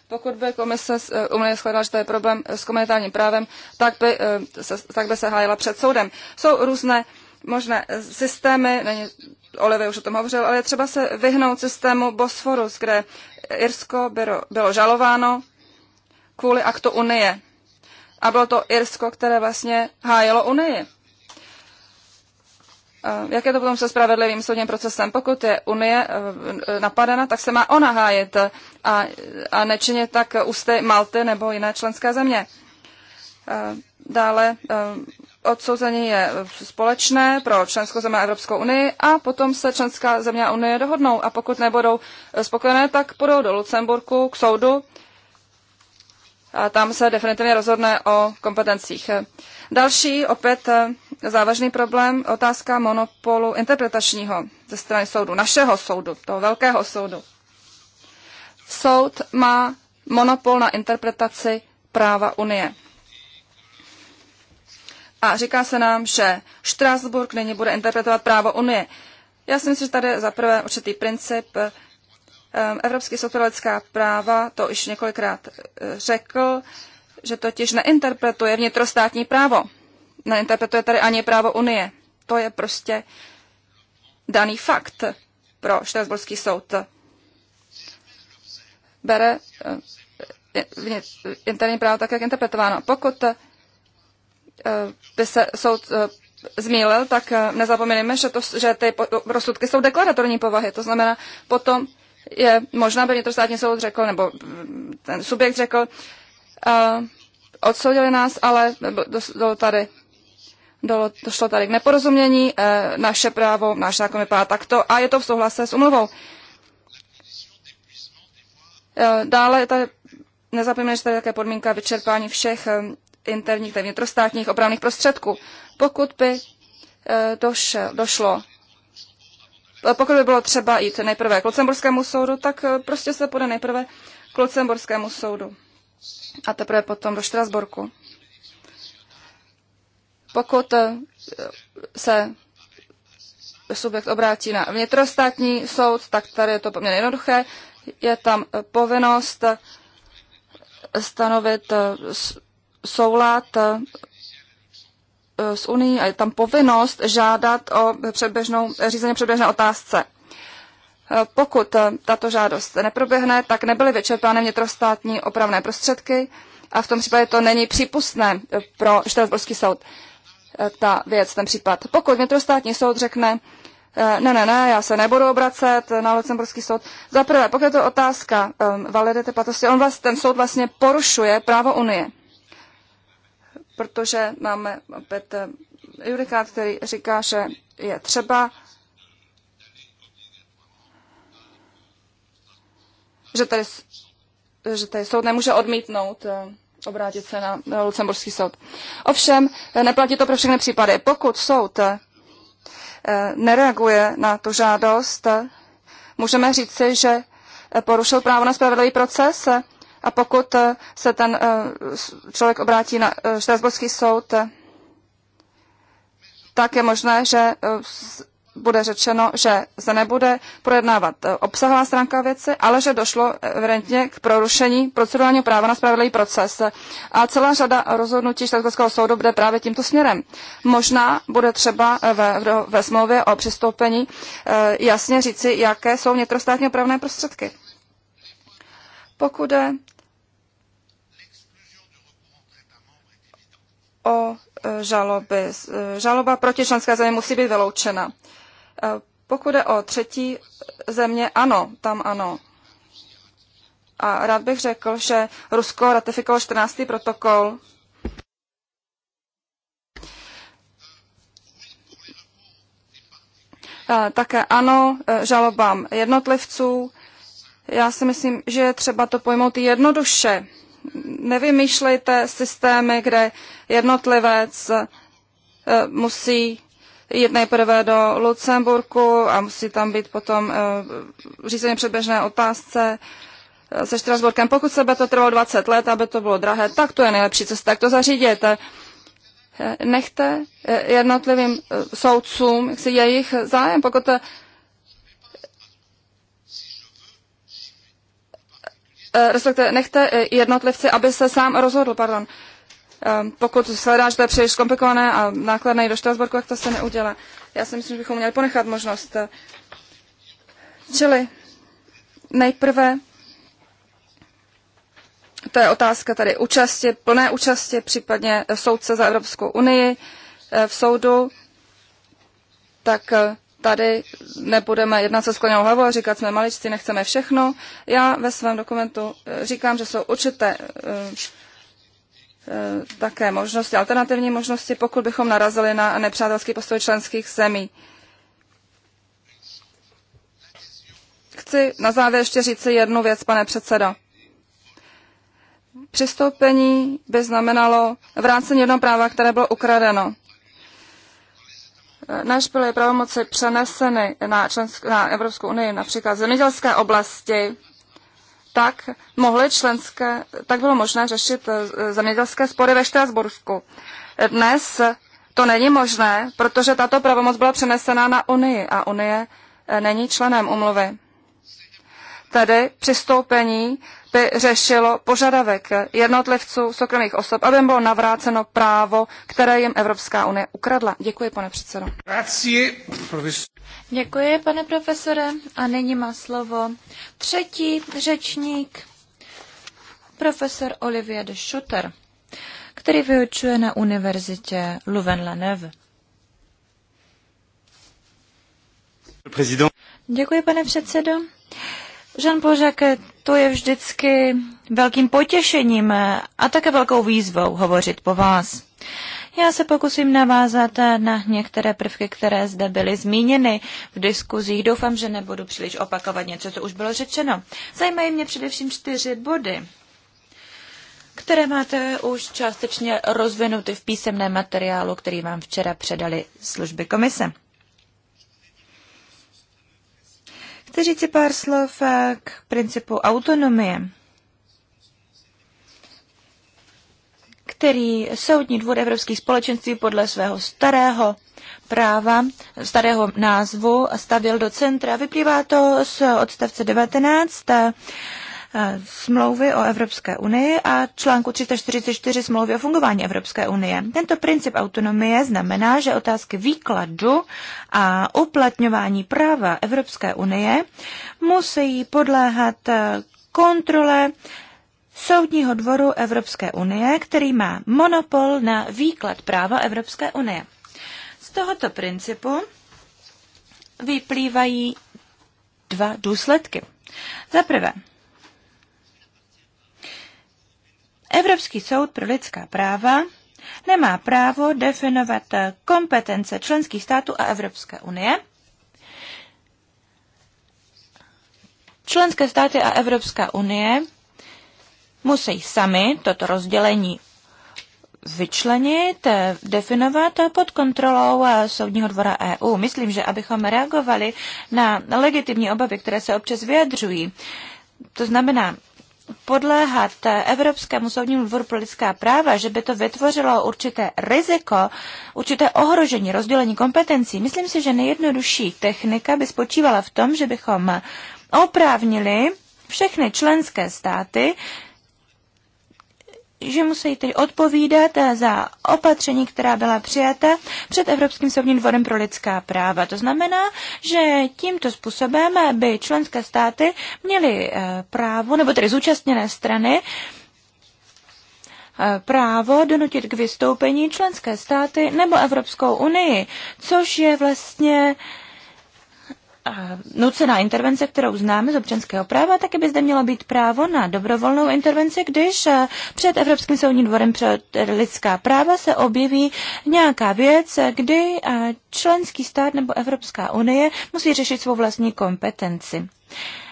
Pokud by komise eh, Unie shledala, že to je problém s komunitárním právem, tak by se, tak by se hájila před soudem. Jsou různé možné systémy, není, Olivy už o tom hovořil, ale je třeba se vyhnout systému Bosforus, kde Irsko bylo, bylo žalováno kvůli aktu Unie. A bylo to Irsko, které vlastně hájelo Unii. Jak je to potom se spravedlivým soudním procesem? Pokud je Unie eh, eh, napadena, tak se má ona hájit a, a nečině tak ústy Malty nebo jiné členské země. Eh, dále odsouzení je společné pro členskou zemi a Evropskou unii a potom se členská země a unie dohodnou. A pokud nebudou spokojené, tak půjdou do Lucemburku k soudu a tam se definitivně rozhodne o kompetencích. Další, opět eh, závažný problém, otázka monopolu interpretačního ze strany soudu, našeho soudu, toho velkého soudu. Soud má monopol na interpretaci práva Unie. A říká se nám, že Štrásburg nyní bude interpretovat právo Unie. Já si myslím, že tady je zaprvé určitý princip, Ehm, Evropský soud pro lidská práva to už několikrát eh, řekl, že totiž neinterpretuje vnitrostátní právo. Neinterpretuje tady ani právo Unie. To je prostě daný fakt pro Štrasburský soud. Bere eh, interní právo tak, jak interpretováno. Pokud eh, by se soud zmílil, tak nezapomeňme, že, to, že ty rozsudky jsou deklaratorní povahy. To znamená, potom je možná by vnitrostátní soud řekl, nebo ten subjekt řekl, uh, odsoudili nás, ale do, tady do, došlo tady k neporozumění, uh, naše právo, náš zákon vypadá takto a je to v souhlase s umluvou. Uh, dále je tady, nezapomeňme, že tady je také podmínka vyčerpání všech uh, interních, tedy vnitrostátních opravných prostředků. Pokud by uh, došlo, došlo pokud by bylo třeba jít nejprve k Lucemburskému soudu, tak eh, prostě se půjde nejprve k Lucemburskému soudu a teprve potom do Štrasburku. Pokud eh, se subjekt obrátí na vnitrostátní soud, tak tady je to poměrně jednoduché. Je tam eh, povinnost stanovit soulad Eh, s Unii a je tam povinnost žádat o předběžnou, řízení předběžné otázce. Eh, pokud eh, tato žádost neproběhne, tak nebyly vyčerpány vnitrostátní opravné prostředky a v tom případě to není přípustné pro Štrasburský soud ta věc, ten případ. Pokud vnitrostátní soud řekne, ne, ne, ne, já se nebudu obracet na Lucemburský soud. Za prvé, pokud je to otázka um, validity platosti, on vlastně, ten soud vlastně porušuje právo Unie protože máme opět eh, judikát, který říká, že je třeba, že tady, že tady soud nemůže odmítnout eh, obrátit se na Lucemburský soud. Ovšem, eh, neplatí to pro všechny případy. Pokud soud nereaguje na tu žádost, můžeme říci, že porušil právo na spravedlivý proces, a pokud eh, se ten eh, člověk obrátí na eh, Štrasburský soud, tak je možné, že bude řečeno, že se nebude projednávat obsahová stránka věci, ale že došlo evidentně k prorušení procedurálního práva na spravedlivý proces. A celá řada rozhodnutí Štrasburského soudu bude právě tímto směrem. Možná bude třeba ve, ve smlouvě o přistoupení jasně říci, jaké jsou vnitrostátně opravné prostředky. Pokud je o e, žaloby. E, žaloba proti členské zemi musí být vyloučena. E, pokud je o třetí země, ano, tam ano. A rád bych řekl, že Rusko ratifikovalo 14. protokol. Také ano, žalobám jednotlivců. Já si myslím, že je třeba to pojmout jednoduše nevymýšlejte systémy, kde jednotlivec eh, musí jít nejprve do Lucemburku a musí tam být potom eh, řízení předběžné otázce eh, se Štrasburkem. Pokud se to trvalo 20 let, aby to bylo drahé, tak to je nejlepší cesta, tak to zařídíte. Nechte jednotlivým soudcům jak si jejich zájem. Pokud Eh, respektive nechte eh, jednotlivci, aby se sám rozhodl, pardon. Eh, pokud se hledá, že to je příliš komplikované a nákladné do Štrasburku, jak to se neudělá. Já si myslím, že bychom měli ponechat možnost. Čili nejprve to je otázka tady účasti, plné účasti, případně soudce za Evropskou unii v soudu, tak tady nebudeme jednat se skloněnou hlavou a říkat, jsme maličci, nechceme všechno. Já ve svém dokumentu eh, říkám, že jsou určité eh, eh, také možnosti, alternativní možnosti, pokud bychom narazili na nepřátelský postoj členských zemí. Chci na závěr ještě říci jednu věc, pane předsedo. Přistoupení by znamenalo vrácení jednoho práva, které bylo ukradeno než byly pravomoci přeneseny na, člensk- na Evropskou unii, například zemědělské oblasti, tak, mohly členské, tak bylo možné řešit eh, zemědělské spory ve Štrasbursku. Dnes to není možné, protože tato pravomoc byla přenesena na Unii a Unie eh, není členem umluvy. Tedy přistoupení by řešilo požadavek jednotlivců, soukromých osob, aby jim bylo navráceno právo, které jim Evropská unie ukradla. Děkuji, pane předsedo. Děkuji, pane profesore. A nyní má slovo třetí řečník, profesor Olivier de Schutter, který vyučuje na univerzitě Louvain-la-Neuve. Děkuji, pane předsedo. Jean-Paul to je vždycky velkým potěšením a také velkou výzvou hovořit po vás. Já se pokusím navázat na některé prvky, které zde byly zmíněny v diskuzích. Doufám, že nebudu příliš opakovat něco, co už bylo řečeno. Zajímají mě především čtyři body které máte už částečně rozvinuty v písemném materiálu, který vám včera předali služby komise. chcete říci pár slov eh, k principu autonomie, který Soudní dvůr Evropských společenství podle svého starého práva, starého názvu stavil do centra. Vyplývá to z odstavce 19 Eh, smlouvy o Evropské unii a článku 344 smlouvy o fungování Evropské unie. Tento princip autonomie znamená, že otázky výkladu a uplatňování práva Evropské unie musí podléhat eh, kontrole Soudního dvoru Evropské unie, který má monopol na výklad práva Evropské unie. Z tohoto principu vyplývají dva důsledky. Za prvé, Evropský soud pro lidská práva nemá právo definovat kompetence členských států a Evropské unie. Členské státy a Evropská unie musí sami toto rozdělení vyčlenit, definovat pod kontrolou Soudního dvora EU. Myslím, že abychom reagovali na legitimní obavy, které se občas vyjadřují, to znamená podléhat Evropskému soudnímu dvoru pro lidská práva, že by to vytvořilo určité riziko, určité ohrožení rozdělení kompetencí, myslím si, že nejjednodušší technika by spočívala v tom, že bychom oprávnili všechny členské státy že musí tedy odpovídat za opatření, která byla přijata před Evropským soudním dvorem pro lidská práva. To znamená, že tímto způsobem by členské státy měly eh, právo, nebo tedy zúčastněné strany, eh, právo donutit k vystoupení členské státy nebo Evropskou unii, což je vlastně uh, nucená intervence, kterou známe z občanského práva, taky by zde mělo být právo na dobrovolnou intervenci, když eh, před Evropským soudním dvorem pro lidská práva se objeví nějaká věc, kdy eh, členský stát nebo Evropská unie musí řešit svou vlastní kompetenci. Uh,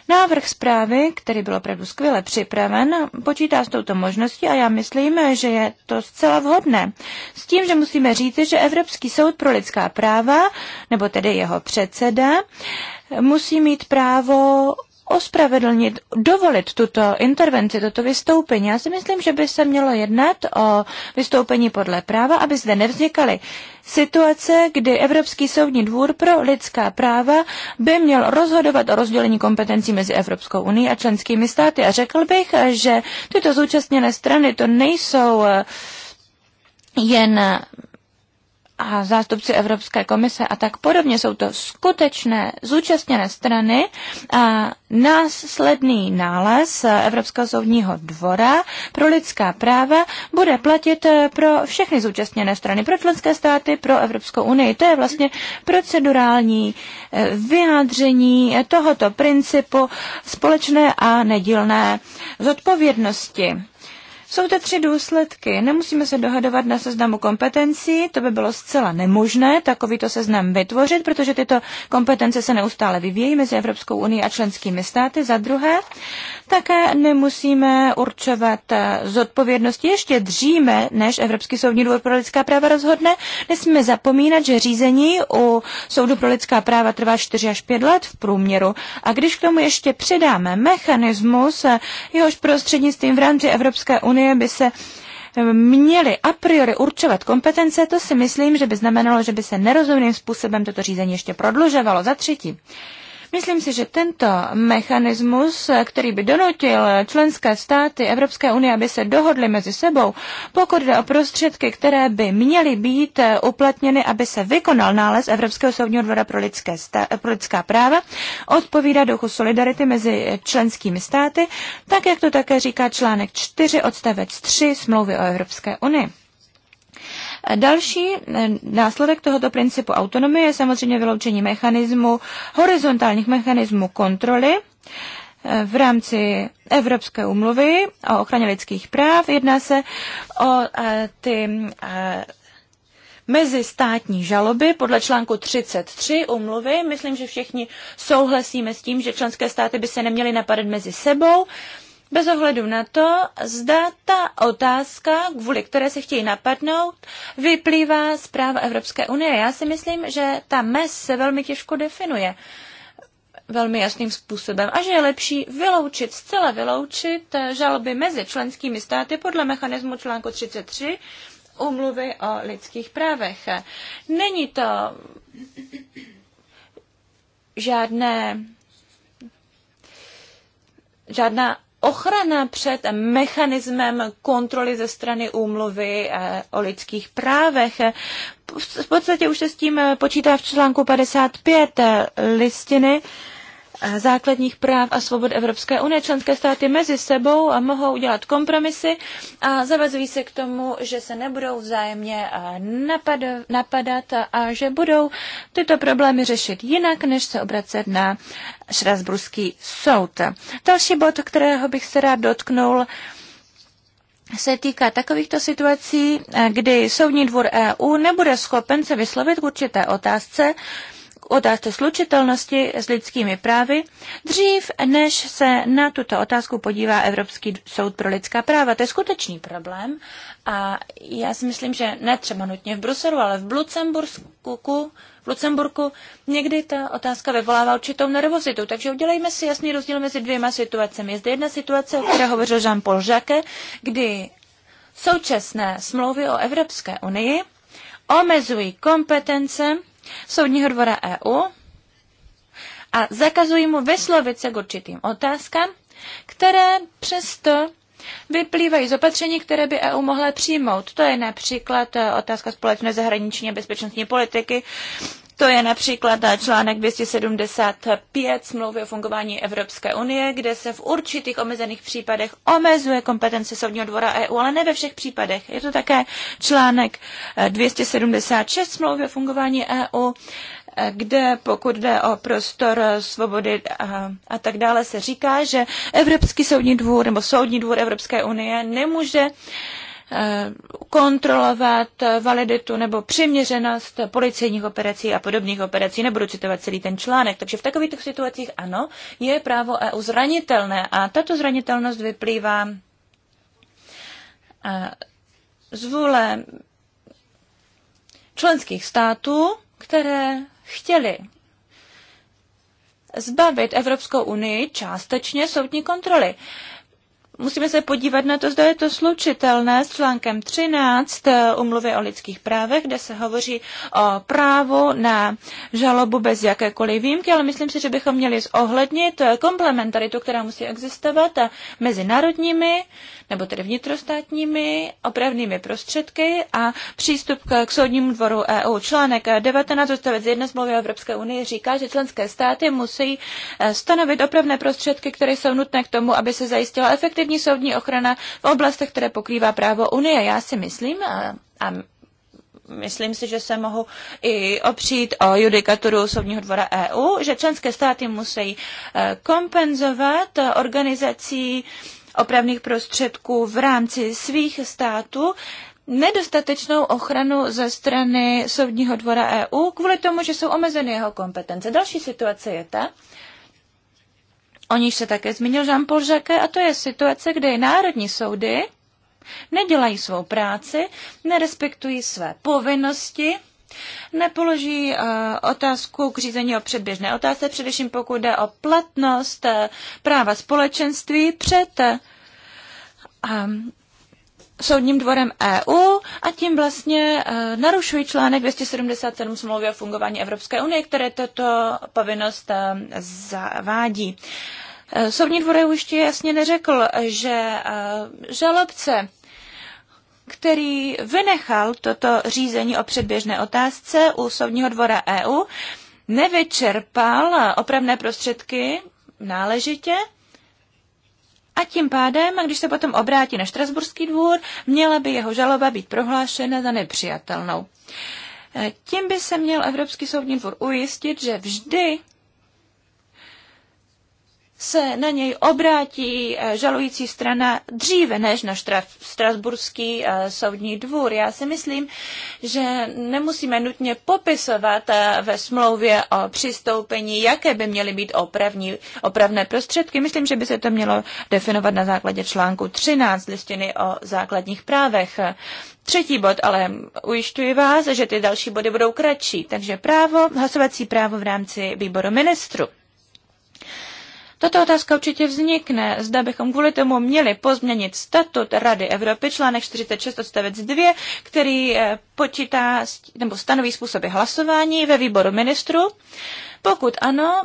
Návrh zprávy, který byl opravdu skvěle připraven, počítá s touto možností a já myslím, že je to zcela vhodné. S tím, že musíme říci, že Evropský soud pro lidská práva, nebo tedy jeho předseda, musí mít právo ospravedlnit, dovolit tuto intervenci, toto vystoupení. Já si myslím, že by se mělo jednat o vystoupení podle práva, aby zde nevznikaly situace, kdy Evropský soudní dvůr pro lidská práva by měl rozhodovat o rozdělení kompetencí mezi Evropskou unii a členskými státy. A řekl bych, že tyto zúčastněné strany to nejsou eh, jen a zástupci Evropské komise a tak podobně. Jsou to skutečné zúčastněné strany a následný nález Evropského soudního dvora pro lidská práva bude platit eh, pro všechny zúčastněné strany, pro členské státy, pro Evropskou unii. To je vlastně procedurální eh, vyjádření tohoto principu společné a nedílné zodpovědnosti. Jsou to tři důsledky. Nemusíme se dohadovat na seznamu kompetencí, to by bylo zcela nemožné takovýto seznam vytvořit, protože tyto kompetence se neustále vyvíjí mezi Evropskou unii a členskými státy. Za druhé, také nemusíme určovat eh, zodpovědnosti ještě dříve, než Evropský soudní dvůr pro lidská práva rozhodne. Nesmíme zapomínat, že řízení u soudu pro lidská práva trvá 4 až 5 let v průměru. A když k tomu ještě přidáme mechanismus, eh, jehož prostřednictvím v rámci Evropské unie unie by se eh, měly a priori určovat kompetence, to si myslím, že by znamenalo, že by se nerozumným způsobem toto řízení ještě prodlužovalo. Za třetí, Myslím si, že tento mechanismus, který by donutil členské státy Evropské unie, aby se dohodly mezi sebou, pokud jde o prostředky, které by měly být uplatněny, aby se vykonal nález Evropského soudního dvora pro, lidské stá- pro lidská práva, odpovídá duchu solidarity mezi členskými státy, tak jak to také říká článek 4 odstavec 3 smlouvy o Evropské unii. Další e, následek tohoto principu autonomie je samozřejmě vyloučení mechanismu, horizontálních mechanismů kontroly, e, v rámci Evropské umluvy o ochraně lidských práv. Jedná se o e, ty mezistátní žaloby podle článku 33 umluvy. Myslím, že všichni souhlasíme s tím, že členské státy by se neměly napadat mezi sebou bez ohledu na to, zda ta otázka, kvůli které se chtějí napadnout, vyplývá z práva Evropské unie. Já si myslím, že ta mes se velmi těžko definuje velmi jasným způsobem a že je lepší vyloučit, zcela vyloučit eh, žaloby mezi členskými státy podle mechanismu článku 33 umluvy o lidských právech. Není to žádné žádná ochrana před mechanismem kontroly ze strany úmluvy eh, o lidských právech. V podstatě už se s tím počítá v článku 55 eh, listiny základních práv a svobod Evropské unie. Členské státy mezi sebou a mohou udělat kompromisy a zavazují se k tomu, že se nebudou vzájemně napadat a že budou tyto problémy řešit jinak, než se obracet na Šrasburský soud. Další bod, kterého bych se rád dotknul, se týká takovýchto situací, kdy Soudní dvůr EU nebude schopen se vyslovit k určité otázce, otázce slučitelnosti s lidskými právy, dřív než se na tuto otázku podívá Evropský soud pro lidská práva. To je skutečný problém a já si myslím, že ne třeba nutně v Bruselu, ale v Lucembursku, v Lucemburku někdy ta otázka vyvolává určitou nervozitu. Takže udělejme si jasný rozdíl mezi dvěma situacemi. Je zde jedna situace, o které hovořil Jean-Paul Jacques, kdy současné smlouvy o Evropské unii omezují kompetence Soudního dvora EU a zakazují mu vyslovit se k určitým otázkám, které přesto vyplývají z opatření, které by EU mohla přijmout. To je například eh, otázka společné zahraniční a bezpečnostní politiky, to je například článek 275 smlouvy o fungování Evropské unie, kde se v určitých omezených případech omezuje kompetence Soudního dvora EU, ale ne ve všech případech. Je to také článek 276 smlouvy o fungování EU, kde pokud jde o prostor svobody a, a tak dále, se říká, že Evropský soudní dvůr nebo Soudní dvůr Evropské unie nemůže uh, Eh, kontrolovat validitu nebo přiměřenost policejních operací a podobných operací. Nebudu citovat celý ten článek. Takže v takovýchto situacích ano, je právo EU zranitelné a tato zranitelnost vyplývá eh, z vůle členských států, které chtěly zbavit Evropskou unii částečně soudní kontroly. Uh, musíme se podívat na to, zda je to slučitelné s článkem 13 eh, umluvy o lidských právech, kde se hovoří o právu na žalobu bez jakékoliv výjimky, ale myslím si, že bychom měli zohlednit eh, komplementaritu, která musí existovat eh, mezi národními nebo tedy vnitrostátními opravnými prostředky a přístup k soudnímu dvoru EU. Článek 19 odstavec 1 smlouvy Evropské unie říká, že členské státy musí stanovit opravné prostředky, které jsou nutné k tomu, aby se zajistila efektivní efektivní soudní ochrana v oblastech, které pokrývá právo Unie. Já si myslím a, a myslím si, že se mohu i opřít o judikaturu Soudního dvora EU, že členské státy musí e, kompenzovat organizací opravných prostředků v rámci svých států nedostatečnou ochranu ze strany Soudního dvora EU kvůli tomu, že jsou omezeny jeho kompetence. Další situace je ta, o níž se také zmínil Jean-Paul Jacquet, a to je situace, i národní soudy nedělají svou práci, nerespektují své povinnosti, nepoloží uh, otázku k řízení o předběžné otázce, především pokud jde o platnost uh, práva společenství před uh, soudním dvorem EU a tím vlastně eh, narušují článek 277 smlouvy o fungování Evropské unie, které toto povinnost eh, zavádí. Eh, Soudní dvor EU ještě jasně neřekl, že žalobce který vynechal toto řízení o předběžné otázce u Soudního dvora EU, nevyčerpal opravné prostředky náležitě a tím pádem, když se potom obrátí na Štrasburský dvůr, měla by jeho žaloba být prohlášena za nepřijatelnou. Eh, tím by se měl Evropský soudní dvůr ujistit, že vždy se na něj obrátí eh, žalující strana dříve než na Strasburský eh, soudní dvůr. Já si myslím, že nemusíme nutně popisovat eh, ve smlouvě o přistoupení, jaké by měly být opravní, opravné prostředky. Myslím, že by se to mělo definovat na základě článku 13 listiny o základních právech. Třetí bod, ale ujišťuji vás, že ty další body budou kratší, takže právo, hlasovací právo v rámci výboru ministru. Tato otázka určitě vznikne. Zda bychom kvůli tomu měli pozměnit statut Rady Evropy, článek 46 odstavec 2, který eh, počítá nebo stanoví způsoby hlasování ve výboru ministru. Pokud ano,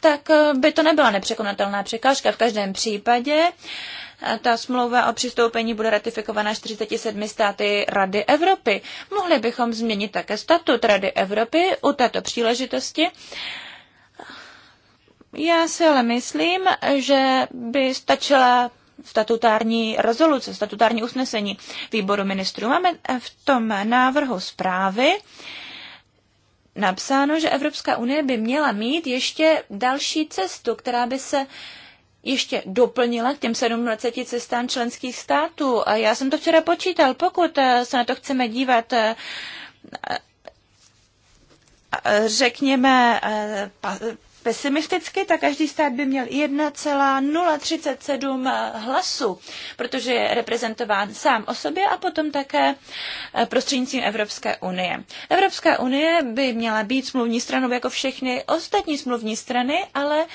tak eh, by to nebyla nepřekonatelná překážka v každém případě. Eh, ta smlouva o přistoupení bude ratifikovaná 47 státy Rady Evropy. Mohli bychom změnit také statut Rady Evropy u této příležitosti já si ale myslím, že by stačila statutární rezoluce, statutární usnesení výboru ministrů. Máme v tom návrhu zprávy napsáno, že Evropská unie by měla mít ještě další cestu, která by se ještě doplnila k těm 27 cestám členských států. A já jsem to včera počítal. Pokud eh, se na to chceme dívat eh, eh, řekněme pesimisticky, tak každý stát by měl 1,037 eh, hlasů, protože je reprezentován sám o sobě a potom také eh, prostřednictvím Evropské unie. Evropská unie by měla být smluvní stranou jako všechny ostatní smluvní strany, ale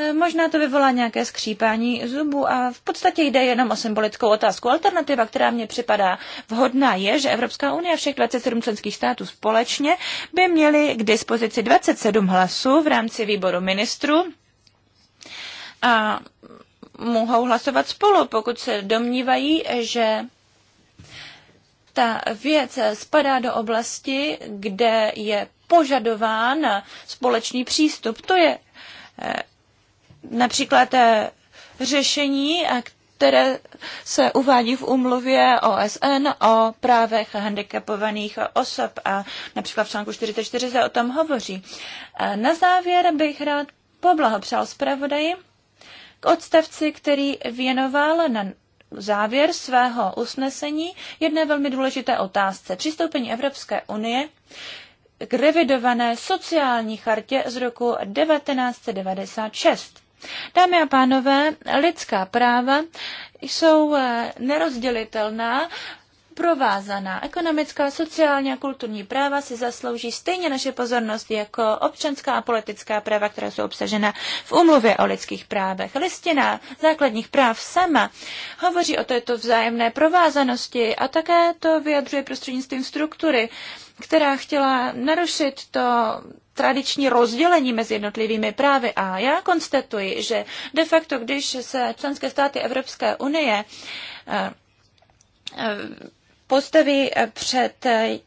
Eh, možná to vyvolá nějaké skřípání zubů a v podstatě jde jenom o symbolickou otázku. Alternativa, která mně připadá vhodná, je, že Evropská unie a všech 27 členských států společně by měly k dispozici 27 hlasů v rámci výboru ministrů. A mohou hlasovat spolu, pokud se domnívají, že ta věc spadá do oblasti, kde je požadován společný přístup. To je eh, například eh, řešení, eh, které se uvádí v úmluvě OSN o právech handicapovaných osob a například v článku 44 se o tom hovoří. A eh, na závěr bych rád poblahopřál zpravodaji k odstavci, který věnoval na závěr svého usnesení jedné velmi důležité otázce. Přistoupení Evropské unie k revidované sociální chartě z roku 1996. Dámy a pánové, lidská práva jsou eh, nerozdělitelná provázaná. Ekonomická, sociální a kulturní práva si zaslouží stejně naše pozornost jako občanská a politická práva, která jsou obsažena v umluvě o lidských právech. Listina základních práv sama hovoří o této vzájemné provázanosti a také to vyjadřuje prostřednictvím struktury, která chtěla narušit to tradiční rozdělení mezi jednotlivými právy. A já konstatuji, že de facto, když se členské státy Evropské unie eh, eh, postaví před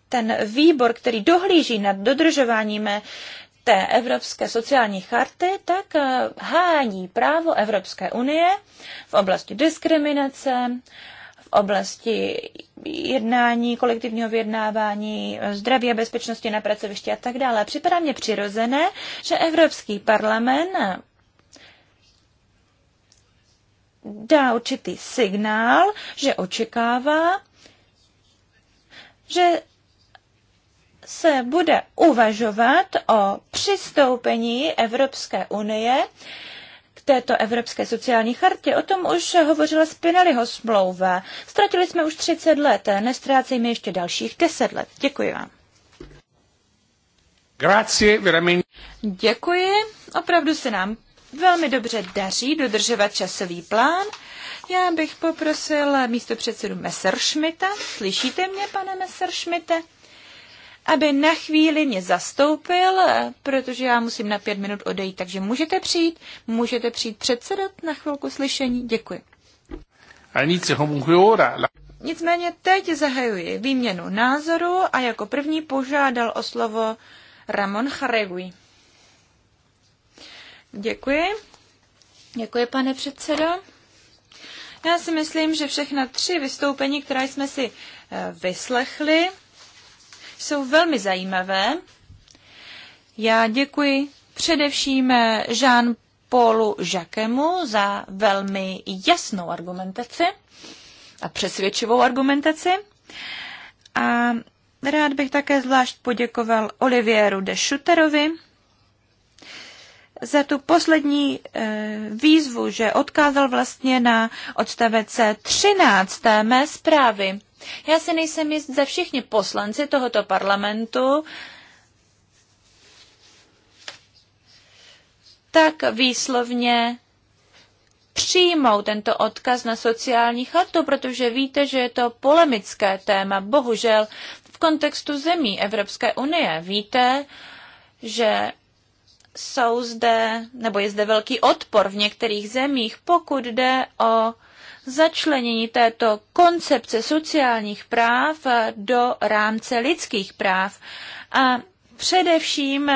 ten výbor, který dohlíží nad dodržováním té Evropské sociální charty, tak eh, hání právo Evropské unie v oblasti diskriminace, oblasti jednání, kolektivního vyjednávání, zdraví a bezpečnosti na pracovišti a tak dále. Připadá mě přirozené, že Evropský parlament dá určitý signál, že očekává, že se bude uvažovat o přistoupení Evropské unie této Evropské sociální chartě. O tom už hovořila Spinelliho smlouva. Ztratili jsme už 30 let, nestrácejme ještě dalších 10 let. Děkuji vám. Grazie, veramente. Děkuji, opravdu se nám velmi dobře daří dodržovat časový plán. Já bych poprosil místo předsedu Messerschmitta. Slyšíte mě, pane Messerschmitte? aby na chvíli mě zastoupil, eh, protože já musím na pět minut odejít, takže můžete přijít, můžete přijít předsedat na chvilku slyšení. Děkuji. Nicméně teď zahajuji výměnu názoru a jako první požádal o slovo Ramon Charegui. Děkuji. Děkuji, pane předsedo. Já si myslím, že všechna tři vystoupení, která jsme si eh, vyslechli, jsou velmi zajímavé. Já děkuji především Jean Paulu Jacquemu za velmi jasnou argumentaci a přesvědčivou argumentaci. A rád bych také zvlášť poděkoval Olivieru de Schutterovi za tu poslední eh, výzvu, že odkázal vlastně na odstavec 13. mé zprávy já si nejsem jist, že všichni poslanci tohoto parlamentu tak výslovně přijmou tento odkaz na sociální chartu, protože víte, že je to polemické téma, bohužel v kontextu zemí Evropské unie. Víte, že jsou zde, nebo je zde velký odpor v některých zemích, pokud jde o začlenění této koncepce sociálních práv do rámce lidských práv. A především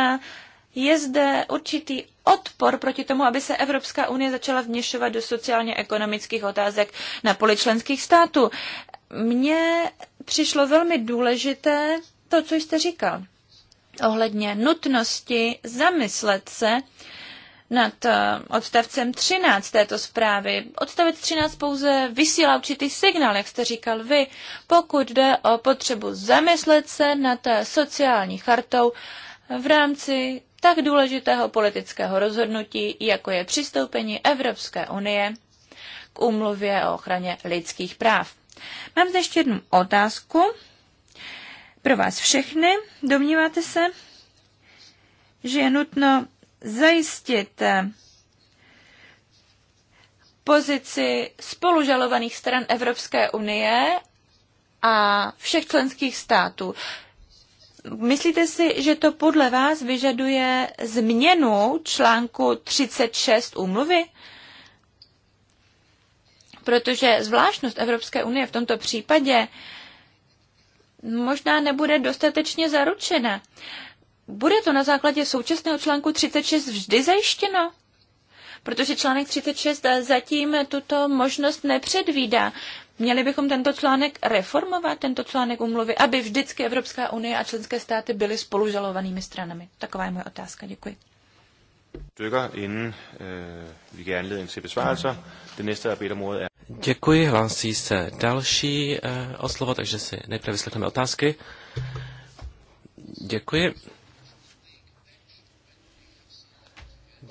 je zde určitý odpor proti tomu, aby se Evropská unie začala vměšovat do sociálně-ekonomických otázek na poli členských států. Mně přišlo velmi důležité to, co jste říkal ohledně nutnosti zamyslet se nad eh, odstavcem 13 této zprávy. Odstavec 13 pouze vysílá určitý signál, jak jste říkal vy, pokud jde o potřebu zamyslet se nad eh, sociální chartou v rámci tak důležitého politického rozhodnutí, jako je přistoupení Evropské unie k úmluvě o ochraně lidských práv. Mám zde ještě jednu otázku pro vás všechny. Domníváte se, že je nutno zajistit eh, pozici spolužalovaných stran Evropské unie a všech členských států. Myslíte si, že to podle vás vyžaduje změnu článku 36 úmluvy? Protože zvláštnost Evropské unie v tomto případě možná nebude dostatečně zaručena bude to na základě současného článku 36 vždy zajištěno? Protože článek 36 zatím tuto možnost nepředvídá. Měli bychom tento článek reformovat, tento článek umluvy, aby vždycky Evropská unie a členské státy byly spolužalovanými stranami. Taková je moje otázka. Děkuji. Øh, er- Děkuji, hlásí se další øh, o slovo, takže si nejprve vyslechneme otázky. Děkuji.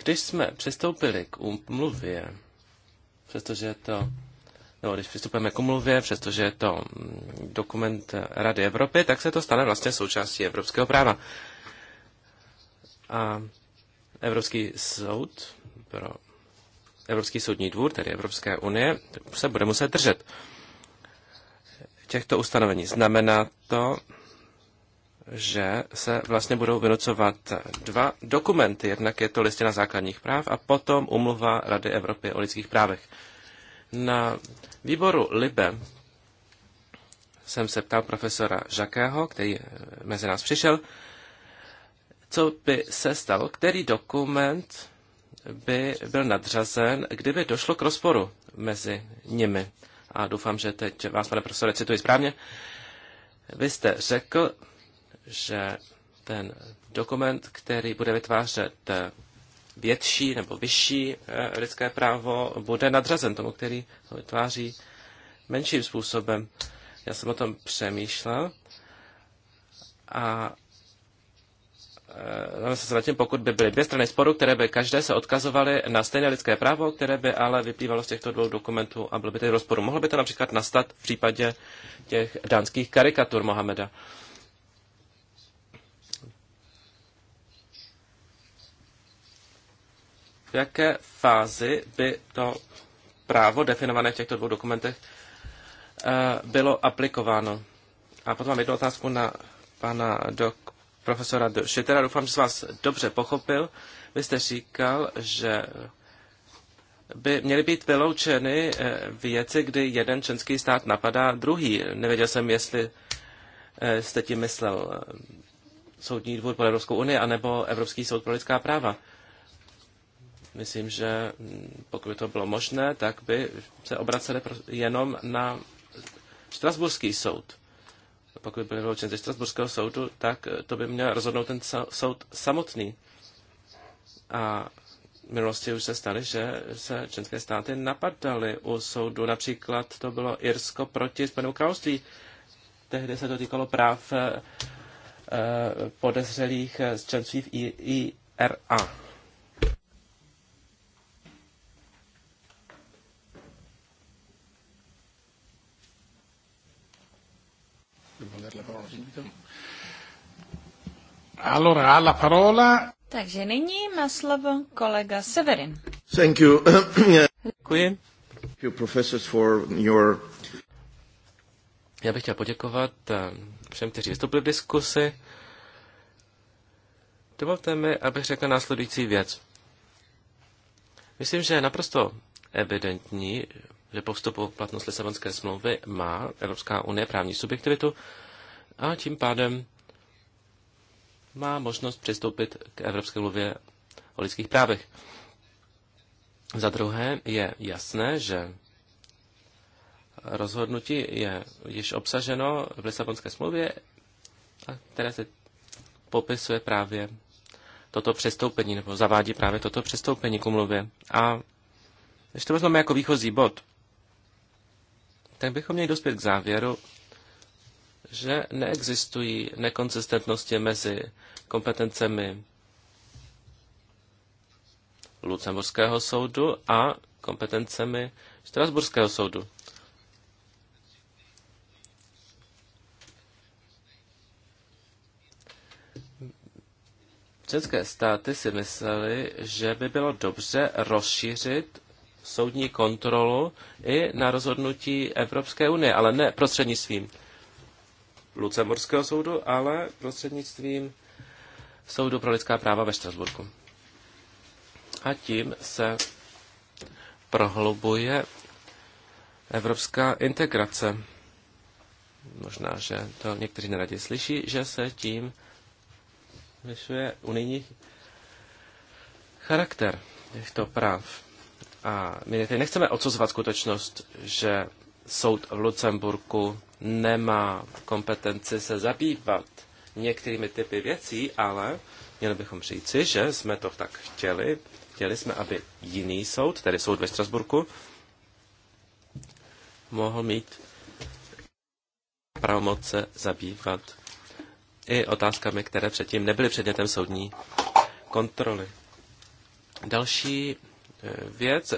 Když jsme přistoupili k umluvě, přestože je to no, když přistupujeme k umluvě, přestože je to mm, dokument Rady Evropy, tak se to stane vlastně součástí evropského práva. A Evropský soud pro Evropský soudní dvůr, tedy Evropské unie, se bude muset držet těchto ustanovení. Znamená to, že se vlastně budou vynocovat dva dokumenty. Jednak je to listina základních práv a potom umluva Rady Evropy o lidských právech. Na výboru LIBE jsem se ptal profesora Žakého, který mezi nás přišel, co by se stalo, který dokument by byl nadřazen, kdyby došlo k rozporu mezi nimi. A doufám, že teď vás, pane profesore, cituji správně. Vy jste řekl, že ten dokument, který bude vytvářet eh, větší nebo vyšší eh, lidské právo, bude nadřazen tomu, který ho vytváří menším způsobem. Já jsem o tom přemýšlel a se eh, no, zatím, pokud by byly dvě strany sporu, které by každé se odkazovaly na stejné lidské právo, které by ale vyplývalo z těchto dvou dokumentů a bylo by tedy rozporu. Mohlo by to například nastat v případě těch dánských karikatur Mohameda. Uh, v jaké fázi by to právo definované v těchto dvou dokumentech eh, bylo aplikováno. A potom mám jednu otázku na pana dok, profesora Šitera. Doufám, že jsem vás dobře pochopil. Vy jste říkal, že by měly být vyloučeny eh, věci, kdy jeden členský stát napadá druhý. Nevěděl jsem, jestli eh, jste tím myslel Soudní dvůr pro Evropskou unii anebo Evropský soud pro lidská práva. Myslím, že pokud by to bylo možné, tak by se obraceli jenom na Štrasburský soud. Pokud by byl vyloučen ze Štrasburského soudu, tak to by měl rozhodnout ten soud samotný. A v minulosti už se staly, že se členské státy napadaly u soudu. Například to bylo Irsko proti Spojenému království. Tehdy se to týkalo práv eh, eh, podezřelých z členství v IRA. Allora, la parola. Takže nyní má slovo kolega Severin. Thank you. Děkuji. Thank you professors for your... Já bych chtěl poděkovat eh, všem, kteří vystoupili v diskusi. Dovolte mi, abych řekl následující věc. Myslím, že je naprosto evidentní, že po vstupu v platnost Lisabonské smlouvy má Evropská unie právní subjektivitu a tím pádem má možnost přistoupit k Evropské mluvě o lidských právech. Za druhé je jasné, že rozhodnutí je již obsaženo v Lisabonské smlouvě, které se popisuje právě toto přestoupení, nebo zavádí právě toto přestoupení k umluvě. A když to vezmeme jako výchozí bod, tak bychom měli dospět k závěru, že neexistují nekonzistentnosti mezi kompetencemi Lucemburského soudu a kompetencemi Strasburského soudu. České státy si mysleli, že by bylo dobře rozšířit soudní kontrolu i na rozhodnutí Evropské unie, ale ne prostřednictvím Lucemburského soudu, ale prostřednictvím Soudu pro lidská práva ve Štrasburku. A tím se prohlubuje evropská integrace. Možná, že to někteří neradě slyší, že se tím vyšuje unijní charakter těchto práv. A my tady nechceme odsuzovat skutečnost, že soud v Lucemburku nemá kompetenci se zabývat některými typy věcí, ale měli bychom říci, že jsme to tak chtěli. Chtěli jsme, aby jiný soud, tedy soud ve Strasburku, mohl mít pravomoc se zabývat i otázkami, které předtím nebyly předmětem soudní kontroly. Další e, věc,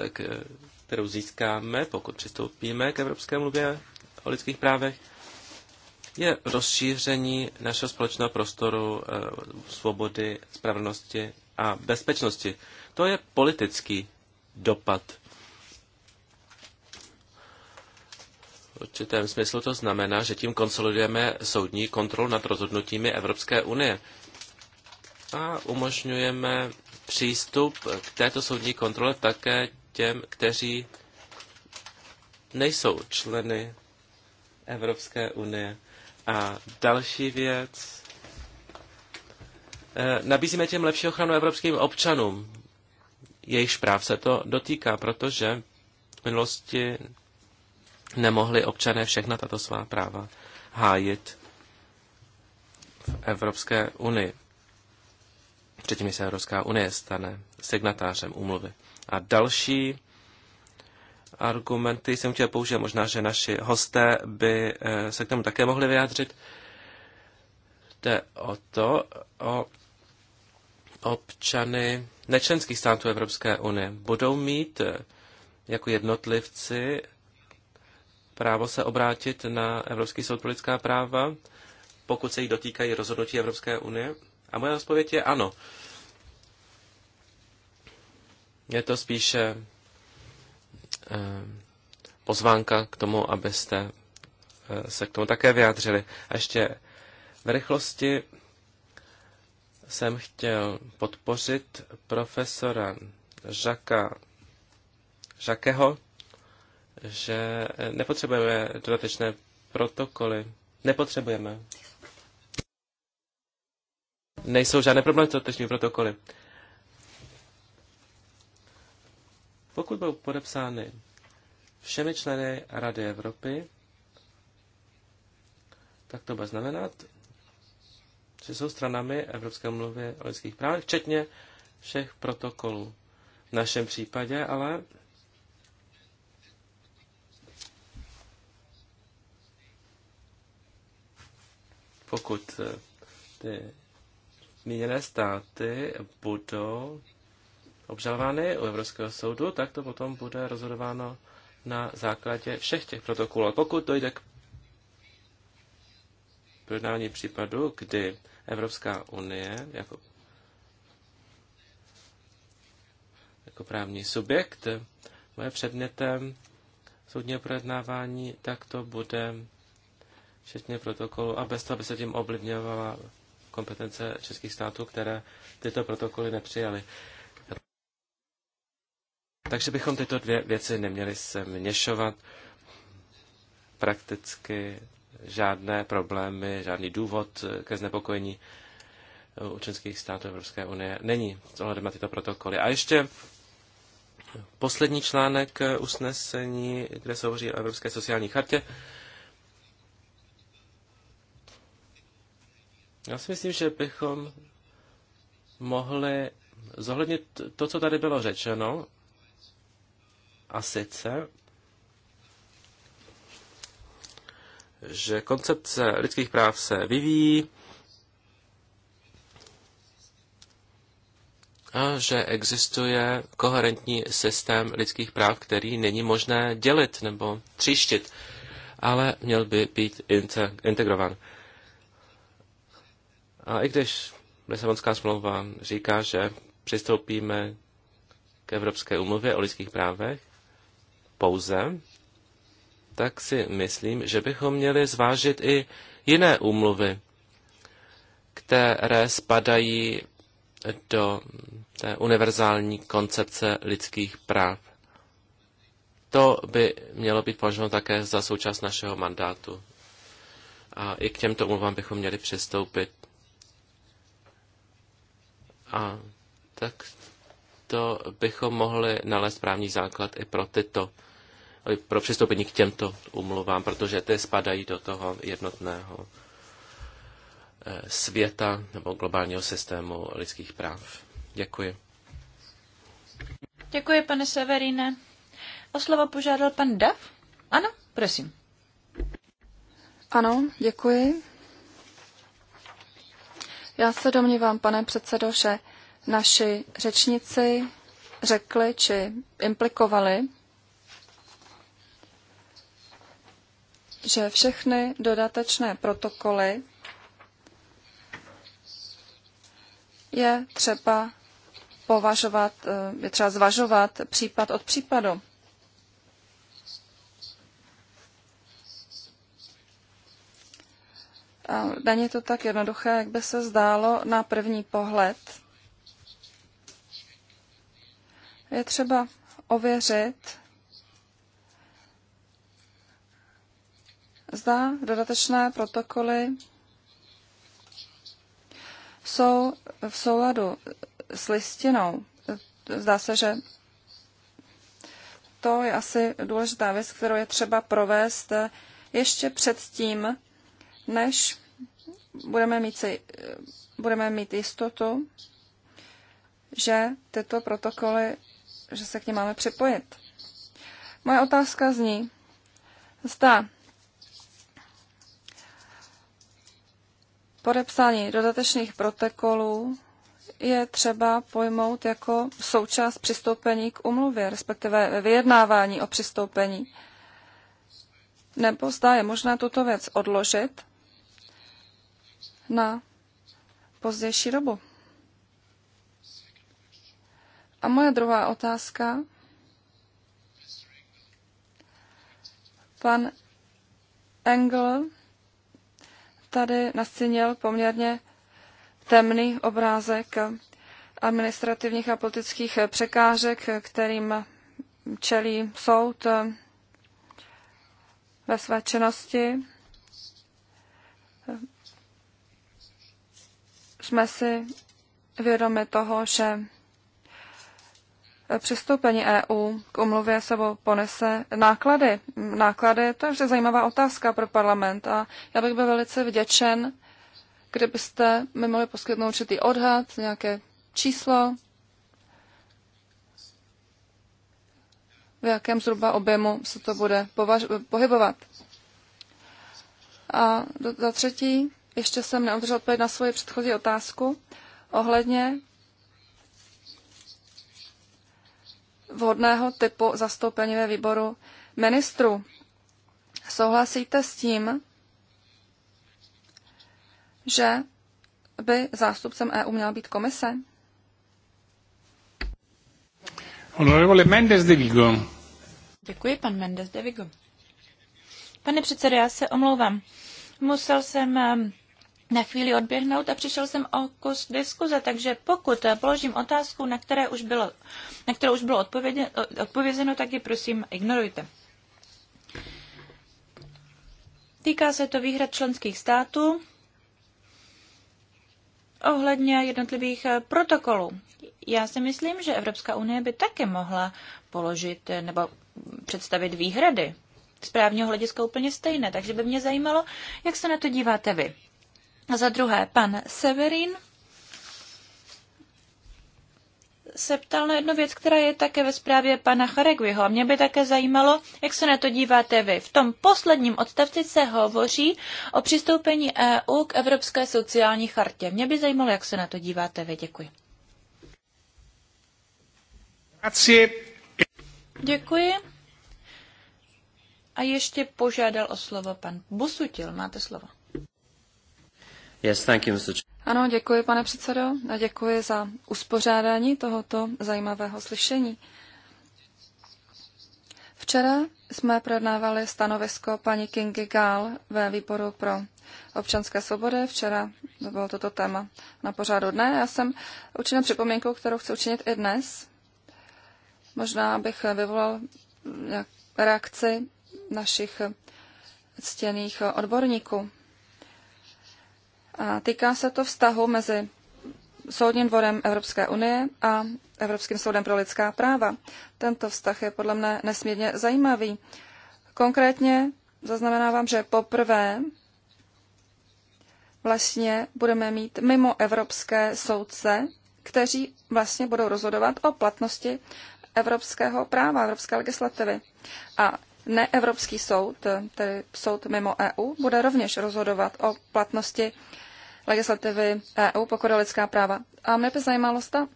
kterou získáme, pokud přistoupíme k Evropskému o lidských právech, je rozšíření našeho společného prostoru eh, svobody, spravedlnosti a bezpečnosti. To je politický dopad. V určitém smyslu to znamená, že tím konsolidujeme soudní kontrolu nad rozhodnutími Evropské unie a umožňujeme přístup k této soudní kontrole také těm, kteří nejsou členy Evropské unie. A další věc. E, nabízíme těm lepší ochranu evropským občanům. Jejich práv se to dotýká, protože v minulosti nemohli občané všechna tato svá práva hájit v Evropské unii. Předtím, se Evropská unie stane signatářem úmluvy. A další argumenty jsem chtěl použít, možná, že naši hosté by eh, se k tomu také mohli vyjádřit. Jde o to, o občany nečlenských států Evropské unie budou mít eh, jako jednotlivci právo se obrátit na Evropský soud pro lidská práva, pokud se jich dotýkají rozhodnutí Evropské unie? A moje odpověď je ano. Je to spíše Eh, pozvánka k tomu, abyste eh, se k tomu také vyjádřili. A ještě v rychlosti jsem chtěl podpořit profesora Žaka Žakeho, že nepotřebujeme dodatečné protokoly. Nepotřebujeme. Nejsou žádné problémy s dodatečnými protokoly. Pokud budou podepsány všemi členy Rady Evropy, tak to bude znamenat, že jsou stranami Evropské mluvy o lidských právech, včetně všech protokolů. V našem případě ale pokud eh, ty míněné státy budou obžalovány u Evropského soudu, tak to potom bude rozhodováno na základě všech těch protokolů. pokud dojde k projednání případu, kdy Evropská unie jako, jako právní subjekt bude předmětem soudního projednávání, tak to bude včetně protokolu a bez toho, by se tím ovlivňovala kompetence českých států, které tyto protokoly nepřijaly. Takže bychom tyto dvě věci neměli se měšovat. Prakticky žádné problémy, žádný důvod ke znepokojení učenských států Evropské unie není s ohledem na tyto protokoly. A ještě poslední článek usnesení, kde se hovoří o Evropské sociální chartě. Já si myslím, že bychom mohli zohlednit to, co tady bylo řečeno, a sice, že koncepce lidských práv se vyvíjí a že existuje koherentní systém lidských práv, který není možné dělit nebo tříštit, ale měl by být integrovan. A i když Lisabonská smlouva říká, že přistoupíme k Evropské umluvě o lidských právech, pouze, tak si myslím, že bychom měli zvážit i jiné úmluvy, které spadají do té univerzální koncepce lidských práv. To by mělo být považováno také za součást našeho mandátu. A i k těmto umluvám bychom měli přistoupit. A tak to bychom mohli nalézt právní základ i pro tyto pro přistoupení k těmto umluvám, protože ty spadají do toho jednotného eh, světa nebo globálního systému lidských práv. Děkuji. Děkuji, pane Severine. O slovo požádal pan Dav? Ano, prosím. Ano, děkuji. Já se domnívám, pane předsedo, že naši řečníci řekli či implikovali že všechny dodatečné protokoly je třeba považovat, eh, je třeba zvažovat případ od případu. A není to tak jednoduché, jak by se zdálo na první pohled. Je třeba ověřit, zda dodatečné protokoly jsou v souladu s listinou. Zdá se, že to je asi důležitá věc, kterou je třeba provést ještě předtím, než budeme mít, si, budeme mít jistotu, že tyto protokoly, že se k ním máme připojit. Moje otázka zní, zda Podepsání dodatečných protokolů je třeba pojmout jako součást přistoupení k umluvě, respektive vyjednávání o přistoupení. Nebo zdá je možné tuto věc odložit na pozdější dobu. A moje druhá otázka. Pan Engel tady nastínil poměrně temný obrázek administrativních a politických překážek, kterým čelí soud eh, ve své činnosti. Jsme si vědomi toho, že přistoupení EU k umluvě sebou ponese náklady. Náklady, to je vždy zajímavá otázka pro parlament a já bych byl velice vděčen, kdybyste mi mohli poskytnout určitý odhad, nějaké číslo, v jakém zhruba objemu se to bude pohybovat. A za třetí, ještě jsem neobdržel odpověď na svoji předchozí otázku ohledně vhodného typu zastoupení ve výboru ministrů. Souhlasíte s tím, že by zástupcem EU měl být komise? Honorable Mendes de Vigo. Děkuji, pan Mendes de Vigo. Pane předsedo, já se omlouvám. Musel jsem ehm, na chvíli odběhnout a přišel jsem o kus diskuze, takže pokud položím otázku, na, které už bylo, na kterou už bylo odpovězeno, tak ji prosím ignorujte. Týká se to výhrad členských států ohledně jednotlivých eh, protokolů. Já si myslím, že Evropská unie by také mohla položit eh, nebo představit výhrady. Z právního hlediska úplně stejné, takže by mě zajímalo, jak se na to díváte vy. A za druhé, pan Severin se ptal na jednu věc, která je také ve zprávě pana Charegviho. Mě by také zajímalo, jak se na to díváte vy. V tom posledním odstavci se hovoří o přistoupení EU k Evropské sociální chartě. Mě by zajímalo, jak se na to díváte vy. Děkuji. Děkuji. A ještě požádal o slovo pan Busutil. Máte slovo. Yes, thank you, Mr. Ano, děkuji, pane předsedo, a děkuji za uspořádání tohoto zajímavého slyšení. Včera jsme projednávali stanovisko paní Kingy Gál ve výboru pro občanské svobody. Včera bylo toto téma na pořádu dne. Já jsem učinil připomínku, kterou chci učinit i dnes. Možná bych vyvolal reakci našich ctěných odborníků týká se to vztahu mezi Soudním dvorem Evropské unie a Evropským soudem pro lidská práva. Tento vztah je podle mne nesmírně zajímavý. Konkrétně zaznamenávám, že poprvé vlastně budeme mít mimo evropské soudce, kteří vlastně budou rozhodovat o platnosti evropského práva, evropské legislativy. A neevropský soud, tedy soud mimo EU, bude rovněž rozhodovat o platnosti legislativy EU, pokud je lidská práva. A mě by zajímalo, zda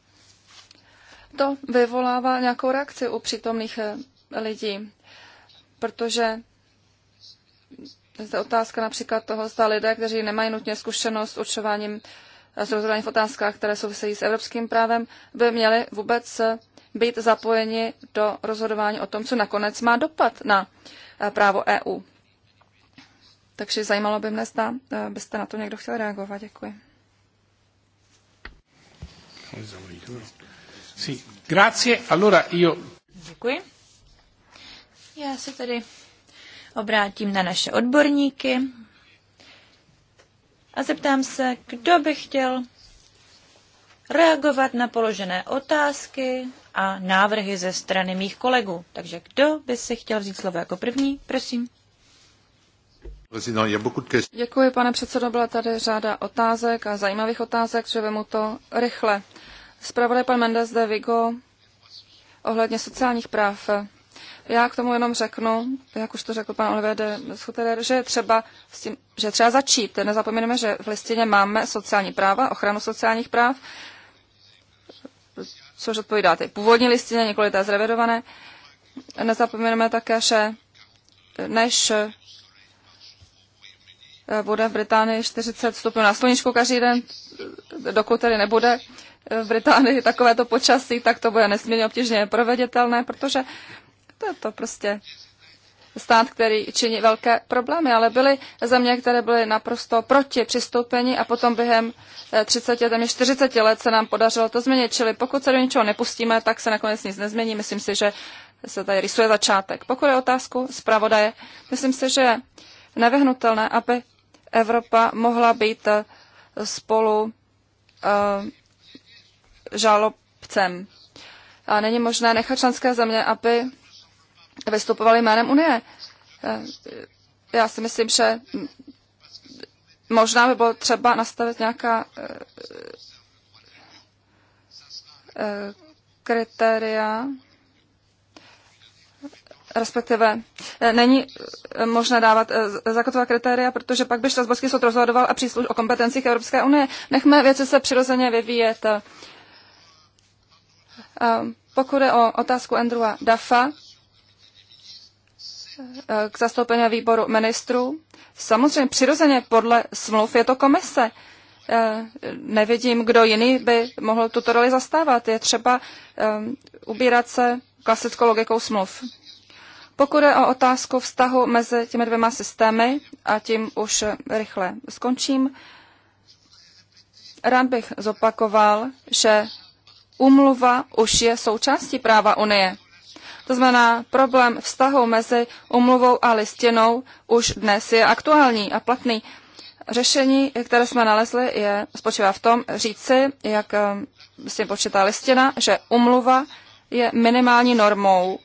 to vyvolává nějakou reakci u přítomných eh, lidí, protože zde otázka například toho, zda lidé, kteří nemají nutně zkušenost s určováním s rozhodováním v otázkách, které souvisejí s evropským právem, by měli vůbec eh, být zapojeni do rozhodování o tom, co nakonec má dopad na eh, právo EU. Takže zajímalo by mě, zda eh, byste na to někdo chtěl reagovat. Děkuji. Děkuji. Já se tedy obrátím na naše odborníky a zeptám se, kdo by chtěl reagovat na položené otázky a návrhy ze strany mých kolegů. Takže kdo by si chtěl vzít slovo jako první? Prosím. Děkuji, pane předsedo, byla tady řada otázek a zajímavých otázek, že vemu to rychle. Zpravodaj pan Mendes de Vigo ohledně sociálních práv. Já k tomu jenom řeknu, jak už to řekl pan Olivier de Schutterer, že je třeba, s tím, že třeba začít. Nezapomeneme, že v listině máme sociální práva, ochranu sociálních práv, což odpovídá té původní listině, nikoli té zrevidované. Nezapomeneme také, že než Eh, bude v Británii 40 stupňů na sluníčku každý den, eh, dokud tedy nebude eh, v Británii takovéto počasí, tak to bude nesmírně obtížně proveditelné, protože to je to prostě stát, který činí velké problémy, ale byly země, které byly naprosto proti přistoupení a potom během 30, téměř 40 let se nám podařilo to změnit. Čili pokud se do něčeho nepustíme, tak se nakonec nic nezmění. Myslím si, že se tady rysuje začátek. Pokud je otázku zpravodaje, myslím si, že je nevyhnutelné, aby Evropa mohla být eh, spolu eh, žalobcem. A není možné nechat členské země, aby vystupovali jménem Unie. Eh, já si myslím, že možná by bylo třeba nastavit nějaká kritéria, respektive e, není e, možné dávat e, zakotová kritéria, protože pak by Štrasburský soud rozhodoval a přísluš o kompetencích Evropské unie. Nechme věci se přirozeně vyvíjet. Pokud je o otázku Andrewa Dafa k zastoupení výboru ministrů, samozřejmě přirozeně podle smluv je to komise nevidím, kdo jiný by mohl tuto roli zastávat. Je třeba ubírat se klasickou logikou smluv. Pokud je o otázku vztahu mezi těmi dvěma systémy, a tím už rychle skončím, rád bych zopakoval, že umluva už je součástí práva Unie. To znamená, problém vztahu mezi umluvou a listinou už dnes je aktuální a platný. Řešení, které jsme nalezli, je, spočívá v tom říci, jak eh, s tím počítá listina, že umluva je minimální normou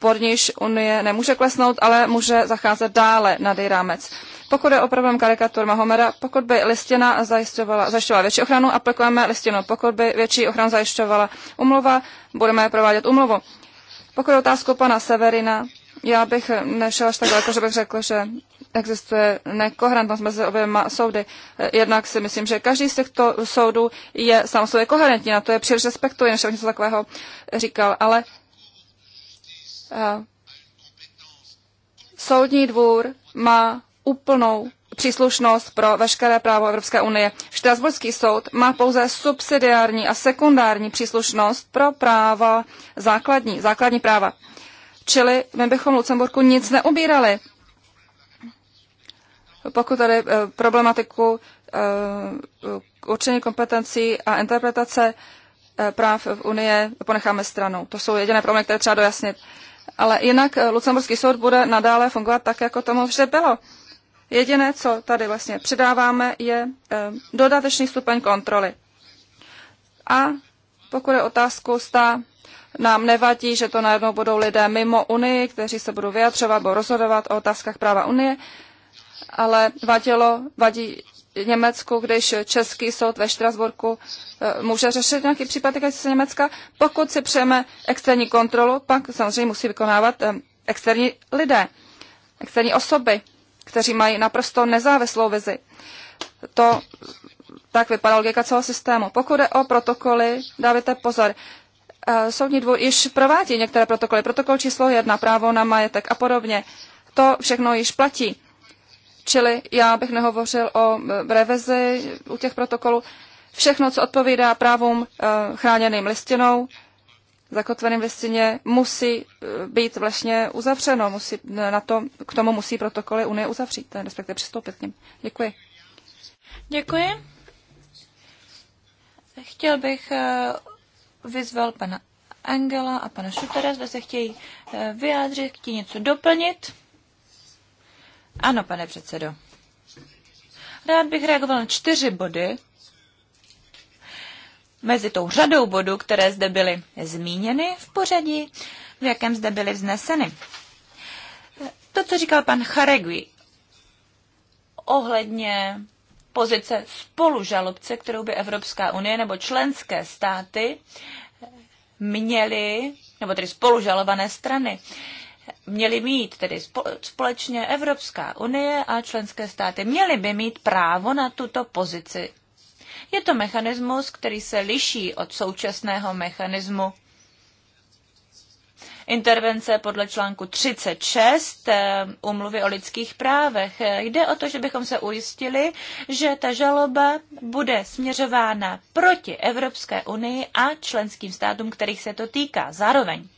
pod níž Unie nemůže klesnout, ale může zacházet dále nad její rámec. Pokud je o problém karikatur Mahomera, pokud by listina zajišťovala, zajišťovala větší ochranu, aplikujeme listinu. Pokud by větší ochranu zajišťovala umluva, budeme provádět umluvu. Pokud je otázku pana Severina, já bych nešel až tak daleko, že bych řekl, že existuje nekoherentnost mezi oběma soudy. Jednak si myslím, že každý z těchto soudů je sám sobě koherentní, na to je příliš respektuji, než abych něco takového říkal, ale soudní dvůr má úplnou příslušnost pro veškeré právo Evropské unie. Štrasburský soud má pouze subsidiární a sekundární příslušnost pro práva základní, základní práva. Čili my bychom Lucemburku nic neubírali. Pokud tady eh, problematiku eh, určení kompetencí a interpretace eh, práv v Unie ponecháme stranou. To jsou jediné problémy, které třeba dojasnit ale jinak eh, Lucemburský soud bude nadále fungovat tak, jako tomu vždy bylo. Jediné, co tady vlastně přidáváme, je eh, dodatečný stupeň kontroly. A pokud je otázku, zda nám nevadí, že to najednou budou lidé mimo Unii, kteří se budou vyjadřovat nebo rozhodovat o otázkách práva Unie, ale vadilo, vadí Německu, když český soud ve Štrasburku eh, může řešit nějaký případ týkající se Německa. Pokud si přejeme externí kontrolu, pak samozřejmě musí vykonávat eh, externí lidé, externí osoby, kteří mají naprosto nezávislou vizi. To tak vypadá logika celého systému. Pokud je o protokoly, dávajte pozor. Eh, soudní dvůr již provádí některé protokoly. Protokol číslo jedna, právo na majetek a podobně. To všechno již platí. Čili já bych nehovořil o e, revizi u těch protokolů. Všechno, co odpovídá právům e, chráněným listinou, zakotveným listině, musí e, být vlastně uzavřeno. Musí, na to, k tomu musí protokoly Unie uzavřít, respektive přistoupit k ním. Děkuji. Děkuji. Chtěl bych vyzval pana Angela a pana Šutera, zda se chtějí vyjádřit, chtějí něco doplnit. Ano, pane předsedo. Rád bych reagoval na čtyři body mezi tou řadou bodů, které zde byly zmíněny v pořadí, v jakém zde byly vzneseny. To, co říkal pan Charegui ohledně pozice spolužalobce, kterou by Evropská unie nebo členské státy měly, nebo tedy spolužalované strany, měli mít, tedy společně Evropská unie a členské státy, měly by mít právo na tuto pozici. Je to mechanismus, který se liší od současného mechanismu intervence podle článku 36 eh, umluvy o lidských právech. Jde o to, že bychom se ujistili, že ta žaloba bude směřována proti Evropské unii a členským státům, kterých se to týká zároveň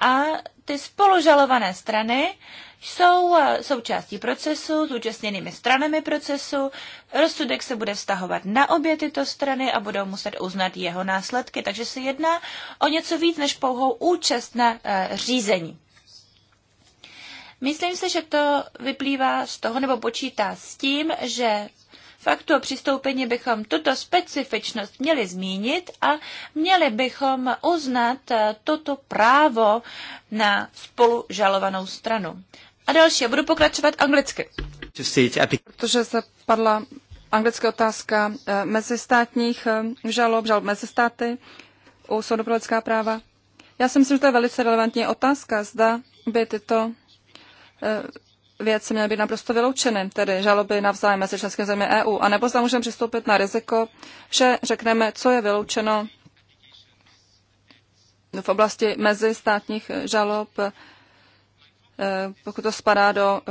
a ty spolužalované strany jsou eh, součástí procesu, zúčastněnými stranami procesu. Rozsudek se bude vztahovat na obě tyto strany a budou muset uznat jeho následky, takže se jedná o něco víc než pouhou účast na eh, řízení. Myslím si, že to vyplývá z toho, nebo počítá s tím, že faktu o přistoupení bychom tuto specifičnost měli zmínit a měli bychom uznat eh, toto právo na spolužalovanou stranu. A další, já budu pokračovat anglicky. Protože se padla anglická otázka eh, mezistátních eh, žalob, žalob mezi státy u soudu pro lidská práva. Já si myslím, že to je velice relevantní otázka, zda by tyto věci měly být naprosto vyloučeny, tedy žaloby navzájem mezi členskými země EU, anebo zda můžeme přistoupit na riziko, že řekneme, co je vyloučeno v oblasti mezistátních žalob, e, pokud to spadá do e,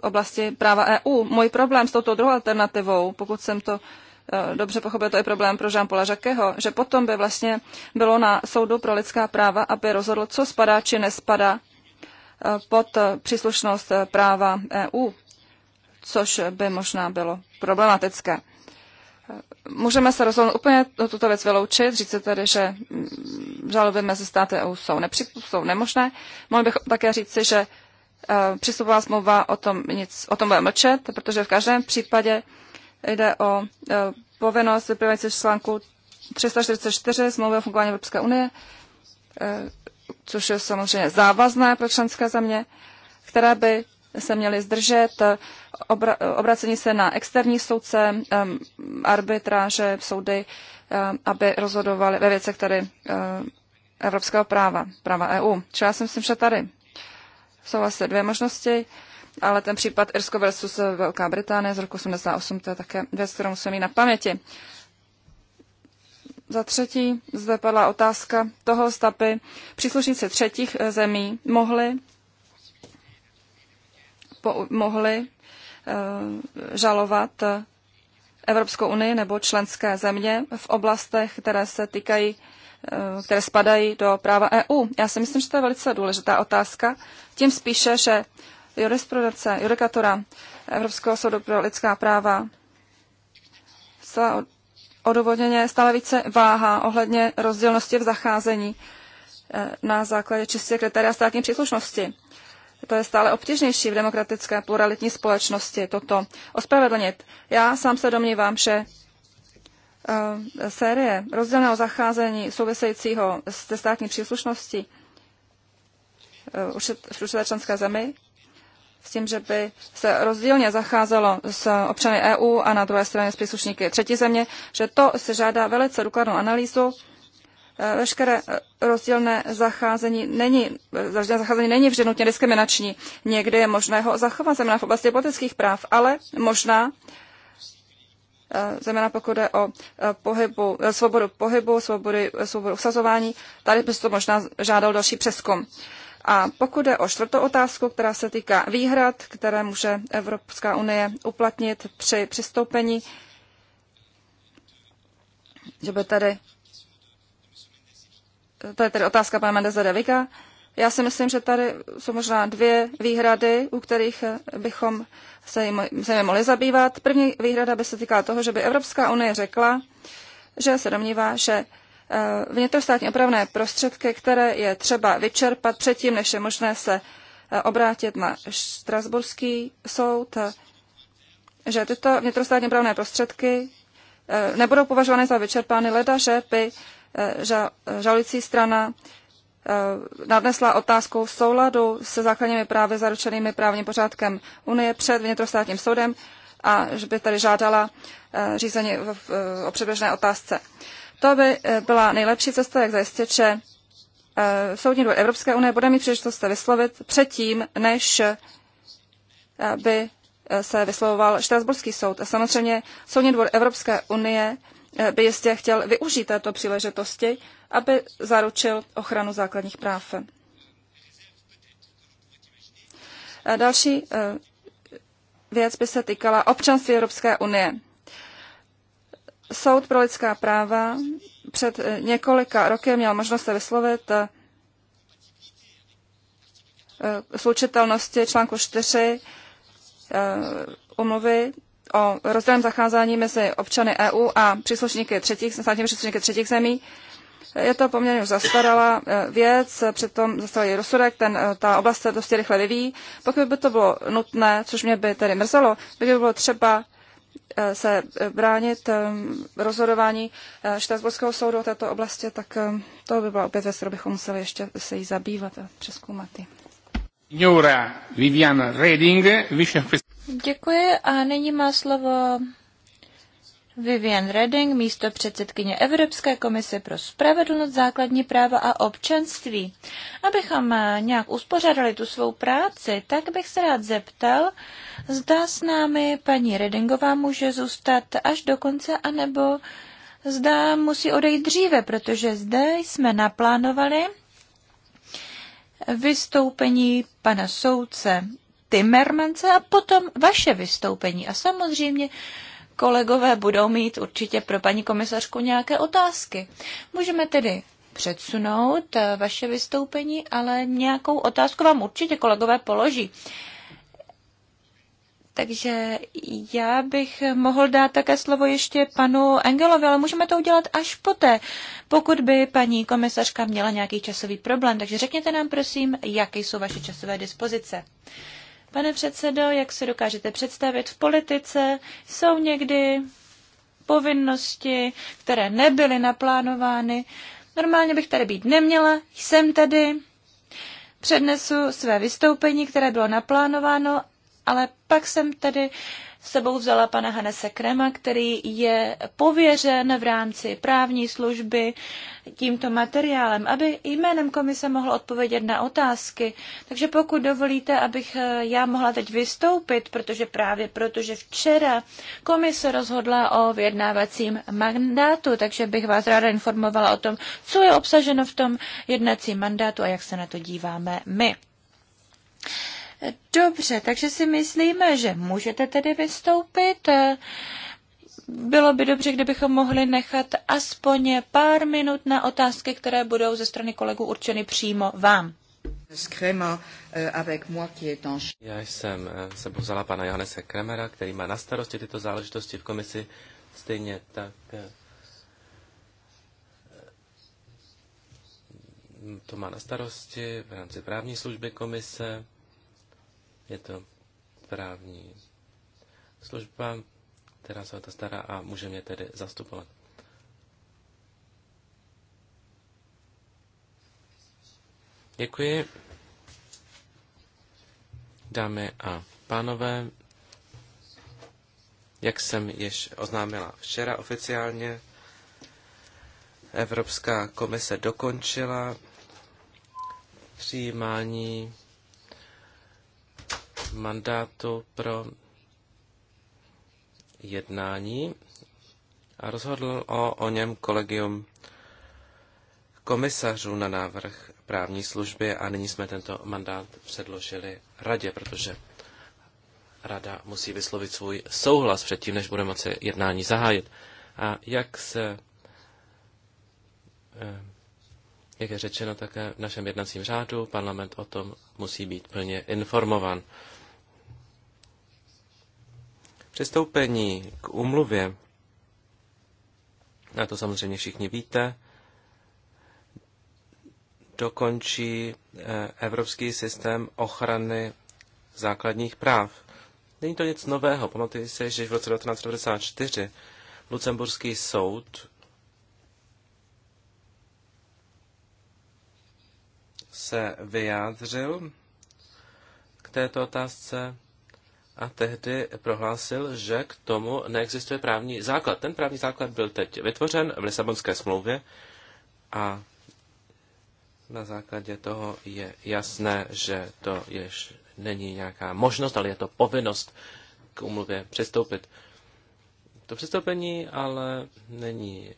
oblasti práva EU. Můj problém s touto druhou alternativou, pokud jsem to e, dobře pochopil, to je problém pro Jean-Paula Žakého, že potom by vlastně bylo na soudu pro lidská práva, aby rozhodl, co spadá či nespadá pod příslušnost práva EU, což by možná bylo problematické. Můžeme se rozhodnout úplně tuto věc vyloučit, říct se tedy, že mm, žaloby mezi státy EU jsou, nepři- jsou nemožné. Mohl bych také říci, že e, přístupová smlouva o tom, nic, o tom bude mlčet, protože v každém případě jde o e, povinnost vyplývající z článku 344 smlouvy o fungování Evropské unie, e, což je samozřejmě závazné pro členské země, které by se měly zdržet eh, obra- obracení se na externí soudce, um, arbitráže, soudy, um, aby rozhodovali ve věcech tady um, evropského práva, práva EU. Čili já si myslím, že tady jsou asi dvě možnosti, ale ten případ Irsko versus Velká Británie z roku 88, to je také věc, kterou musíme mít na paměti. Uh, za třetí zde padla otázka toho, zda by příslušníci třetích eh, zemí mohli, po, mohli eh, žalovat eh, Evropskou unii nebo členské země v oblastech, které se týkají, které spadají do práva EU. Já si myslím, že to je velice důležitá otázka. Tím spíše, že jurisprudence, judikatura Evropského soudu pro lidská práva odůvodněně stále více váhá ohledně rozdílnosti v zacházení eh, na základě čistě kritéria státní příslušnosti. To je stále obtížnější v demokratické pluralitní společnosti toto ospravedlnit. Já sám se domnívám, že eh, série rozdělného zacházení souvisejícího se státní příslušností eh, v určité členské zemi s tím, že by se rozdílně zacházelo s občany EU a na druhé straně s příslušníky třetí země, že to se žádá velice důkladnou analýzu. E, veškeré rozdílné zacházení není, rozdílné zacházení není vždy nutně diskriminační. Někdy je možné ho zachovat, zejména v oblasti politických práv, ale možná e, zejména pokud jde o e, pohybu, svobodu pohybu, svobody, svobodu usazování, tady by se to možná žádal další přeskum. A pokud je o čtvrtou otázku, která se týká výhrad, které může Evropská unie uplatnit při přistoupení, že by tady, to je tedy otázka pana Mendeze de Viga, já si myslím, že tady jsou možná dvě výhrady, u kterých bychom se jim, se jim mohli zabývat. První výhrada by se týkala toho, že by Evropská unie řekla, že se domnívá, že Eh, vnitrostátní opravné prostředky, které je třeba vyčerpat předtím, než je možné se eh, obrátit na Štrasburský soud, eh, že tyto vnitrostátní opravné prostředky nebudou považovány za vyčerpány leda, že by žalující strana nadnesla otázkou v souladu se základními právy zaručenými právním pořádkem Unie před vnitrostátním soudem a že by tady žádala řízení o předběžné otázce. To by eh, byla nejlepší cesta, jak zajistit, že eh, Soudní dvůr Evropské unie bude mít příležitost se vyslovit předtím, než eh, by se vyslovoval Štrasburský soud. A samozřejmě Soudní dvůr Evropské unie by jistě chtěl využít této příležitosti, aby zaručil ochranu základních práv. Další věc by se týkala občanství Evropské unie. Soud pro lidská práva před eh, několika roky měl možnost se vyslovit eh, slučitelnosti článku 4 eh, umluvy o rozděleném zacházání mezi občany EU a příslušníky třetích, státními příslušníky třetích zemí. Je to poměrně už zastaralá věc, přitom zastal její rozsudek, ten, ta oblast se dosti rychle vyvíjí. Pokud by to bylo nutné, což mě by tedy mrzelo, by bylo třeba Eh, se bránit eh, rozhodování eh, Štrasburského soudu o této oblasti, tak to by byla opět věc, kterou bychom museli ještě se jí zabývat a přeskoumat. Vivian Děkuji a nyní má slovo Vivian Redding, místo předsedkyně Evropské komise pro spravedlnost, základní práva a občanství. Abychom eh, nějak uspořádali tu svou práci, tak bych se rád zeptal, zda s námi paní Redingová může zůstat až do konce, anebo zda musí odejít dříve, protože zde jsme naplánovali vystoupení pana soudce Timmermance a potom vaše vystoupení. A samozřejmě kolegové budou mít určitě pro paní komisařku nějaké otázky. Můžeme tedy předsunout eh, vaše vystoupení, ale nějakou otázku vám určitě kolegové položí. Takže já bych mohl dát také slovo ještě panu Engelovi, ale můžeme to udělat až poté, pokud by paní komisařka měla nějaký časový problém. Takže řekněte nám prosím, jaké jsou vaše časové dispozice. Pane předsedo, jak si dokážete představit, v politice jsou někdy povinnosti, které nebyly naplánovány. Normálně bych tady být neměla, jsem tady, přednesu své vystoupení, které bylo naplánováno, ale pak jsem tady sebou vzala pana Hanese Krema, který je pověřen v rámci právní služby tímto materiálem, aby jménem komise mohl odpovědět na otázky. Takže pokud dovolíte, abych eh, já mohla teď vystoupit, protože právě protože včera komise rozhodla o vyjednávacím mandátu, takže bych vás ráda informovala o tom, co je obsaženo v tom jednacím mandátu a jak se na to díváme my. Dobře, takže si myslíme, že můžete tedy vystoupit. Bylo by dobře, kdybychom mohli nechat aspoň pár minut na otázky, které budou ze strany kolegů určeny přímo vám. Eh, Já jsem eh, se povzala pana Johannese Kremera, který má na starosti tyto záležitosti v komisi, stejně tak eh, to má na starosti v rámci právní služby komise. Je to právní služba, která se o to stará a může mě tedy zastupovat. Děkuji. Dámy a pánové, jak jsem již oznámila včera oficiálně, Evropská komise dokončila přijímání mandátu pro jednání a rozhodl o, o něm kolegium komisařů na návrh právní služby a nyní jsme tento mandát předložili radě, protože rada musí vyslovit svůj souhlas předtím, než bude moci jednání zahájit. A jak se, eh, jak je řečeno také v našem jednacím řádu, parlament o tom musí být plně informovan. Přistoupení k umluvě, a to samozřejmě všichni víte, dokončí eh, evropský systém ochrany základních práv. Není to nic nového. Pamatuji se, že v roce 1994 Lucemburský soud se vyjádřil k této otázce a tehdy prohlásil, že k tomu neexistuje právní základ. Ten právní základ byl teď vytvořen v Lisabonské smlouvě a na základě toho je jasné, že to jež není nějaká možnost, ale je to povinnost k umluvě přistoupit. To přistoupení ale není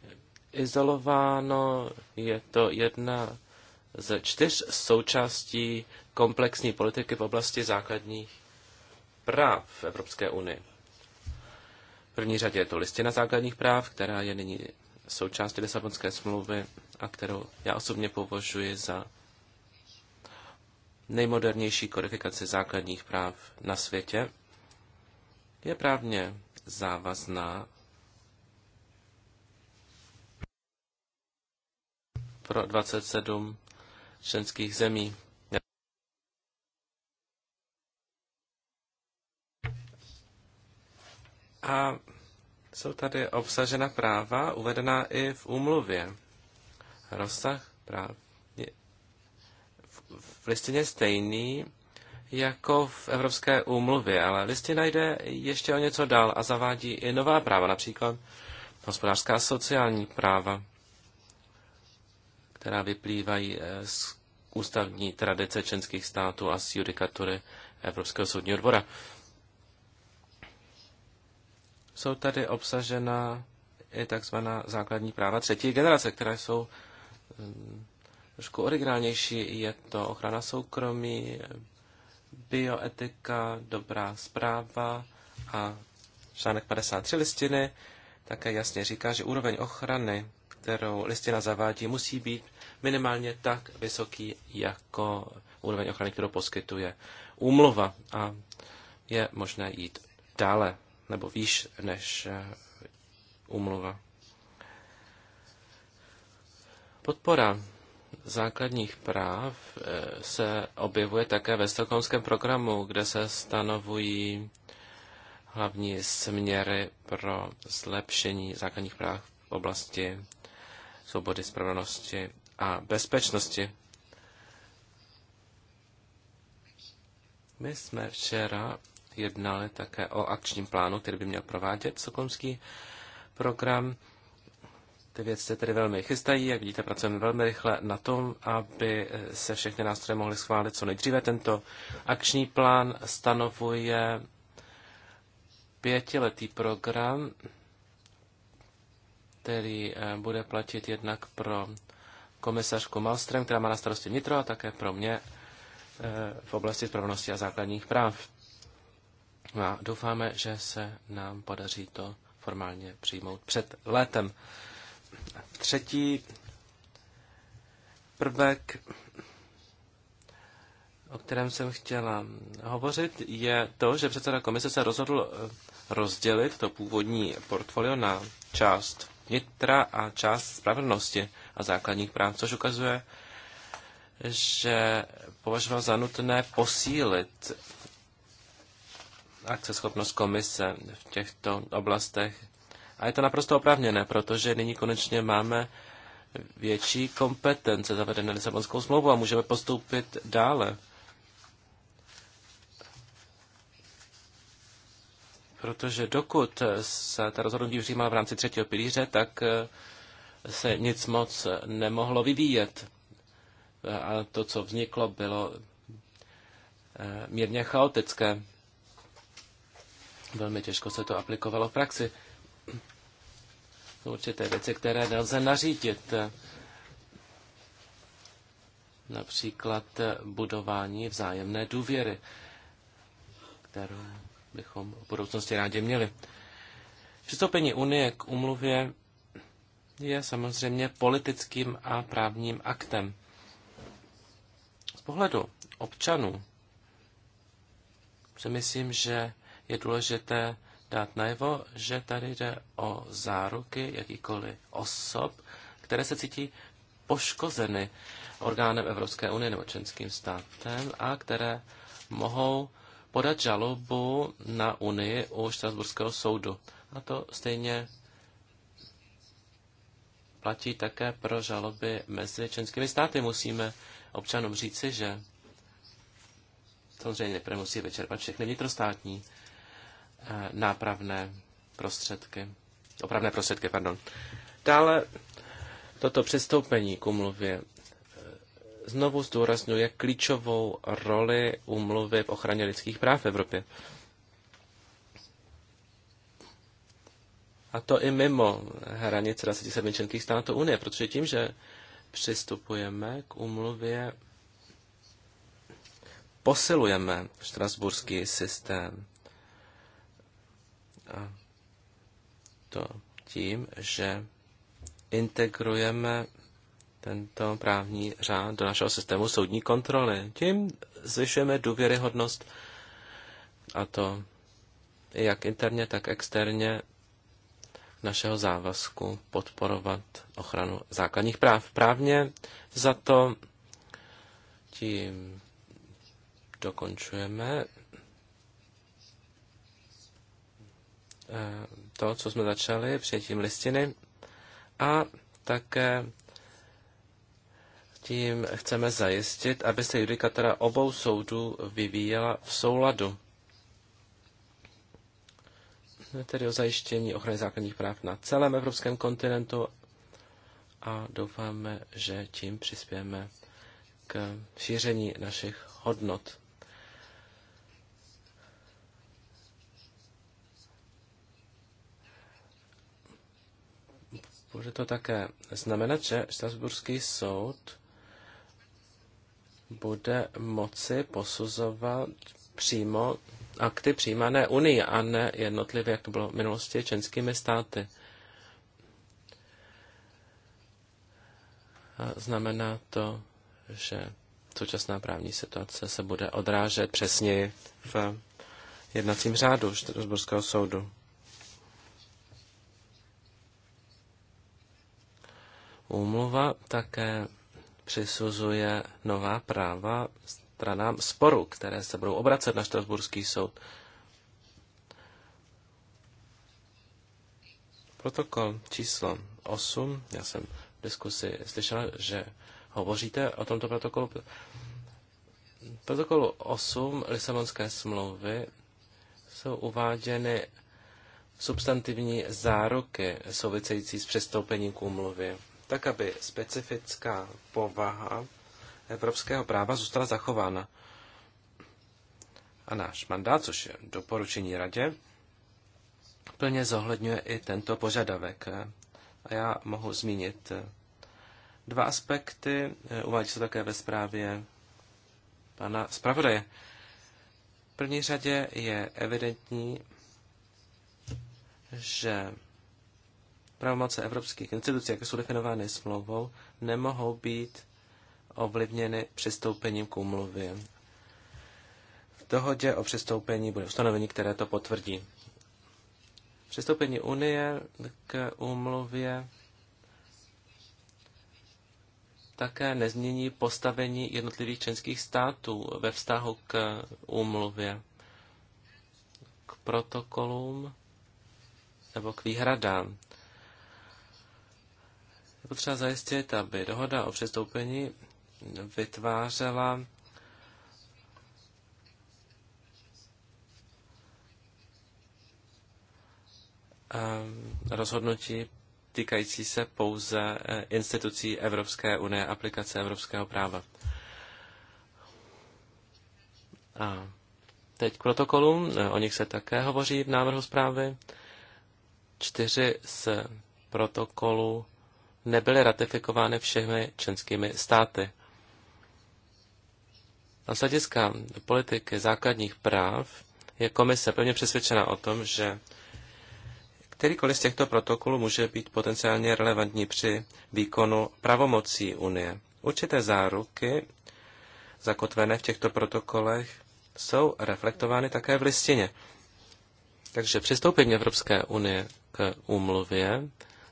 izolováno, je to jedna ze čtyř součástí komplexní politiky v oblasti základních práv v Evropské unii. V první řadě je to listina základních práv, která je nyní součástí Lisabonské smlouvy a kterou já osobně považuji za nejmodernější kodifikaci základních práv na světě. Je právně závazná pro 27 členských zemí A jsou tady obsažena práva uvedená i v úmluvě. Rozsah práv je v listině stejný jako v Evropské úmluvě, ale listina jde ještě o něco dál a zavádí i nová práva, například hospodářská a sociální práva, která vyplývají eh, z ústavní tradice členských států a z judikatury Evropského soudního dvora jsou tady obsažena i takzvaná základní práva třetí generace, které jsou mm, trošku originálnější. Je to ochrana soukromí, bioetika, dobrá zpráva a článek 53 listiny také jasně říká, že úroveň ochrany, kterou listina zavádí, musí být minimálně tak vysoký jako úroveň ochrany, kterou poskytuje úmluva a je možné jít dále nebo výš než umluva. Eh, Podpora základních práv eh, se objevuje také ve stokholmském programu, kde se stanovují hlavní směry pro zlepšení základních práv v oblasti svobody, spravedlnosti a bezpečnosti. My jsme včera jednal také o akčním plánu, který by měl provádět sokomský program. Ty věci se tedy velmi chystají, jak vidíte, pracujeme velmi rychle na tom, aby se všechny nástroje mohly schválit co nejdříve. Tento akční plán stanovuje pětiletý program, který eh, bude platit jednak pro komisařku Malstrem, která má na starosti vnitro a také pro mě eh, v oblasti spravedlnosti a základních práv. No a doufáme, že se nám podaří to formálně přijmout před létem. Třetí prvek, o kterém jsem chtěla hovořit, je to, že předseda komise se rozhodl eh, rozdělit to původní portfolio na část vnitra a část spravedlnosti a základních práv, což ukazuje, že považoval za nutné posílit akceschopnost komise v těchto oblastech. A je to naprosto oprávněné, protože nyní konečně máme větší kompetence zavedené Lisabonskou smlouvu a můžeme postoupit dále. Protože dokud se ta rozhodnutí přijímala v rámci třetího pilíře, tak eh, se nic moc nemohlo vyvíjet. A to, co vzniklo, bylo eh, mírně chaotické velmi těžko se to aplikovalo v praxi. Jsou určité věci, které nelze nařídit. Například budování vzájemné důvěry, kterou bychom v budoucnosti rádi měli. Přistoupení Unie k umluvě je samozřejmě politickým a právním aktem. Z pohledu občanů si myslím, že je důležité dát najevo, že tady jde o záruky jakýkoliv osob, které se cítí poškozeny orgánem Evropské unie nebo členským státem a které mohou podat žalobu na Unii u Štrasburského soudu. A to stejně platí také pro žaloby mezi členskými státy. Musíme občanům říci, že samozřejmě nejprve musí vyčerpat všechny vnitrostátní Eh, nápravné prostředky, opravné prostředky, pardon. Dále toto přistoupení k umluvě eh, znovu zdůrazňuje klíčovou roli umluvy v ochraně lidských práv v Evropě. A to i mimo hranice 27 členských států Unie, protože tím, že přistupujeme k umluvě, posilujeme štrasburský systém a to tím, že integrujeme tento právní řád do našeho systému soudní kontroly. Tím zvyšujeme důvěryhodnost a to jak interně, tak externě našeho závazku podporovat ochranu základních práv. Právně za to tím dokončujeme Eh, to, co jsme začali přijetím listiny a také tím chceme zajistit, aby se judikatura obou soudů vyvíjela v souladu. Tedy o zajištění ochrany základních práv na celém evropském kontinentu a doufáme, že tím přispějeme k šíření našich hodnot. Bude to také znamenat, že Štrasburský soud bude moci posuzovat přímo akty přijímané Unii a ne jednotlivě, jak to bylo v minulosti, členskými státy. A znamená to, že současná právní situace se bude odrážet přesně v jednacím řádu Štrasburského soudu. Úmluva také přisuzuje nová práva stranám sporu, které se budou obracet na Štrasburský soud. Protokol číslo 8, já jsem v diskusi slyšel, že hovoříte o tomto protokolu. Protokolu 8 Lisabonské smlouvy jsou uváděny substantivní záruky související s přistoupením k úmluvě tak aby specifická povaha evropského práva zůstala zachována. A náš mandát, což je doporučení radě, plně zohledňuje i tento požadavek. A já mohu zmínit dva aspekty, uvádí se také ve zprávě pana zpravodaje. V první řadě je evidentní, že pravomoce evropských institucí, jak jsou definovány smlouvou, nemohou být ovlivněny přistoupením k úmluvě. V dohodě o přistoupení bude ustanovení, které to potvrdí. Přistoupení Unie k úmluvě také nezmění postavení jednotlivých členských států ve vztahu k úmluvě, k protokolům nebo k výhradám potřeba zajistit, aby dohoda o přestoupení vytvářela eh, rozhodnutí týkající se pouze eh, institucí Evropské unie, aplikace evropského práva. A teď k protokolům, eh, o nich se také hovoří v návrhu zprávy. Čtyři z protokolu nebyly ratifikovány všemi členskými státy. Na z hlediska politiky základních práv je komise pevně přesvědčena o tom, že kterýkoliv z těchto protokolů může být potenciálně relevantní při výkonu pravomocí Unie. Určité záruky zakotvené v těchto protokolech jsou reflektovány také v listině. Takže přistoupení Evropské unie k úmluvě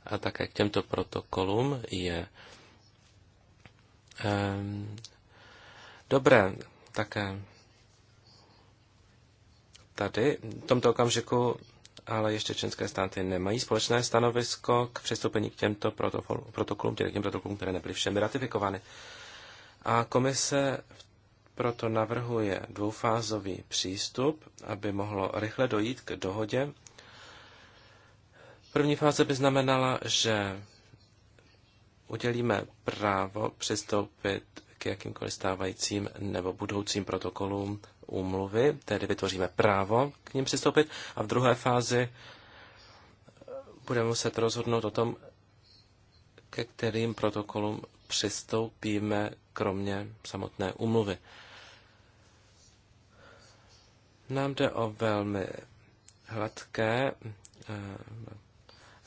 a také k těmto protokolům je um, dobré také tady v tomto okamžiku ale ještě členské státy nemají společné stanovisko k přistoupení k těmto protokolům, těm k těm protokolům, které nebyly všemi ratifikovány. A komise proto navrhuje dvoufázový přístup, aby mohlo rychle dojít k dohodě První fáze by znamenala, že udělíme právo přistoupit k jakýmkoliv stávajícím nebo budoucím protokolům úmluvy, tedy vytvoříme právo k ním přistoupit a v druhé fázi budeme muset rozhodnout o tom, ke kterým protokolům přistoupíme, kromě samotné úmluvy. Nám jde o velmi hladké eh,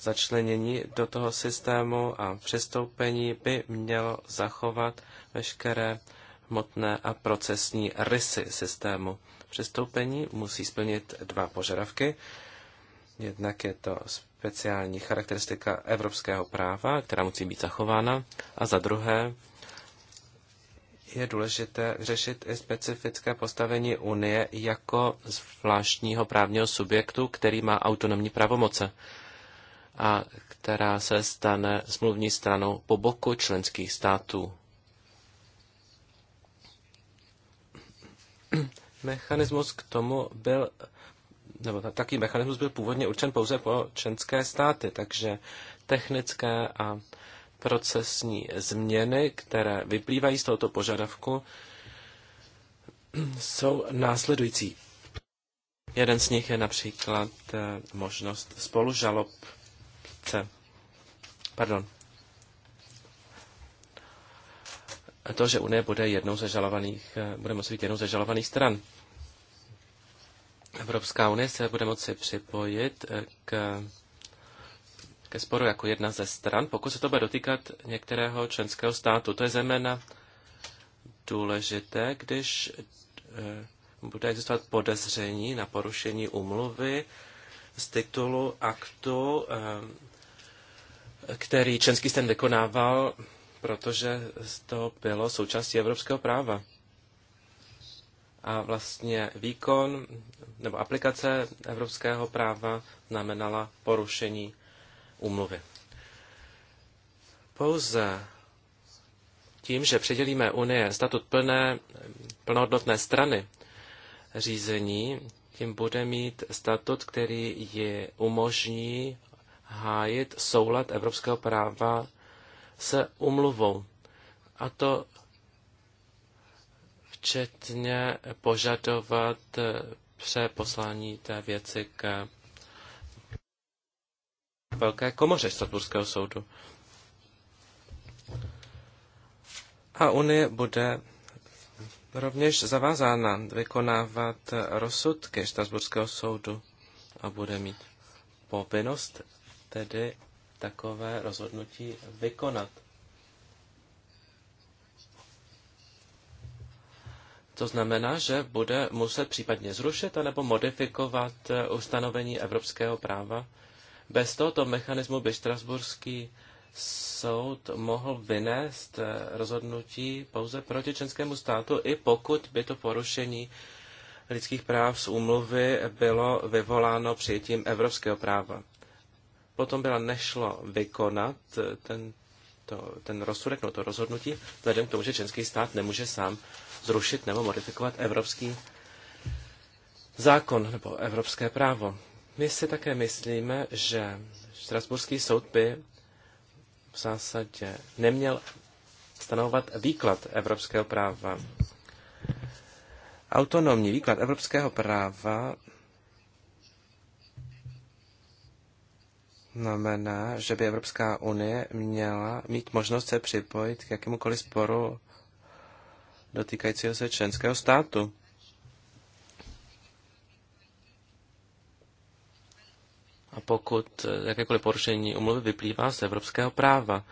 začlenění do toho systému a přistoupení by mělo zachovat veškeré hmotné a procesní rysy systému. Přistoupení musí splnit dva požadavky. Jednak je to speciální charakteristika evropského práva, která musí být zachována, a za druhé je důležité řešit i specifické postavení Unie jako zvláštního právního subjektu, který má autonomní pravomoce a která se stane smluvní stranou po boku členských států. Mechanismus k tomu byl, nebo takový mechanismus byl původně určen pouze pro členské státy, takže technické a procesní změny, které vyplývají z tohoto požadavku, jsou následující. Jeden z nich je například eh, možnost spolužalob pardon, to, že Unie bude jednou ze žalovaných, eh, bude moci být jednou ze žalovaných stran. Evropská unie se bude moci připojit eh, k, ke sporu jako jedna ze stran, pokud se to bude dotýkat některého členského státu. To je zejména důležité, když eh, bude existovat podezření na porušení umluvy z titulu aktu, eh, který členský stát vykonával, protože to bylo součástí evropského práva. A vlastně výkon nebo aplikace evropského práva znamenala porušení úmluvy. Pouze tím, že předělíme Unie statut plné, plnohodnotné strany řízení, tím bude mít statut, který ji umožní hájit soulad evropského práva se umluvou. A to včetně požadovat přeposlání té věci k velké komoře Staturského soudu. A Unie bude rovněž zavázána vykonávat rozsudky Štrasburského soudu a bude mít povinnost tedy takové rozhodnutí vykonat. To znamená, že bude muset případně zrušit anebo modifikovat ustanovení evropského práva. Bez tohoto mechanismu by Štrasburský soud mohl vynést eh, rozhodnutí pouze proti členskému státu, i pokud by to porušení lidských práv z úmluvy bylo vyvoláno přijetím evropského práva. Potom byla nešlo vykonat eh, ten, to, ten rozsudek, no to rozhodnutí, vzhledem k tomu, že členský stát nemůže sám zrušit nebo modifikovat evropský zákon nebo evropské právo. My si také myslíme, že Strasburský soud by v zásadě neměl stanovat výklad evropského práva. Autonomní výklad evropského práva znamená, že by Evropská unie měla mít možnost se připojit k jakémukoliv sporu dotýkajícího se členského státu. a pokud eh, jakékoliv porušení umluvy vyplývá z evropského práva.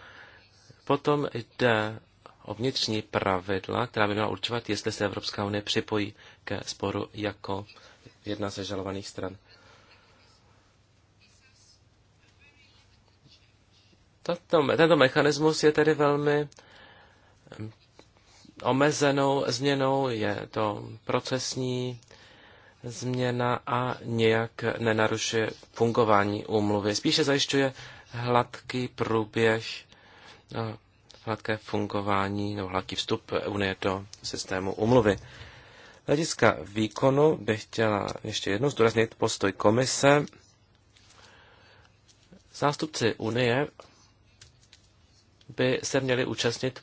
Potom jde o vnitřní pravidla, která by měla určovat, jestli se Evropská unie připojí ke sporu jako jedna ze žalovaných stran. Tato, tento mechanismus je tedy velmi mm, omezenou změnou, je to procesní změna a nějak nenarušuje fungování úmluvy. Spíše zajišťuje hladký průběh, eh, hladké fungování nebo hladký vstup Unie do systému úmluvy. Hlediska výkonu bych chtěla ještě jednou zdůraznit postoj komise. Zástupci Unie by se měli účastnit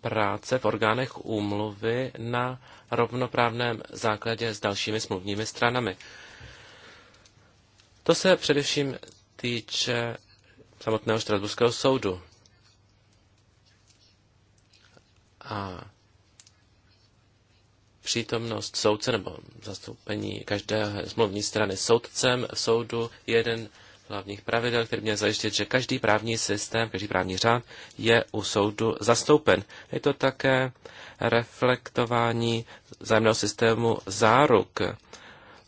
práce v orgánech úmluvy na rovnoprávném základě s dalšími smluvními stranami. To se především týče samotného Štrasburského soudu. A přítomnost soudce nebo zastoupení každé smluvní strany soudcem v soudu je jeden hlavních pravidel, které měl zajistit, že každý právní systém, každý právní řád je u soudu zastoupen. Je to také reflektování zájemného systému záruk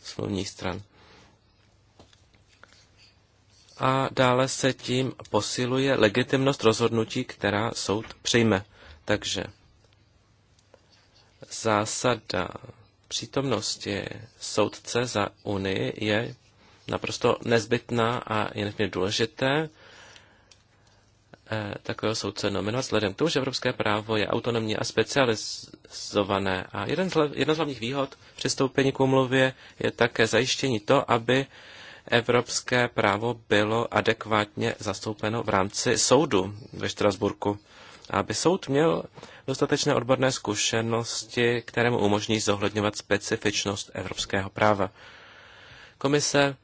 smluvních stran. A dále se tím posiluje legitimnost rozhodnutí, která soud přijme. Takže zásada přítomnosti soudce za Unii je naprosto nezbytná a je nesmírně důležité eh, takového soudce nominovat, vzhledem k tomu, že evropské právo je autonomní a specializované. A jeden z, jedna z hlavních výhod přistoupení k úmluvě je také zajištění to, aby evropské právo bylo adekvátně zastoupeno v rámci soudu ve Štrasburku. Aby soud měl dostatečné odborné zkušenosti, které mu umožní zohledňovat specifičnost evropského práva. Komise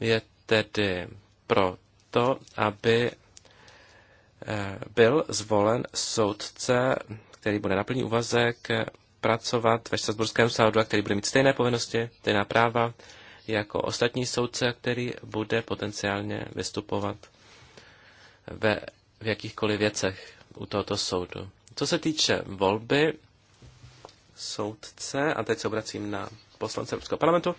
je tedy proto, aby eh, byl zvolen soudce, který bude na plný úvazek pracovat ve Štrasburském soudu a který bude mít stejné povinnosti, stejná práva jako ostatní soudce, který bude potenciálně vystupovat ve, v jakýchkoliv věcech u tohoto soudu. Co se týče volby soudce, a teď se obracím na poslance Evropského parlamentu,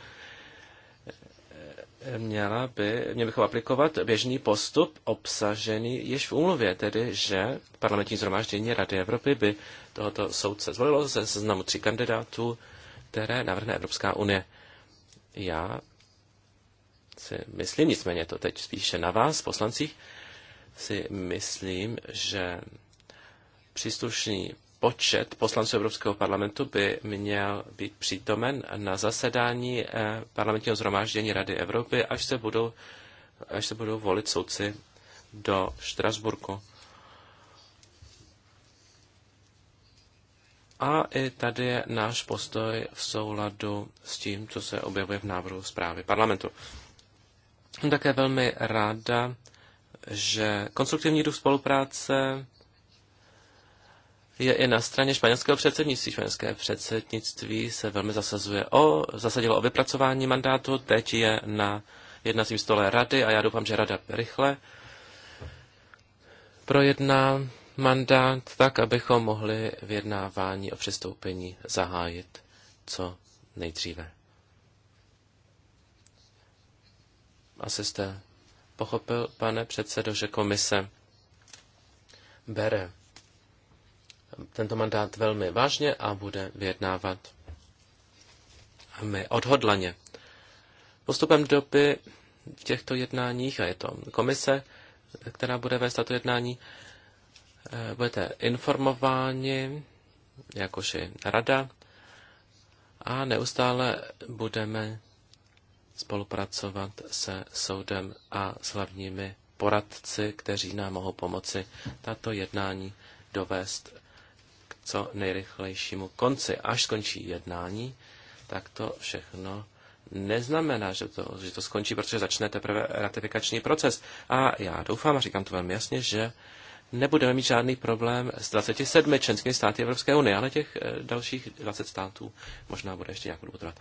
měla by, měl bychom aplikovat běžný postup obsažený již v úmluvě, tedy že parlamentní zhromáždění Rady Evropy by tohoto soudce zvolilo ze seznamu tří kandidátů, které navrhne Evropská unie. Já si myslím, nicméně to teď spíše na vás, poslancích, si myslím, že příslušný počet poslanců Evropského parlamentu by měl být přítomen na zasedání eh, parlamentního zhromáždění Rady Evropy, až se budou, až se budou volit soudci do Štrasburku. A i tady je náš postoj v souladu s tím, co se objevuje v návrhu zprávy parlamentu. také velmi ráda, že konstruktivní duch spolupráce je i na straně španělského předsednictví. Španělské předsednictví se velmi zasazuje o, zasadilo o vypracování mandátu, teď je na jednacím stole rady a já doufám, že rada rychle projedná mandát tak, abychom mohli vyjednávání o přistoupení zahájit co nejdříve. Asi jste pochopil, pane předsedo, že komise bere tento mandát velmi vážně a bude vyjednávat my odhodlaně. Postupem doby v těchto jednáních, a je to komise, která bude vést tato jednání, eh, budete informováni, jakož i rada, a neustále budeme spolupracovat se soudem a s hlavními poradci, kteří nám mohou pomoci tato jednání dovést co nejrychlejšímu konci. Až skončí jednání, tak to všechno neznamená, že to, že to skončí, protože začne teprve ratifikační proces. A já doufám, a říkám to velmi jasně, že nebudeme mít žádný problém s 27 členskými státy Evropské unie, ale těch eh, dalších 20 států možná bude ještě nějakou dobu trvat.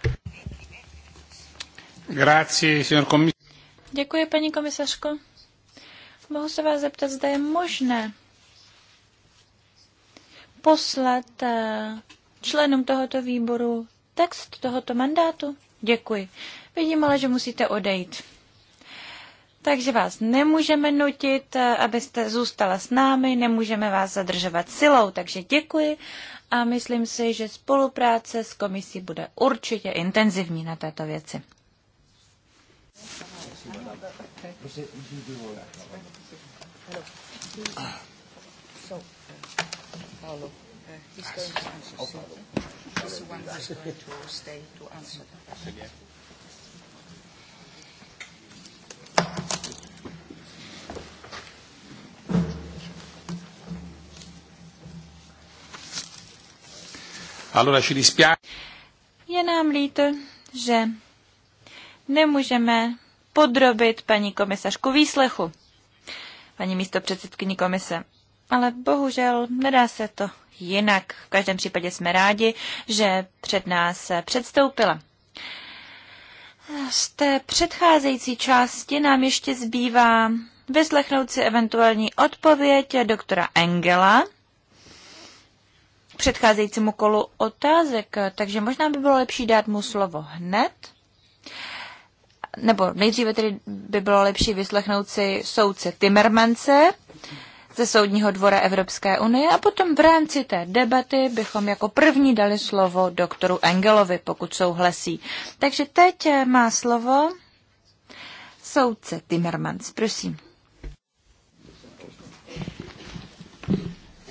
Děkuji, paní komisařko. Mohu se vás zeptat, zda je možné poslat členům tohoto výboru text tohoto mandátu? Děkuji. Vidím ale, že musíte odejít. Takže vás nemůžeme nutit, abyste zůstala s námi, nemůžeme vás zadržovat silou, takže děkuji a myslím si, že spolupráce s komisí bude určitě intenzivní na této věci. Prostě, Paolo. Uh, he's going to answer. Oh, He's the one who's going to stay to answer. Allora ci Je nám líto, že nemůžeme podrobit paní komisařku výslechu. Paní místo předsedkyní komise ale bohužel nedá se to jinak. V každém případě jsme rádi, že před nás předstoupila. Z té předcházející části nám ještě zbývá vyslechnout si eventuální odpověď doktora Engela k předcházejícímu kolu otázek, takže možná by bylo lepší dát mu slovo hned. Nebo nejdříve tedy by bylo lepší vyslechnout si soudce Timmermance, ze Soudního dvora Evropské unie a potom v rámci té debaty bychom jako první dali slovo doktoru Engelovi, pokud souhlasí. Takže teď eh, má slovo soudce Timmermans. Prosím.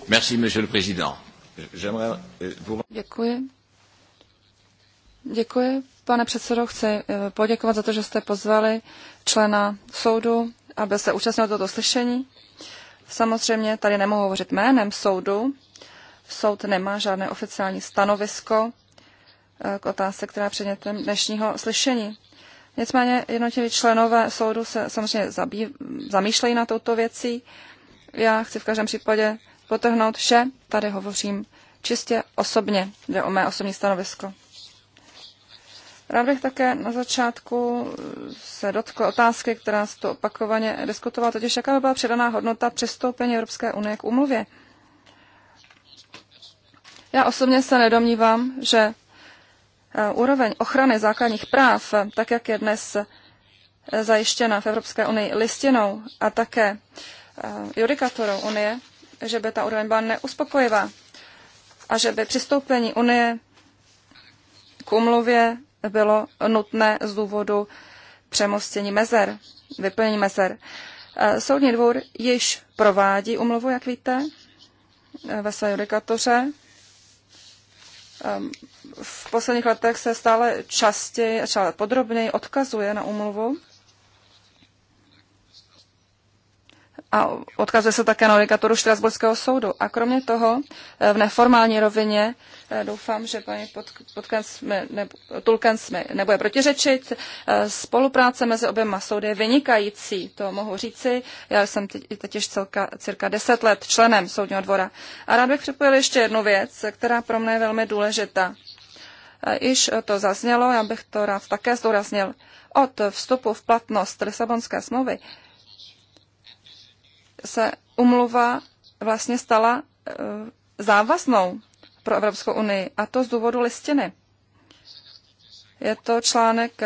Merci, monsieur le président. Eh, Děkuji. Děkuji, pane předsedo. Chci eh, poděkovat za to, že jste pozvali člena soudu, aby se účastnil toto slyšení. Samozřejmě tady nemohu hovořit jménem soudu. Soud nemá žádné oficiální stanovisko eh, k otázce, která je předmětem dnešního slyšení. Nicméně jednotliví členové soudu se samozřejmě zabý, zamýšlejí na touto věcí. Já chci v každém případě potrhnout, že tady hovořím čistě osobně, jde o mé osobní stanovisko. Rád bych také na začátku se dotkl otázky, která se tu opakovaně diskutovala, totiž jaká by byla přidaná hodnota přistoupení Evropské unie k úmluvě. Já osobně se nedomnívám, že eh, úroveň ochrany základních práv, eh, tak jak je dnes eh, zajištěna v Evropské unii listinou a také judikatorou Unie, že by ta úroveň byla neuspokojivá a že by přistoupení Unie k umluvě bylo nutné z důvodu přemostění mezer, vyplnění mezer. Eh, Soudní dvůr již provádí umluvu, jak víte, eh, ve své judikatoře. Ehm, v posledních letech se stále častěji a podrobněji odkazuje na umluvu. A odkazuje se také na judikatoru Štrasburského soudu. A kromě toho eh, v neformální rovině Eh, doufám, že paní Potkan jsme, nebo, Tulkan jsme nebude protiřečit. Eh, spolupráce mezi oběma soudy je vynikající, to mohu říci. Já jsem teď, teď již cirka deset let členem Soudního dvora. A rád bych připojil ještě jednu věc, která pro mě je velmi důležitá. Eh, již to zaznělo, já bych to rád také zdůraznil. Od vstupu v platnost Lisabonské smlouvy se umluva vlastně stala závaznou pro Evropskou unii, a to z důvodu listiny. Je to článek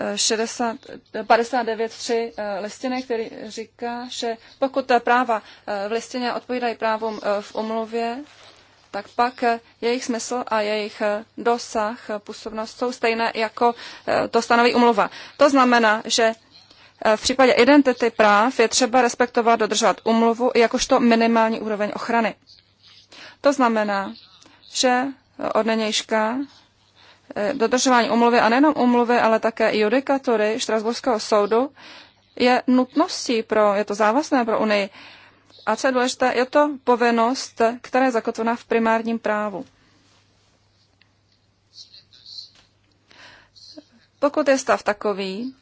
59.3 eh, eh, listiny, který říká, že pokud ta práva eh, v listině odpovídají právům v umluvě, tak pak jejich smysl a jejich dosah, působnost jsou stejné, jako to stanoví umluva. To znamená, že v případě identity práv je třeba respektovat, dodržovat umluvu jakožto minimální úroveň ochrany. To znamená, že od nynějška eh, dodržování umluvy a nejenom umluvy, ale také i judikatury Štrasburského soudu je nutností pro, je to závazné pro Unii. A co je důležité, je to povinnost, která je zakotvená v primárním právu. Pokud je stav takový,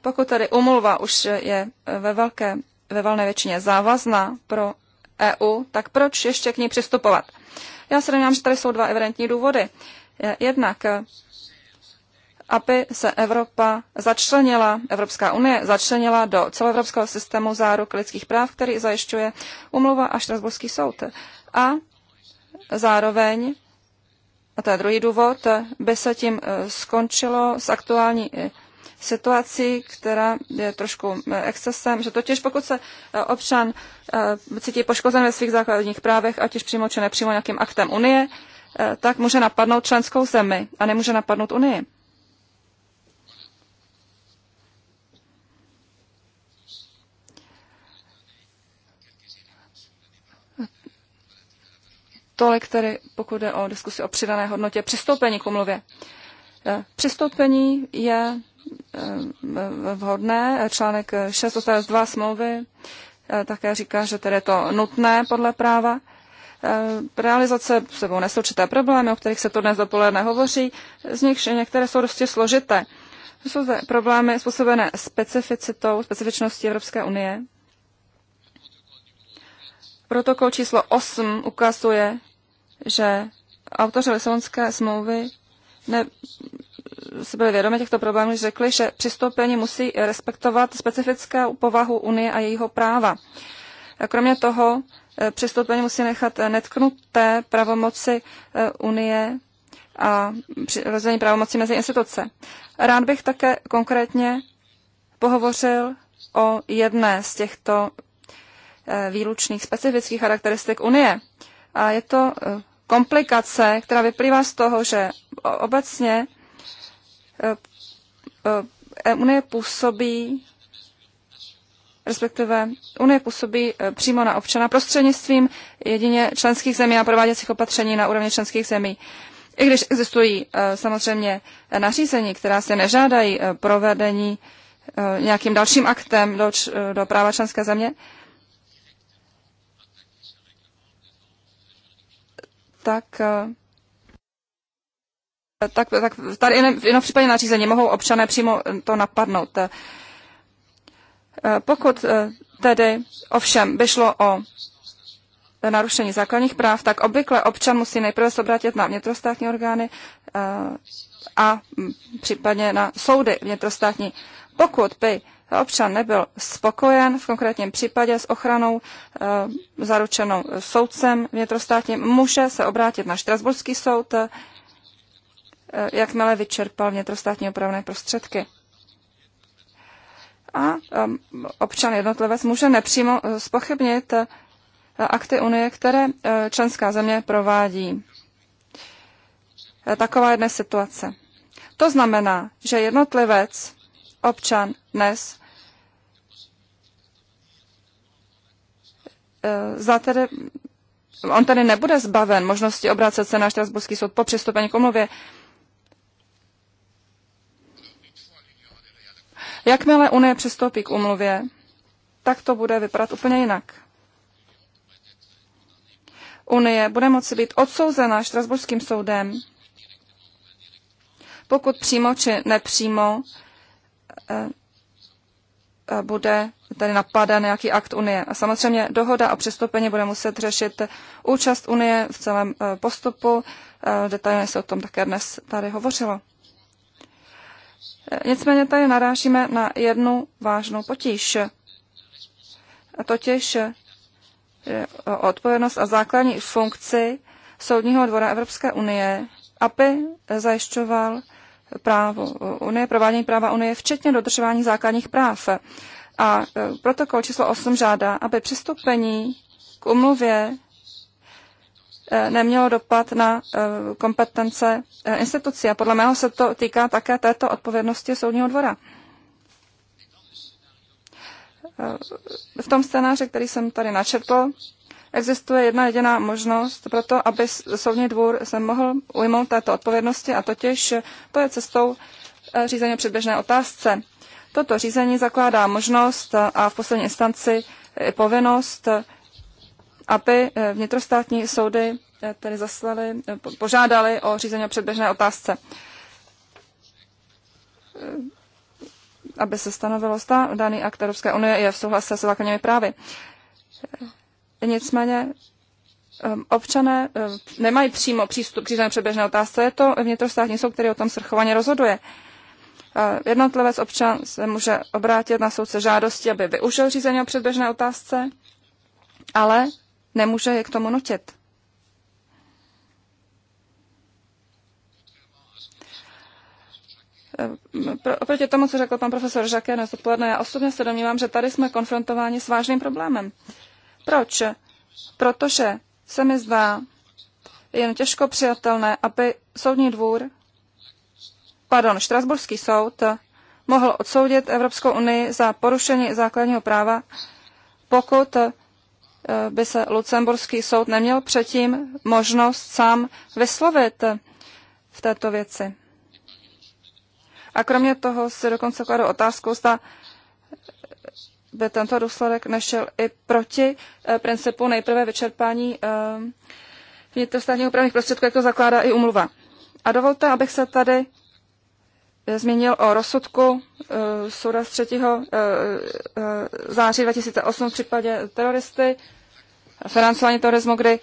pokud tedy umluva už je ve, velké, ve valné většině závazná pro EU, tak proč ještě k ní přistupovat? Já se domnívám, že tady jsou dva evidentní důvody. Jednak, eh, aby se Evropa začlenila, Evropská unie začlenila do celoevropského systému záruk lidských práv, který zajišťuje umluva a Štrasburský soud. A zároveň, a to je druhý důvod, eh, by se tím eh, skončilo s aktuální situací, která je trošku eh, excesem, že totiž pokud se eh, občan eh, cítí poškozen ve svých základních právech, ať již přímo či nepřímo nějakým aktem Unie, tak může napadnout členskou zemi a nemůže napadnout Unii. Tolik tedy, pokud jde o diskusi o přidané hodnotě přistoupení k umluvě. Přistoupení je Eh, vhodné. Článek 6 z 2 smlouvy eh, také říká, že tedy je to nutné podle práva. Eh, realizace sebou nese určité problémy, o kterých se to dnes dopoledne hovoří, z nichž některé jsou dosti složité. Jsou zde problémy způsobené specificitou, specifičností Evropské unie. Protokol číslo 8 ukazuje, že autoři Lisabonské smlouvy ne, si byli vědomi těchto problémů, když řekli, že přistoupení musí respektovat specifickou povahu Unie a jejího práva. A kromě toho eh, přistoupení musí nechat netknuté pravomoci eh, Unie a rozdělení pravomocí mezi instituce. Rád bych také konkrétně pohovořil o jedné z těchto eh, výlučných specifických charakteristik Unie. A je to komplikace, která vyplývá z toho, že obecně Eh, eh, Unie působí respektive Unie působí eh, přímo na občana prostřednictvím jedině členských zemí a prováděcích opatření na úrovni členských zemí. I když existují samozřejmě nařízení, která se nežádají provedení nějakým dalším aktem do, do práva členské země, tak tak, tak tady jenom v případě nařízení mohou občané přímo eh, to napadnout. Eh, pokud eh, tedy ovšem by šlo o narušení základních práv, tak obvykle občan musí nejprve se obrátit na vnitrostátní orgány a mm, případně na soudy vnitrostátní. Pokud by občan nebyl spokojen v konkrétním případě s ochranou zaručenou soudcem vnitrostátním, může se obrátit na Štrasburský soud Eh, jakmile vyčerpal vnitrostátní opravné prostředky. A občan jednotlivec může nepřímo eh, spochybnit eh, akty Unie, které členská země provádí. Taková je dnes situace. To znamená, že jednotlivec, občan dnes za tedy, on tedy nebude zbaven možnosti obrátit se na Štrasburský soud po přistoupení k omluvě, Jakmile Unie přistoupí k umluvě, tak to bude vypadat úplně jinak. Unie bude moci být odsouzena Štrasburským soudem, pokud přímo či nepřímo eh, eh, bude tady napadán nějaký akt Unie. A samozřejmě dohoda o přistoupení bude muset řešit účast Unie v celém eh, postupu. Detailně se o tom také dnes tady hovořilo. Nicméně tady narážíme na jednu vážnou potíž. A totiž e, odpovědnost a základní funkci Soudního dvora Evropské unie, aby zajišťoval právo e, Unie, provádění práva Unie, včetně dodržování základních práv. A e, protokol číslo 8 žádá, aby přistoupení k umluvě Eh, nemělo dopad na eh, kompetence eh, institucí. A podle mého se to týká také této odpovědnosti soudního dvora. V tom scénáři, který jsem tady načetl, existuje jedna jediná možnost pro to, aby soudní dvůr se mohl ujmout této odpovědnosti a totiž to je cestou řízení předběžné otázce. Toto řízení zakládá možnost a v poslední instanci povinnost aby eh, vnitrostátní soudy eh, tedy zaslali, eh, požádali o řízení o předběžné otázce. Aby se stanovilo, zda daný akt Evropské unie je v souhlase se základními právy. Nicméně ehm, občané nemají přímo přístup k řízení předběžné otázce, je to vnitrostátní soud, který o tom srchovaně rozhoduje. Jednotlivec občan se může obrátit na soudce žádosti, aby využil řízení o předběžné otázce, ale nemůže je k tomu nutit. oproti tomu, co řekl pan profesor Žaké dnes odpoledne, já osobně se domnívám, že tady jsme konfrontováni s vážným problémem. Proč? Protože se mi zdá jen těžko přijatelné, aby soudní dvůr, pardon, Štrasburský soud, mohl odsoudit Evropskou unii za porušení základního práva, pokud by se Lucemburský soud neměl předtím možnost sám vyslovit v této věci. A kromě toho si dokonce kladu otázku, zda by tento důsledek nešel i proti eh, principu nejprve vyčerpání eh, vnitrostátních úpravních prostředků, jak to zakládá i umluva. A dovolte, abych se tady Eh, zmínil o rozsudku uh, souda z 3. Eh, září 2008 v případě teroristy, financování terorismu, kdy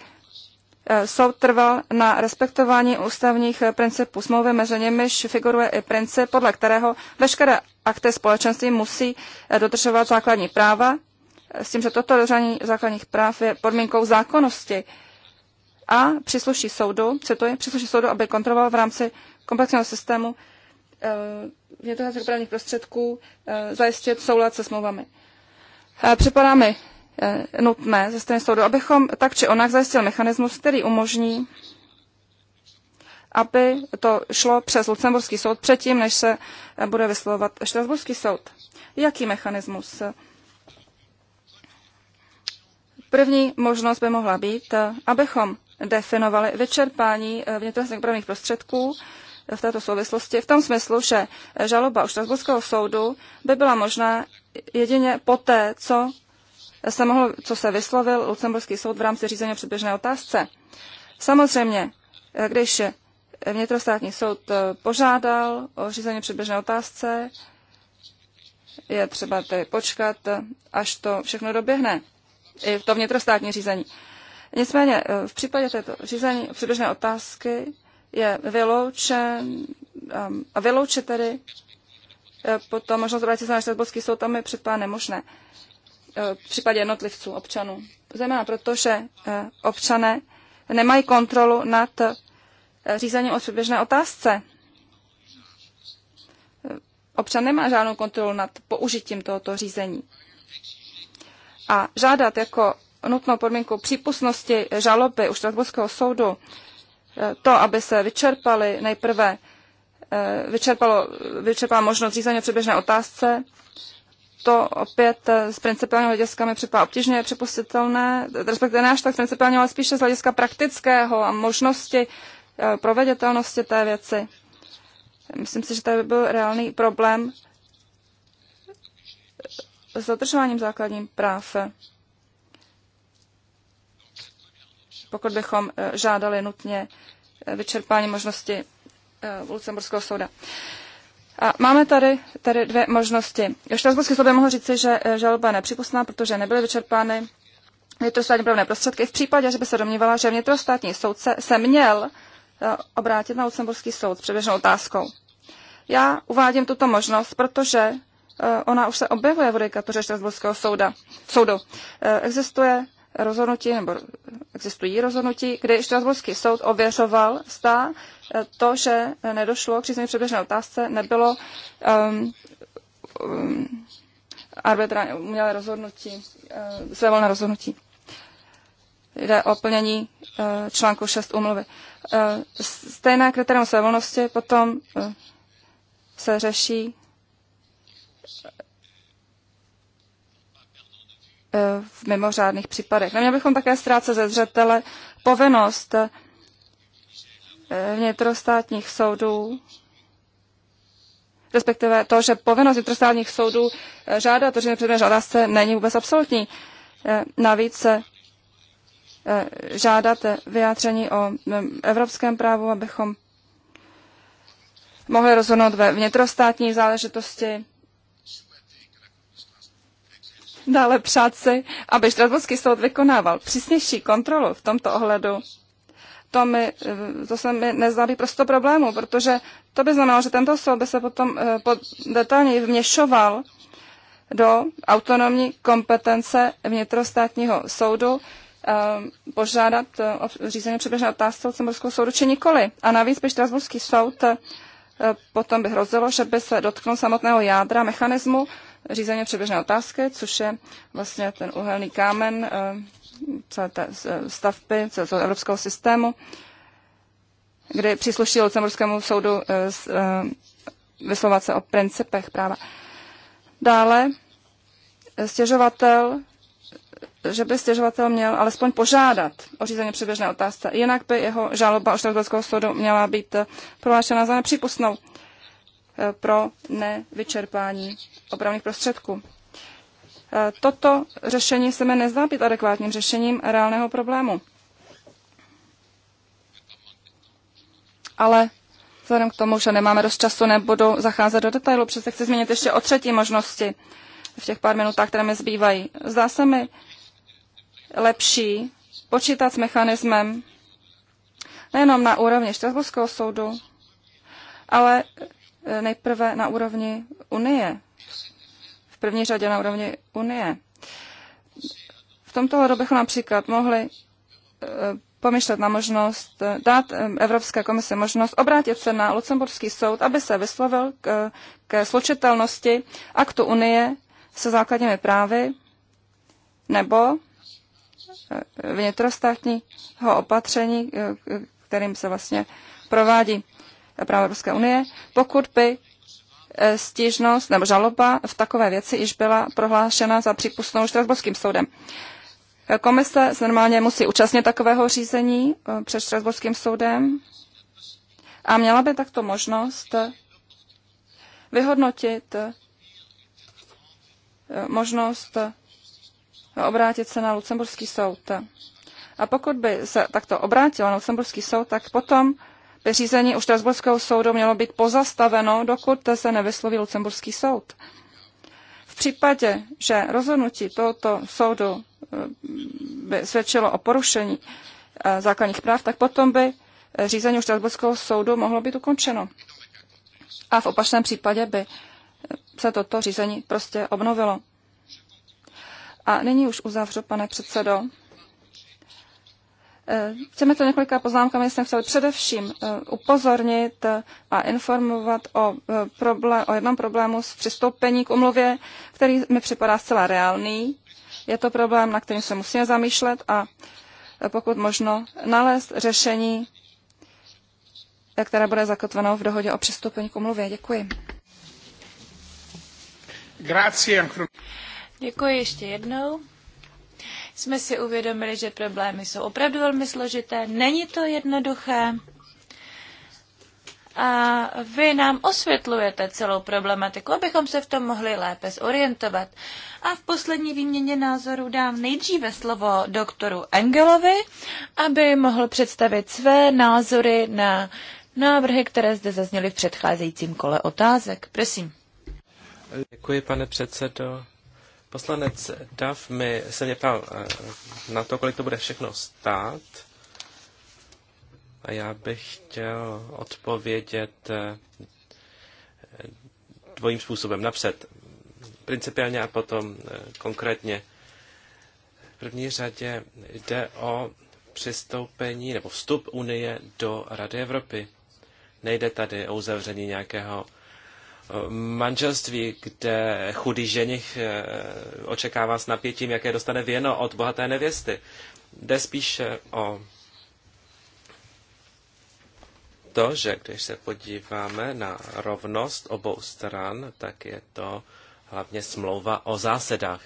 soud trval na respektování ústavních principů smlouvy, mezi nimiž figuruje i princip, podle kterého veškeré akty společenství musí dodržovat základní práva, s tím, že toto dodržení základních práv je podmínkou zákonnosti a přísluší soudu, cituji, přísluší soudu, aby kontroloval v rámci komplexního systému vnitrozemských eh, dopravních prostředků eh, zajistit soulad se smlouvami. Připadá mi eh, nutné ze strany soudu, abychom tak či onak zajistil mechanismus, který umožní, aby to šlo přes Lucemburský soud předtím, než se bude vyslovovat Štrasburský soud. Jaký mechanismus? První možnost by mohla být, abychom definovali vyčerpání vnitrozemských dopravních prostředků v této souvislosti v tom smyslu, že žaloba u Štrasburského soudu by byla možná jedině poté, co se, mohl, co se vyslovil Lucemburský soud v rámci řízení předběžné otázce. Samozřejmě, když vnitrostátní soud požádal o řízení předběžné otázce, je třeba tedy počkat, až to všechno doběhne. I to vnitrostátní řízení. Nicméně v případě této řízení předběžné otázky je vyloučen, um, a vyloučit tedy eh, potom možnost obrátit se na Štrasburský soud, tam je předpáne možné eh, v případě jednotlivců, občanů. Zejména proto, že eh, občané nemají kontrolu nad řízením o předběžné otázce. Občan nemá žádnou kontrolu nad použitím tohoto řízení. A žádat jako nutnou podmínku přípustnosti žaloby u Štrasburského soudu Eh, to, aby se vyčerpali nejprve eh, vyčerpalo, vyčerpala možnost řízení o předběžné otázce. To opět eh, z principiálního hlediska mi připadá obtížně připustitelné, respektive ne až tak z principiálního, ale spíše z hlediska praktického a možnosti proveditelnosti té věci. Myslím si, že to by byl reálný problém s dodržováním základních práv. pokud bychom eh, žádali nutně eh, vyčerpání možnosti eh, Lucemburského souda. A máme tady, tady dvě možnosti. Štrasburský soud by mohl říci, že žaloba je nepřípustná, protože nebyly vyčerpány vnitrostátní právné prostředky. V případě, že by se domnívala, že vnitrostátní soudce se měl obrátit na Lucemburský soud s předběžnou otázkou. Já uvádím tuto možnost, protože ona už se objevuje v judikatuře Štrasburského souda, soudu. Existuje rozhodnutí, nebo existují rozhodnutí, kdy Štrasburský soud ověřoval, zda eh, to, že nedošlo k řízení předběžné otázce, nebylo um, um, arbitra umělé rozhodnutí, uh, eh, své volné rozhodnutí. Jde o plnění uh, článku 6 umluvy. Uh, stejné kritérium volnosti potom uh, se řeší v mimořádných případech. Neměli bychom také ztrácet ze zřetele povinnost eh, vnitrostátních soudů, respektive to, že povinnost vnitrostátních soudů eh, žádá, to, že nepředmět žádá se, není vůbec absolutní. Eh, navíc žádat vyjádření o mm, evropském právu, abychom mohli rozhodnout ve vnitrostátní záležitosti. Dále přát si, aby Štrasburský soud vykonával přísnější kontrolu v tomto ohledu. To, mi, eh, to se mi nezdá být prosto problému, protože to by znamenalo, že tento soud by se potom eh, pod, detailně vměšoval do autonomní kompetence vnitrostátního soudu eh, požádat o řízení předběžné otázce Lucemburského soudu či nikoli. A navíc by Štrasburský soud potom by hrozilo, že by se dotknul samotného jádra mechanismu, řízeně předběžné otázky, což je vlastně ten uhelný kámen eh, celé té eh, stavby, celého evropského systému, kdy přísluší Lucemburskému soudu eh, vyslovat se o principech práva. Dále stěžovatel, že by stěžovatel měl alespoň požádat o řízení předběžné otázce, jinak by jeho žaloba ošetřovatelského soudu měla být prohlášena za nepřípustnou pro nevyčerpání opravných prostředků. Toto řešení se mi nezdá být adekvátním řešením reálného problému. Ale vzhledem k tomu, že nemáme dost času, nebudu zacházet do detailu, přece chci změnit ještě o třetí možnosti v těch pár minutách, které mi zbývají. Zdá se mi lepší počítat s mechanismem nejenom na úrovni Štrasburského soudu, ale nejprve na úrovni Unie, v první řadě na úrovni Unie. V tomto hledu bychom například mohli eh, pomyšlet na možnost eh, dát eh, Evropské komise možnost obrátit se na Lucemburský soud, aby se vyslovil k, ke slučitelnosti aktu Unie se základními právy nebo vnitrostátního opatření, kterým se vlastně provádí práva Evropské unie, pokud by e, stížnost nebo žaloba v takové věci již byla prohlášena za přípustnou Štrasburským soudem. E, komise se normálně musí účastnit takového řízení e, před Štrasburským soudem a měla by takto možnost vyhodnotit možnost obrátit se na Lucemburský soud. A pokud by se takto obrátila na Lucemburský soud, tak potom by řízení u Štrasburského soudu mělo být pozastaveno, dokud se nevysloví Lucemburský soud. V případě, že rozhodnutí tohoto soudu eh, by svědčilo o porušení eh, základních práv, tak potom by eh, řízení u Štrasburského soudu mohlo být ukončeno. A v opačném případě by se toto řízení prostě obnovilo. A nyní už uzavřu, pane předsedo. Chceme eh, to několika poznámkami jsem chtěl především eh, upozornit eh, a informovat o, problém, o jednom problému s přistoupení k umluvě, který mi připadá zcela reálný. Je to problém, na kterým se musíme zamýšlet a pokud možno nalézt řešení, které bude zakotveno v dohodě o přistoupení k umluvě. Děkuji. Děkuji ještě jednou jsme si uvědomili, že problémy jsou opravdu velmi složité, není to jednoduché. A vy nám osvětlujete celou problematiku, abychom se v tom mohli lépe zorientovat. A v poslední výměně názorů dám nejdříve slovo doktoru Engelovi, aby mohl představit své názory na návrhy, které zde zazněly v předcházejícím kole otázek. Prosím. Děkuji, pane předsedo. Poslanec Dav mi se mě ptal eh, na to, kolik to bude všechno stát. A já bych chtěl odpovědět eh, dvojím způsobem. Napřed principiálně a potom eh, konkrétně. V první řadě jde o přistoupení nebo vstup Unie do Rady Evropy. Nejde tady o uzavření nějakého manželství, kde chudý ženich eh, očekává s napětím, jaké dostane věno od bohaté nevěsty. Jde spíše o to, že když se podíváme na rovnost obou stran, tak je to hlavně smlouva o zásadách.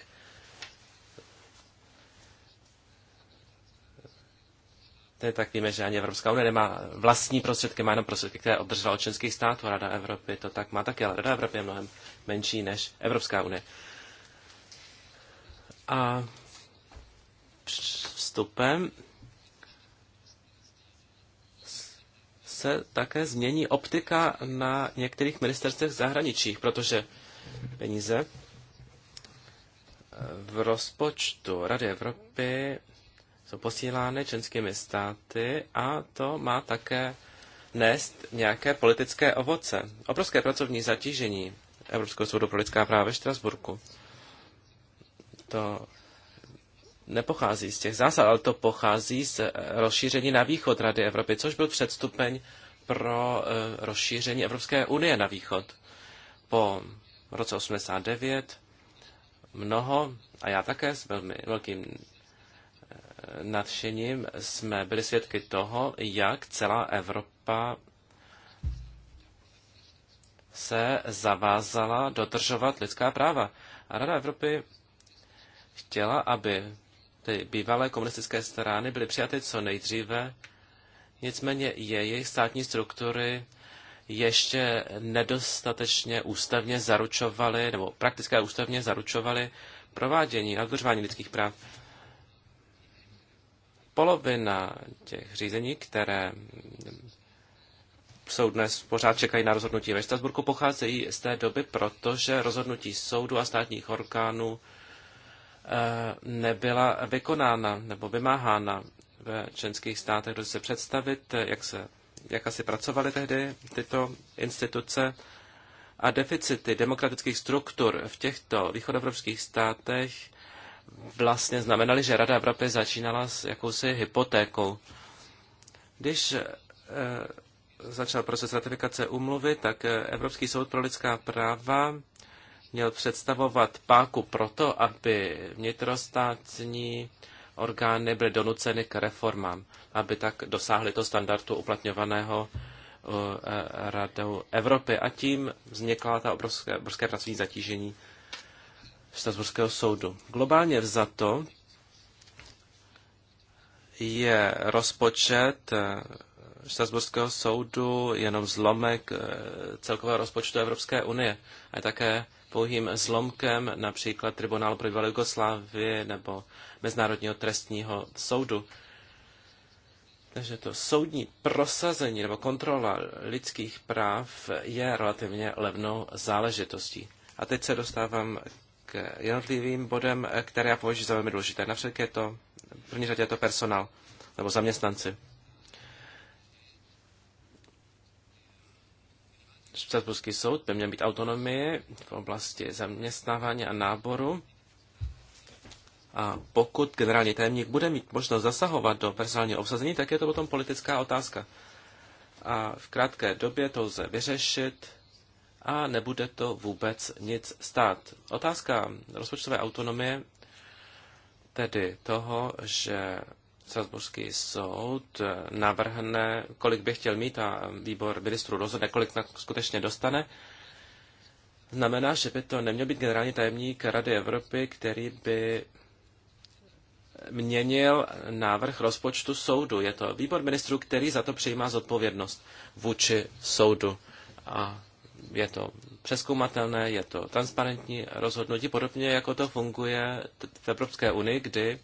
To je tak víme, že ani Evropská unie nemá vlastní prostředky, má jenom prostředky, které obdržela od členských států. Rada Evropy to tak má taky, ale Rada Evropy je mnohem menší než Evropská unie. A vstupem se také změní optika na některých ministerstvech zahraničích, protože peníze v rozpočtu Rady Evropy jsou posílány členskými státy a to má také nést nějaké politické ovoce. Obrovské pracovní zatížení Evropského soudu pro lidská práva ve Štrasburku. To nepochází z těch zásad, ale to pochází z eh, rozšíření na východ Rady Evropy, což byl předstupeň pro eh, rozšíření Evropské unie na východ. Po roce 89 mnoho, a já také s velmi velkým nadšením jsme byli svědky toho, jak celá Evropa se zavázala dodržovat lidská práva. A Rada Evropy chtěla, aby ty bývalé komunistické strany byly přijaty co nejdříve, nicméně je jejich státní struktury ještě nedostatečně ústavně zaručovaly, nebo prakticky ústavně zaručovaly provádění a dodržování lidských práv. Polovina těch řízení, které jsou dnes pořád čekají na rozhodnutí ve Štrasburku, pocházejí z té doby, protože rozhodnutí soudu a státních orgánů eh, nebyla vykonána nebo vymáhána ve členských státech. Kdo se představit, jak, se, jak asi pracovaly tehdy tyto instituce a deficity demokratických struktur v těchto východoevropských státech vlastně znamenaly, že Rada Evropy začínala s jakousi hypotékou. Když e, začal proces ratifikace umluvy, tak eh, Evropský soud pro lidská práva měl představovat páku proto, aby vnitrostátní orgány byly donuceny k reformám, aby tak dosáhly to standardu uplatňovaného eh, Radou Evropy. A tím vznikla ta obrovské, obrovské pracovní zatížení Štrasburského soudu. Globálně vzato je rozpočet Štrasburského eh, soudu jenom zlomek eh, celkového rozpočtu Evropské unie a je také pouhým zlomkem například Tribunálu pro bývalou Jugoslávii nebo Mezinárodního trestního soudu. Takže to soudní prosazení nebo kontrola lidských práv je relativně levnou záležitostí. A teď se dostávám k jednotlivým bodem, eh, které já považuji za velmi důležité. Například je to, v první řadě je to personál nebo zaměstnanci. Štrasburský soud by měl být autonomie v oblasti zaměstnávání a náboru. A pokud generální tajemník bude mít možnost zasahovat do personálního obsazení, tak je to potom politická otázka. A v krátké době to lze vyřešit a nebude to vůbec nic stát. Otázka rozpočtové autonomie, tedy toho, že Salzburský soud navrhne, kolik by chtěl mít a výbor ministrů rozhodne, kolik skutečně dostane, znamená, že by to neměl být generální tajemník Rady Evropy, který by měnil návrh rozpočtu soudu. Je to výbor ministrů, který za to přijímá zodpovědnost vůči soudu. A je to přeskoumatelné, je to transparentní rozhodnutí, podobně jako to funguje v Evropské unii, kdy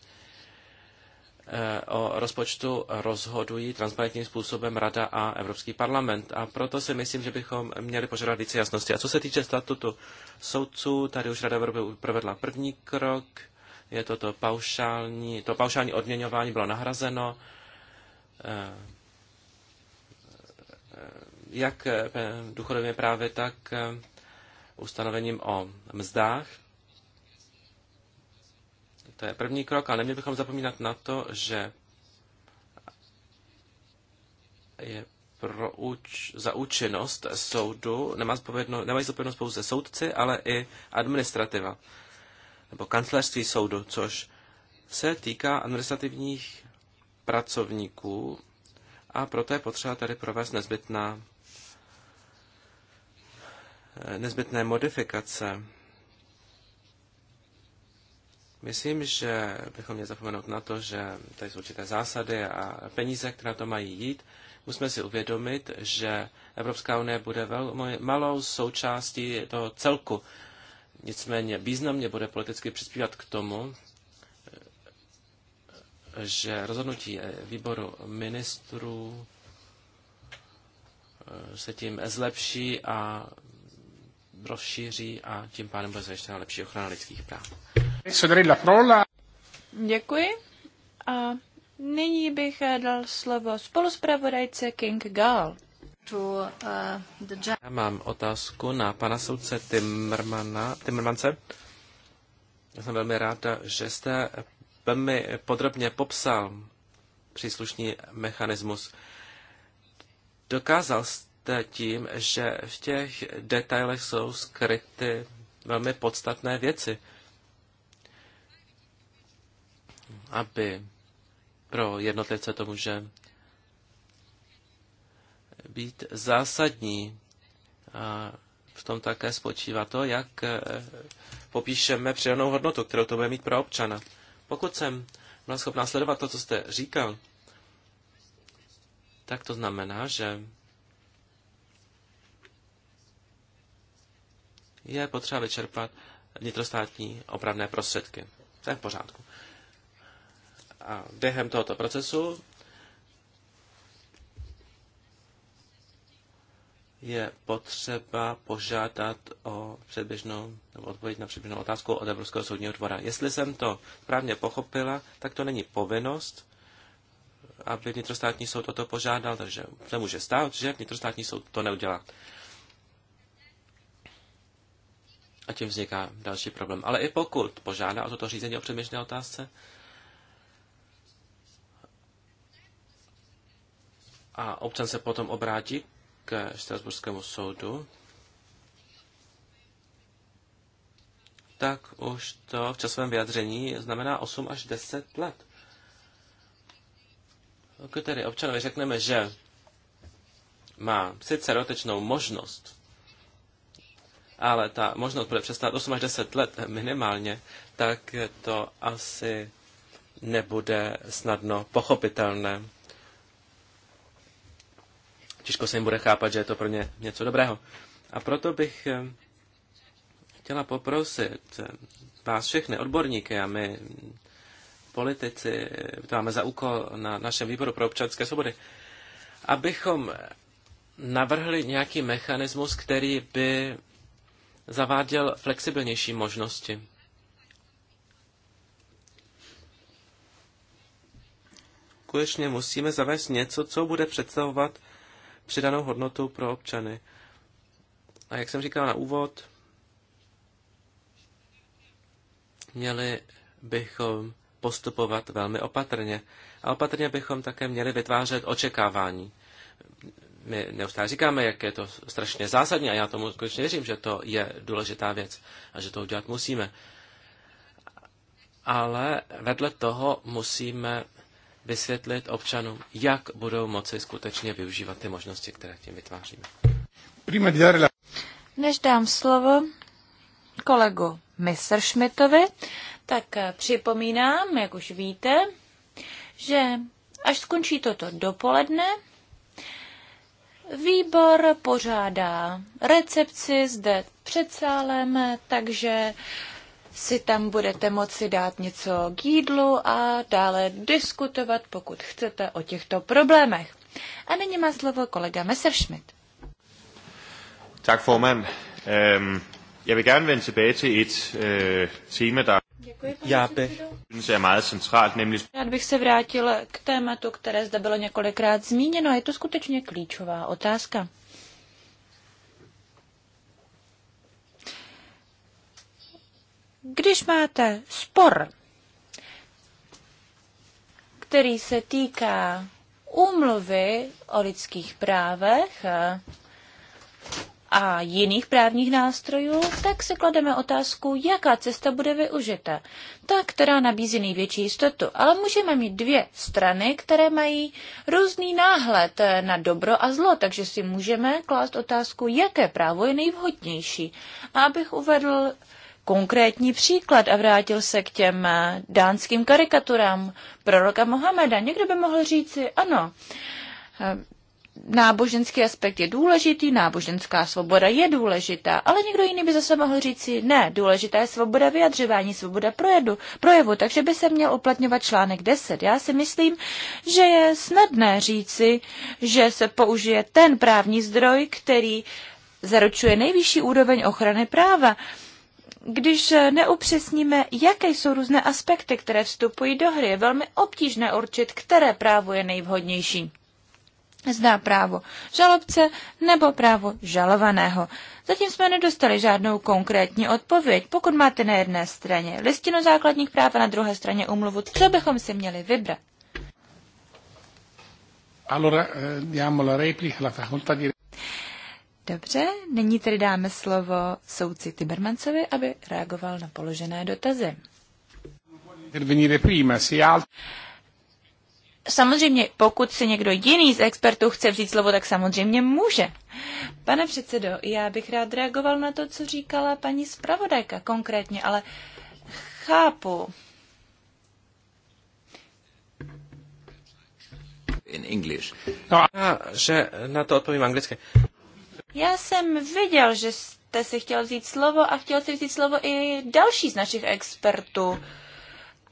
eh, o rozpočtu rozhodují transparentním způsobem Rada a Evropský parlament. A proto si myslím, že bychom měli požádat více jasnosti. A co se týče statutu soudců, tady už Rada Evropy provedla první krok. Je to to paušální, to paušální odměňování bylo nahrazeno eh, jak eh, důchodovými právě, tak eh, ustanovením o mzdách. To je první krok, ale neměli bychom zapomínat na to, že je pro uč, za účinnost soudu nemá zpovědno, nemají zodpovědnost pouze soudci, ale i administrativa nebo kancelářství soudu, což se týká administrativních pracovníků a proto je potřeba tady provést nezbytná nezbytné modifikace. Myslím, že bychom měli zapomenout na to, že tady jsou určité zásady a peníze, které na to mají jít. Musíme si uvědomit, že Evropská unie bude velmi malou součástí toho celku. Nicméně významně bude politicky přispívat k tomu, že rozhodnutí výboru ministrů se tím zlepší a rozšíří a tím pádem bude zajištěna lepší ochrana lidských práv. Děkuji. A nyní bych dal slovo spoluspravodajce King Gall. Uh, Já mám otázku na pana soudce Timmermana, Timmermance. Já jsem velmi rád, že jste velmi podrobně popsal příslušný mechanismus. Dokázal jste tím, že v těch detailech jsou skryty velmi podstatné věci. Aby pro jednotlivce to může být zásadní. A v tom také spočívá to, jak eh, popíšeme přidanou hodnotu, kterou to bude mít pro občana. Pokud jsem byla schopná sledovat to, co jste říkal, tak to znamená, že je potřeba vyčerpat vnitrostátní opravné prostředky. To je v pořádku. A během tohoto procesu je potřeba požádat o předběžnou, nebo odpověď na předběžnou otázku od Evropského soudního dvora. Jestli jsem to správně pochopila, tak to není povinnost, aby vnitrostátní soud o to požádal, takže se může stát, že vnitrostátní soud to neudělá. A tím vzniká další problém. Ale i pokud požádá o toto řízení o předběžné otázce, a občan se potom obrátí k Štrasburskému soudu, tak už to v časovém vyjadření znamená 8 až 10 let. Když tedy občanovi řekneme, že má sice rotečnou možnost ale ta možnost bude přestat 8 až 10 let minimálně, tak to asi nebude snadno pochopitelné. Těžko se jim bude chápat, že je to pro ně něco dobrého. A proto bych eh, chtěla poprosit eh, vás všechny odborníky a my politici, to máme za úkol na našem výboru pro občanské svobody, abychom navrhli nějaký mechanismus, který by zaváděl flexibilnější možnosti. Konečně musíme zavést něco, co bude představovat přidanou hodnotu pro občany. A jak jsem říkal na úvod, měli bychom postupovat velmi opatrně. A opatrně bychom také měli vytvářet očekávání my neustále říkáme, jak je to strašně zásadní a já tomu skutečně věřím, že to je důležitá věc a že to udělat musíme. Ale vedle toho musíme vysvětlit občanům, jak budou moci skutečně využívat ty možnosti, které tím vytváříme. Než dám slovo kolegu Messerschmittovi, tak připomínám, jak už víte, že až skončí toto dopoledne, Výbor pořádá recepci zde před sálem, takže si tam budete moci dát něco k jídlu a dále diskutovat, pokud chcete, o těchto problémech. A nyní má slovo kolega Messerschmidt. Tak formand. Øhm, jeg vil gerne vende tilbage til et øh, tema, der já bych... Rád bych se vrátil k tématu, které zde bylo několikrát zmíněno. Je to skutečně klíčová otázka. Když máte spor, který se týká úmluvy o lidských právech, a jiných právních nástrojů, tak si klademe otázku, jaká cesta bude využita. Ta, která nabízí největší jistotu. Ale můžeme mít dvě strany, které mají různý náhled na dobro a zlo, takže si můžeme klást otázku, jaké právo je nejvhodnější. A abych uvedl konkrétní příklad a vrátil se k těm dánským karikaturám proroka Mohameda. Někdo by mohl říci, ano, náboženský aspekt je důležitý, náboženská svoboda je důležitá, ale někdo jiný by zase mohl říci, ne, důležitá je svoboda vyjadřování, svoboda projedu, projevu, takže by se měl uplatňovat článek 10. Já si myslím, že je snadné říci, že se použije ten právní zdroj, který zaručuje nejvyšší úroveň ochrany práva. Když neupřesníme, jaké jsou různé aspekty, které vstupují do hry, je velmi obtížné určit, které právo je nejvhodnější zda právo žalobce nebo právo žalovaného. Zatím jsme nedostali žádnou konkrétní odpověď. Pokud máte na jedné straně listinu základních práv a na druhé straně umluvu, co bychom si měli vybrat? Eh, Dobře, nyní tedy dáme slovo soudci Tibermancovi, aby reagoval na položené dotazy. Samozřejmě, pokud se někdo jiný z expertů chce vzít slovo, tak samozřejmě může. Pane předsedo, já bych rád reagoval na to, co říkala paní zpravodajka konkrétně, ale chápu. In English. No, a, že na to odpovím anglicky. Já jsem viděl, že jste si chtěl vzít slovo a chtěl si vzít slovo i další z našich expertů.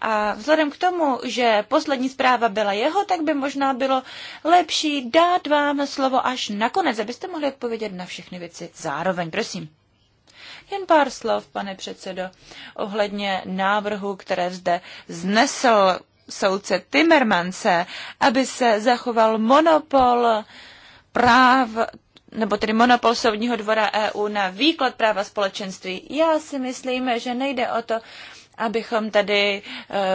A vzhledem k tomu, že poslední zpráva byla jeho, tak by možná bylo lepší dát vám slovo až nakonec, abyste mohli odpovědět na všechny věci zároveň. Prosím. Jen pár slov, pane předsedo, ohledně návrhu, které zde znesl soudce Timmermanse, aby se zachoval monopol práv nebo tedy monopol soudního dvora EU na výklad práva společenství. Já si myslím, že nejde o to, abychom tady eh,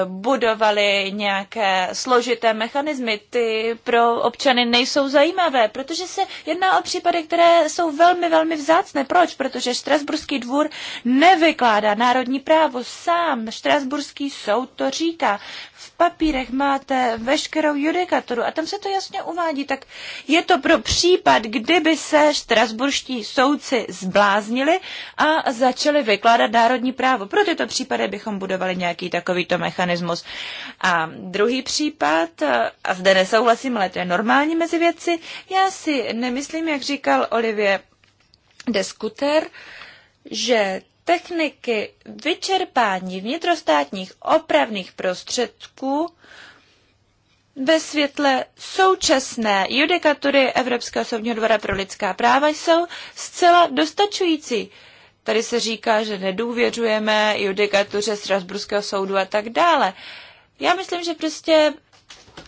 budovali nějaké složité mechanismy. Ty pro občany nejsou zajímavé, protože se jedná o případy, které jsou velmi, velmi vzácné. Proč? Protože Štrasburský dvůr nevykládá národní právo sám. Štrasburský soud to říká. V papírech máte veškerou judikaturu a tam se to jasně uvádí, tak je to pro případ, kdyby se strasburští soudci zbláznili a začali vykládat národní právo. Pro tyto případy bychom budovali nějaký takovýto mechanismus. A druhý případ, a zde nesouhlasím, ale to je normální mezi věci, já si nemyslím, jak říkal Olivie Deskuter, že techniky vyčerpání vnitrostátních opravných prostředků ve světle současné judikatury Evropského soudního dvora pro lidská práva jsou zcela dostačující. Tady se říká, že nedůvěřujeme judikatuře Strasburského soudu a tak dále. Já myslím, že prostě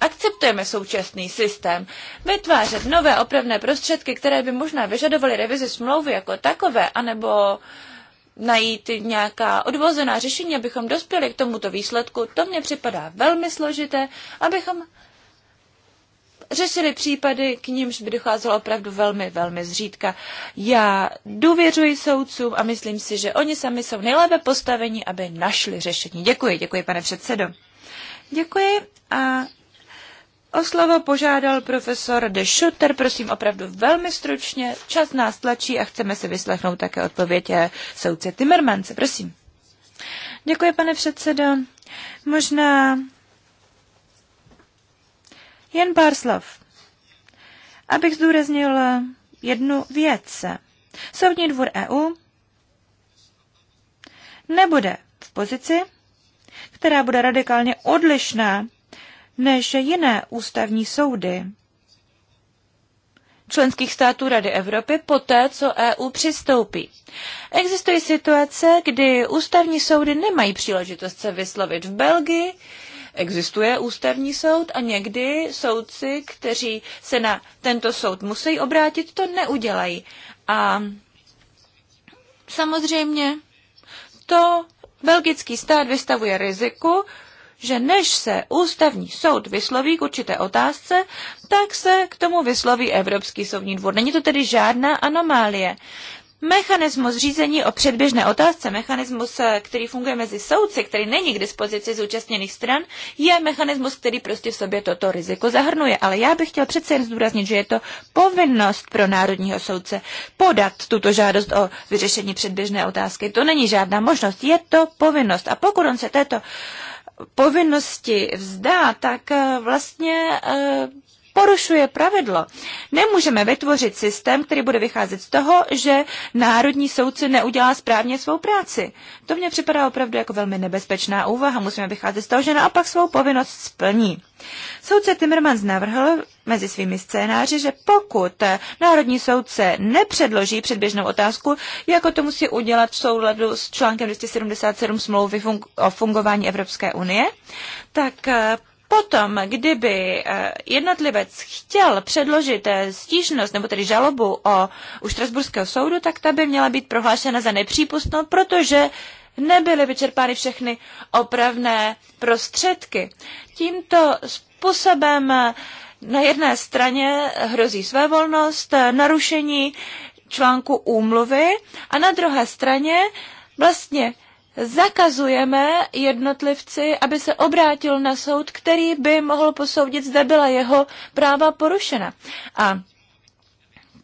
akceptujeme současný systém. Vytvářet nové opravné prostředky, které by možná vyžadovaly revizi smlouvy jako takové, anebo uh, najít nějaká odvozená řešení, abychom dospěli k tomuto výsledku, to mně připadá velmi složité, abychom řešili případy, k nímž by docházelo opravdu velmi, velmi zřídka. Já důvěřuji soudcům a myslím si, že oni sami jsou nejlépe postaveni, aby našli řešení. Děkuji, děkuji, pane předsedo. Děkuji a O slovo požádal profesor De Schutter, prosím opravdu velmi stručně, čas nás tlačí a chceme si vyslechnout také odpověď eh, soudce Timmermans, prosím. Děkuji, pane předsedo. Možná jen pár slov. Abych zdůraznil eh, jednu věc. Soudní dvůr EU nebude v pozici, která bude radikálně odlišná než jiné ústavní soudy členských států Rady Evropy poté, co EU přistoupí. Existují situace, kdy ústavní soudy nemají příležitost se vyslovit v Belgii, existuje ústavní soud a někdy soudci, kteří se na tento soud musí obrátit, to neudělají. A samozřejmě to belgický stát vystavuje riziku, že než se ústavní soud vysloví k určité otázce, tak se k tomu vysloví Evropský soudní dvůr. Není to tedy žádná anomálie. Mechanismus řízení o předběžné otázce, mechanismus, eh, který funguje mezi soudci, který není k dispozici zúčastněných stran, je mechanismus, který prostě v sobě toto riziko zahrnuje. Ale já bych chtěl přece jen zdůraznit, že je to povinnost pro národního soudce podat tuto žádost o vyřešení předběžné otázky. To není žádná možnost, je to povinnost. A pokud on se této uh, povinnosti vzdá, tak eh, vlastně eh, porušuje pravidlo. Nemůžeme vytvořit systém, který bude vycházet z toho, že národní soudce neudělá správně svou práci. To mně připadá opravdu jako velmi nebezpečná úvaha. Musíme vycházet z toho, že naopak svou povinnost splní. Soudce Timmermans navrhl mezi svými scénáři, že pokud Národní soudce nepředloží předběžnou otázku, jako to musí udělat v souladu s článkem 277 smlouvy fun- o fungování Evropské unie, tak eh, Potom, kdyby eh, jednotlivec chtěl předložit eh, stížnost nebo tedy žalobu o, u Štrasburského soudu, tak ta by měla být prohlášena za nepřípustnou, protože nebyly vyčerpány všechny opravné prostředky. Tímto způsobem eh, na jedné straně hrozí své volnost, narušení článku úmluvy a na druhé straně vlastně zakazujeme jednotlivci, aby se obrátil na soud, který by mohl posoudit, zda byla jeho práva porušena. A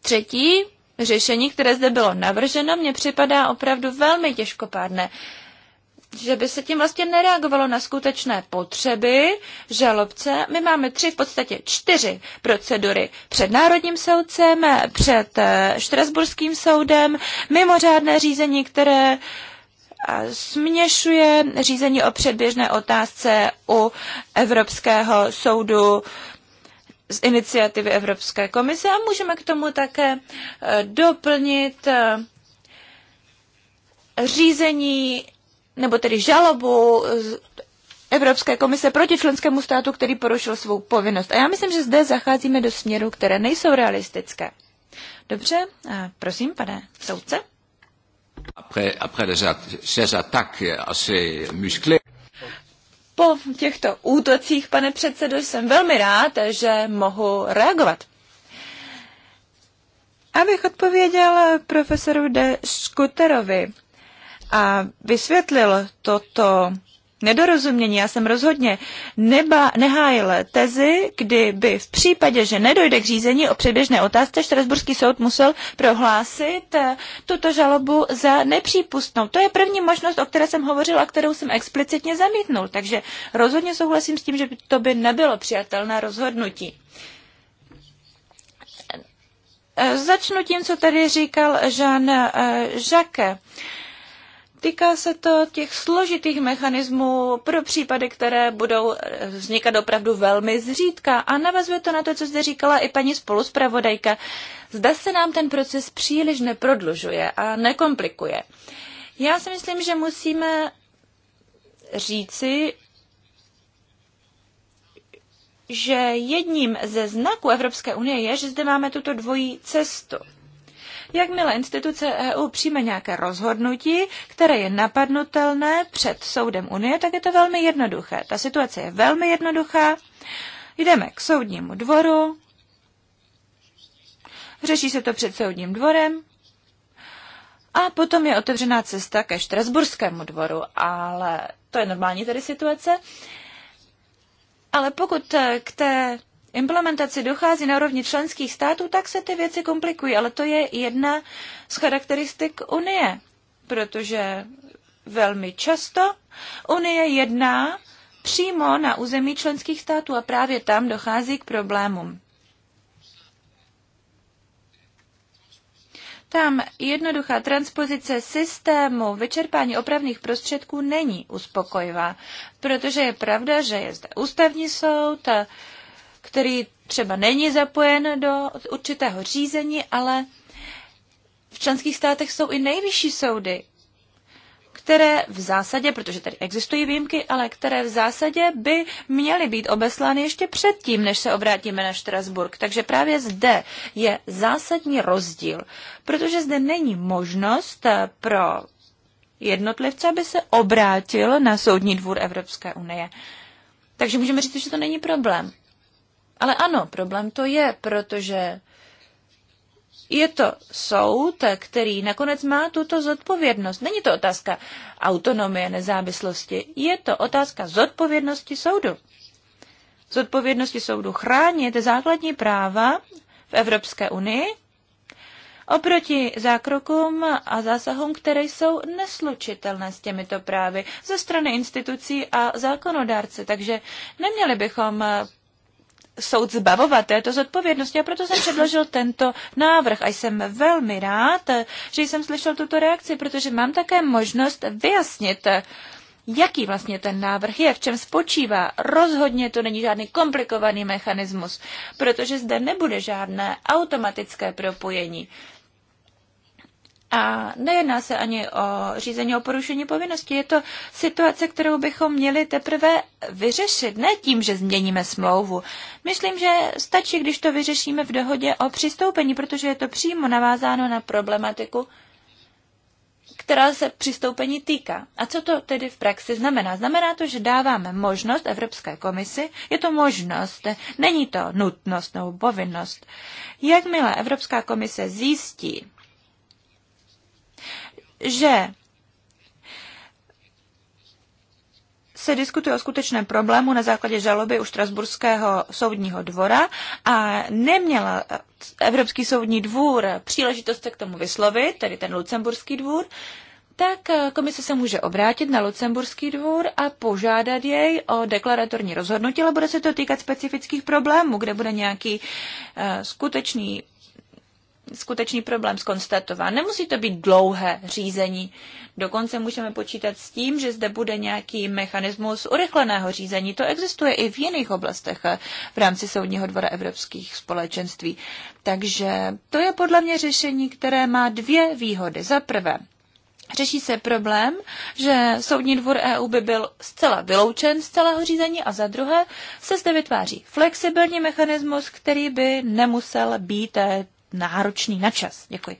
třetí řešení, které zde bylo navrženo, mně připadá opravdu velmi těžkopádné že by se tím vlastně nereagovalo na skutečné potřeby žalobce. My máme tři, v podstatě čtyři procedury před Národním soudcem, před eh, Štrasburským soudem, mimořádné řízení, které směšuje řízení o předběžné otázce u Evropského soudu z iniciativy Evropské komise a můžeme k tomu také eh, doplnit eh, řízení nebo tedy žalobu Evropské komise proti členskému státu, který porušil svou povinnost. A já myslím, že zde zacházíme do směru, které nejsou realistické. Dobře, prosím, pane soudce. Après, après les at- ces attaques assez musclées, po těchto útocích, pane předsedo, jsem velmi rád, že mohu reagovat. Abych odpověděl profesoru de Skuterovi a vysvětlil toto nedorozumění. Já jsem rozhodně neba, nehájil tezi, kdyby v případě, že nedojde k řízení o předběžné otázce, Štrasburský soud musel prohlásit eh, tuto žalobu za nepřípustnou. To je první možnost, o které jsem hovořil a kterou jsem explicitně zamítnul. Takže rozhodně souhlasím s tím, že to by nebylo přijatelné rozhodnutí. Eh, začnu tím, co tady říkal Jean eh, Jacques. Týká se to těch složitých mechanismů pro případy, které budou eh, vznikat opravdu velmi zřídka. A navazuje to na to, co zde říkala i paní spoluspravodajka. Zda se nám ten proces příliš neprodlužuje a nekomplikuje. Já si myslím, že musíme říci, že jedním ze znaků Evropské unie je, že zde máme tuto dvojí cestu. Jakmile instituce EU přijme nějaké rozhodnutí, které je napadnutelné před soudem Unie, tak je to velmi jednoduché. Ta situace je velmi jednoduchá. Jdeme k soudnímu dvoru, řeší se to před soudním dvorem, a potom je otevřená cesta ke Štrasburskému dvoru, ale to je normální tedy situace. Ale pokud k té implementaci dochází na úrovni členských států, tak se ty věci komplikují. Ale to je jedna z charakteristik Unie, protože velmi často Unie jedná přímo na území členských států a právě tam dochází k problémům. Tam jednoduchá transpozice systému vyčerpání opravných prostředků není uspokojivá, protože je pravda, že je zde ústavní soud, který třeba není zapojen do určitého řízení, ale v členských státech jsou i nejvyšší soudy, které v zásadě, protože tady existují výjimky, ale které v zásadě by měly být obeslány ještě předtím, než se obrátíme na Štrasburg. Takže právě zde je zásadní rozdíl, protože zde není možnost eh, pro jednotlivce, aby se obrátil na Soudní dvůr Evropské unie. Takže můžeme říct, že to není problém. Ale ano, problém to je, protože je to soud, který nakonec má tuto zodpovědnost. Není to otázka autonomie, nezávislosti, je to otázka zodpovědnosti soudu. Zodpovědnosti soudu chránit základní práva v Evropské unii oproti zákrokům a zásahům, které jsou neslučitelné s těmito právy ze strany institucí a zákonodárce. Takže neměli bychom soud zbavovat této zodpovědnosti a proto jsem předložil tento návrh a jsem velmi rád, že jsem slyšel tuto reakci, protože mám také možnost vyjasnit, jaký vlastně ten návrh je, v čem spočívá. Rozhodně to není žádný komplikovaný mechanismus, protože zde nebude žádné automatické propojení. A nejedná se ani o řízení o porušení povinnosti. Je to situace, kterou bychom měli teprve vyřešit, ne tím, že změníme smlouvu. Myslím, že stačí, když to vyřešíme v dohodě o přistoupení, protože je to přímo navázáno na problematiku, která se přistoupení týká. A co to tedy v praxi znamená? Znamená to, že dáváme možnost Evropské komisi, je to možnost, není to nutnost nebo povinnost. Jakmile Evropská komise zjistí, že se diskutuje o skutečném problému na základě žaloby u Štrasburského soudního dvora a neměl Evropský soudní dvůr příležitost se k tomu vyslovit, tedy ten Lucemburský dvůr, tak komise se může obrátit na Lucemburský dvůr a požádat jej o deklaratorní rozhodnutí, ale bude se to týkat specifických problémů, kde bude nějaký eh, skutečný skutečný problém skonstatován. Nemusí to být dlouhé řízení. Dokonce můžeme počítat s tím, že zde bude nějaký mechanismus urychleného řízení. To existuje i v jiných oblastech eh, v rámci Soudního dvora evropských společenství. Takže to je podle mě řešení, které má dvě výhody. Za prvé, Řeší se problém, že Soudní dvor EU by byl zcela vyloučen z celého řízení a za druhé se zde vytváří flexibilní mechanismus, který by nemusel být eh, náročný na čas. Děkuji.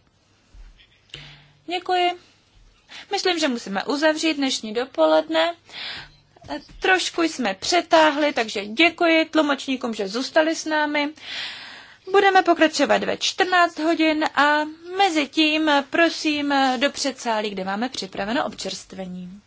Děkuji. Myslím, že musíme uzavřít dnešní dopoledne. Trošku jsme přetáhli, takže děkuji tlumočníkům, že zůstali s námi. Budeme pokračovat ve 14 hodin a mezi tím prosím do předsálí, kde máme připraveno občerstvení.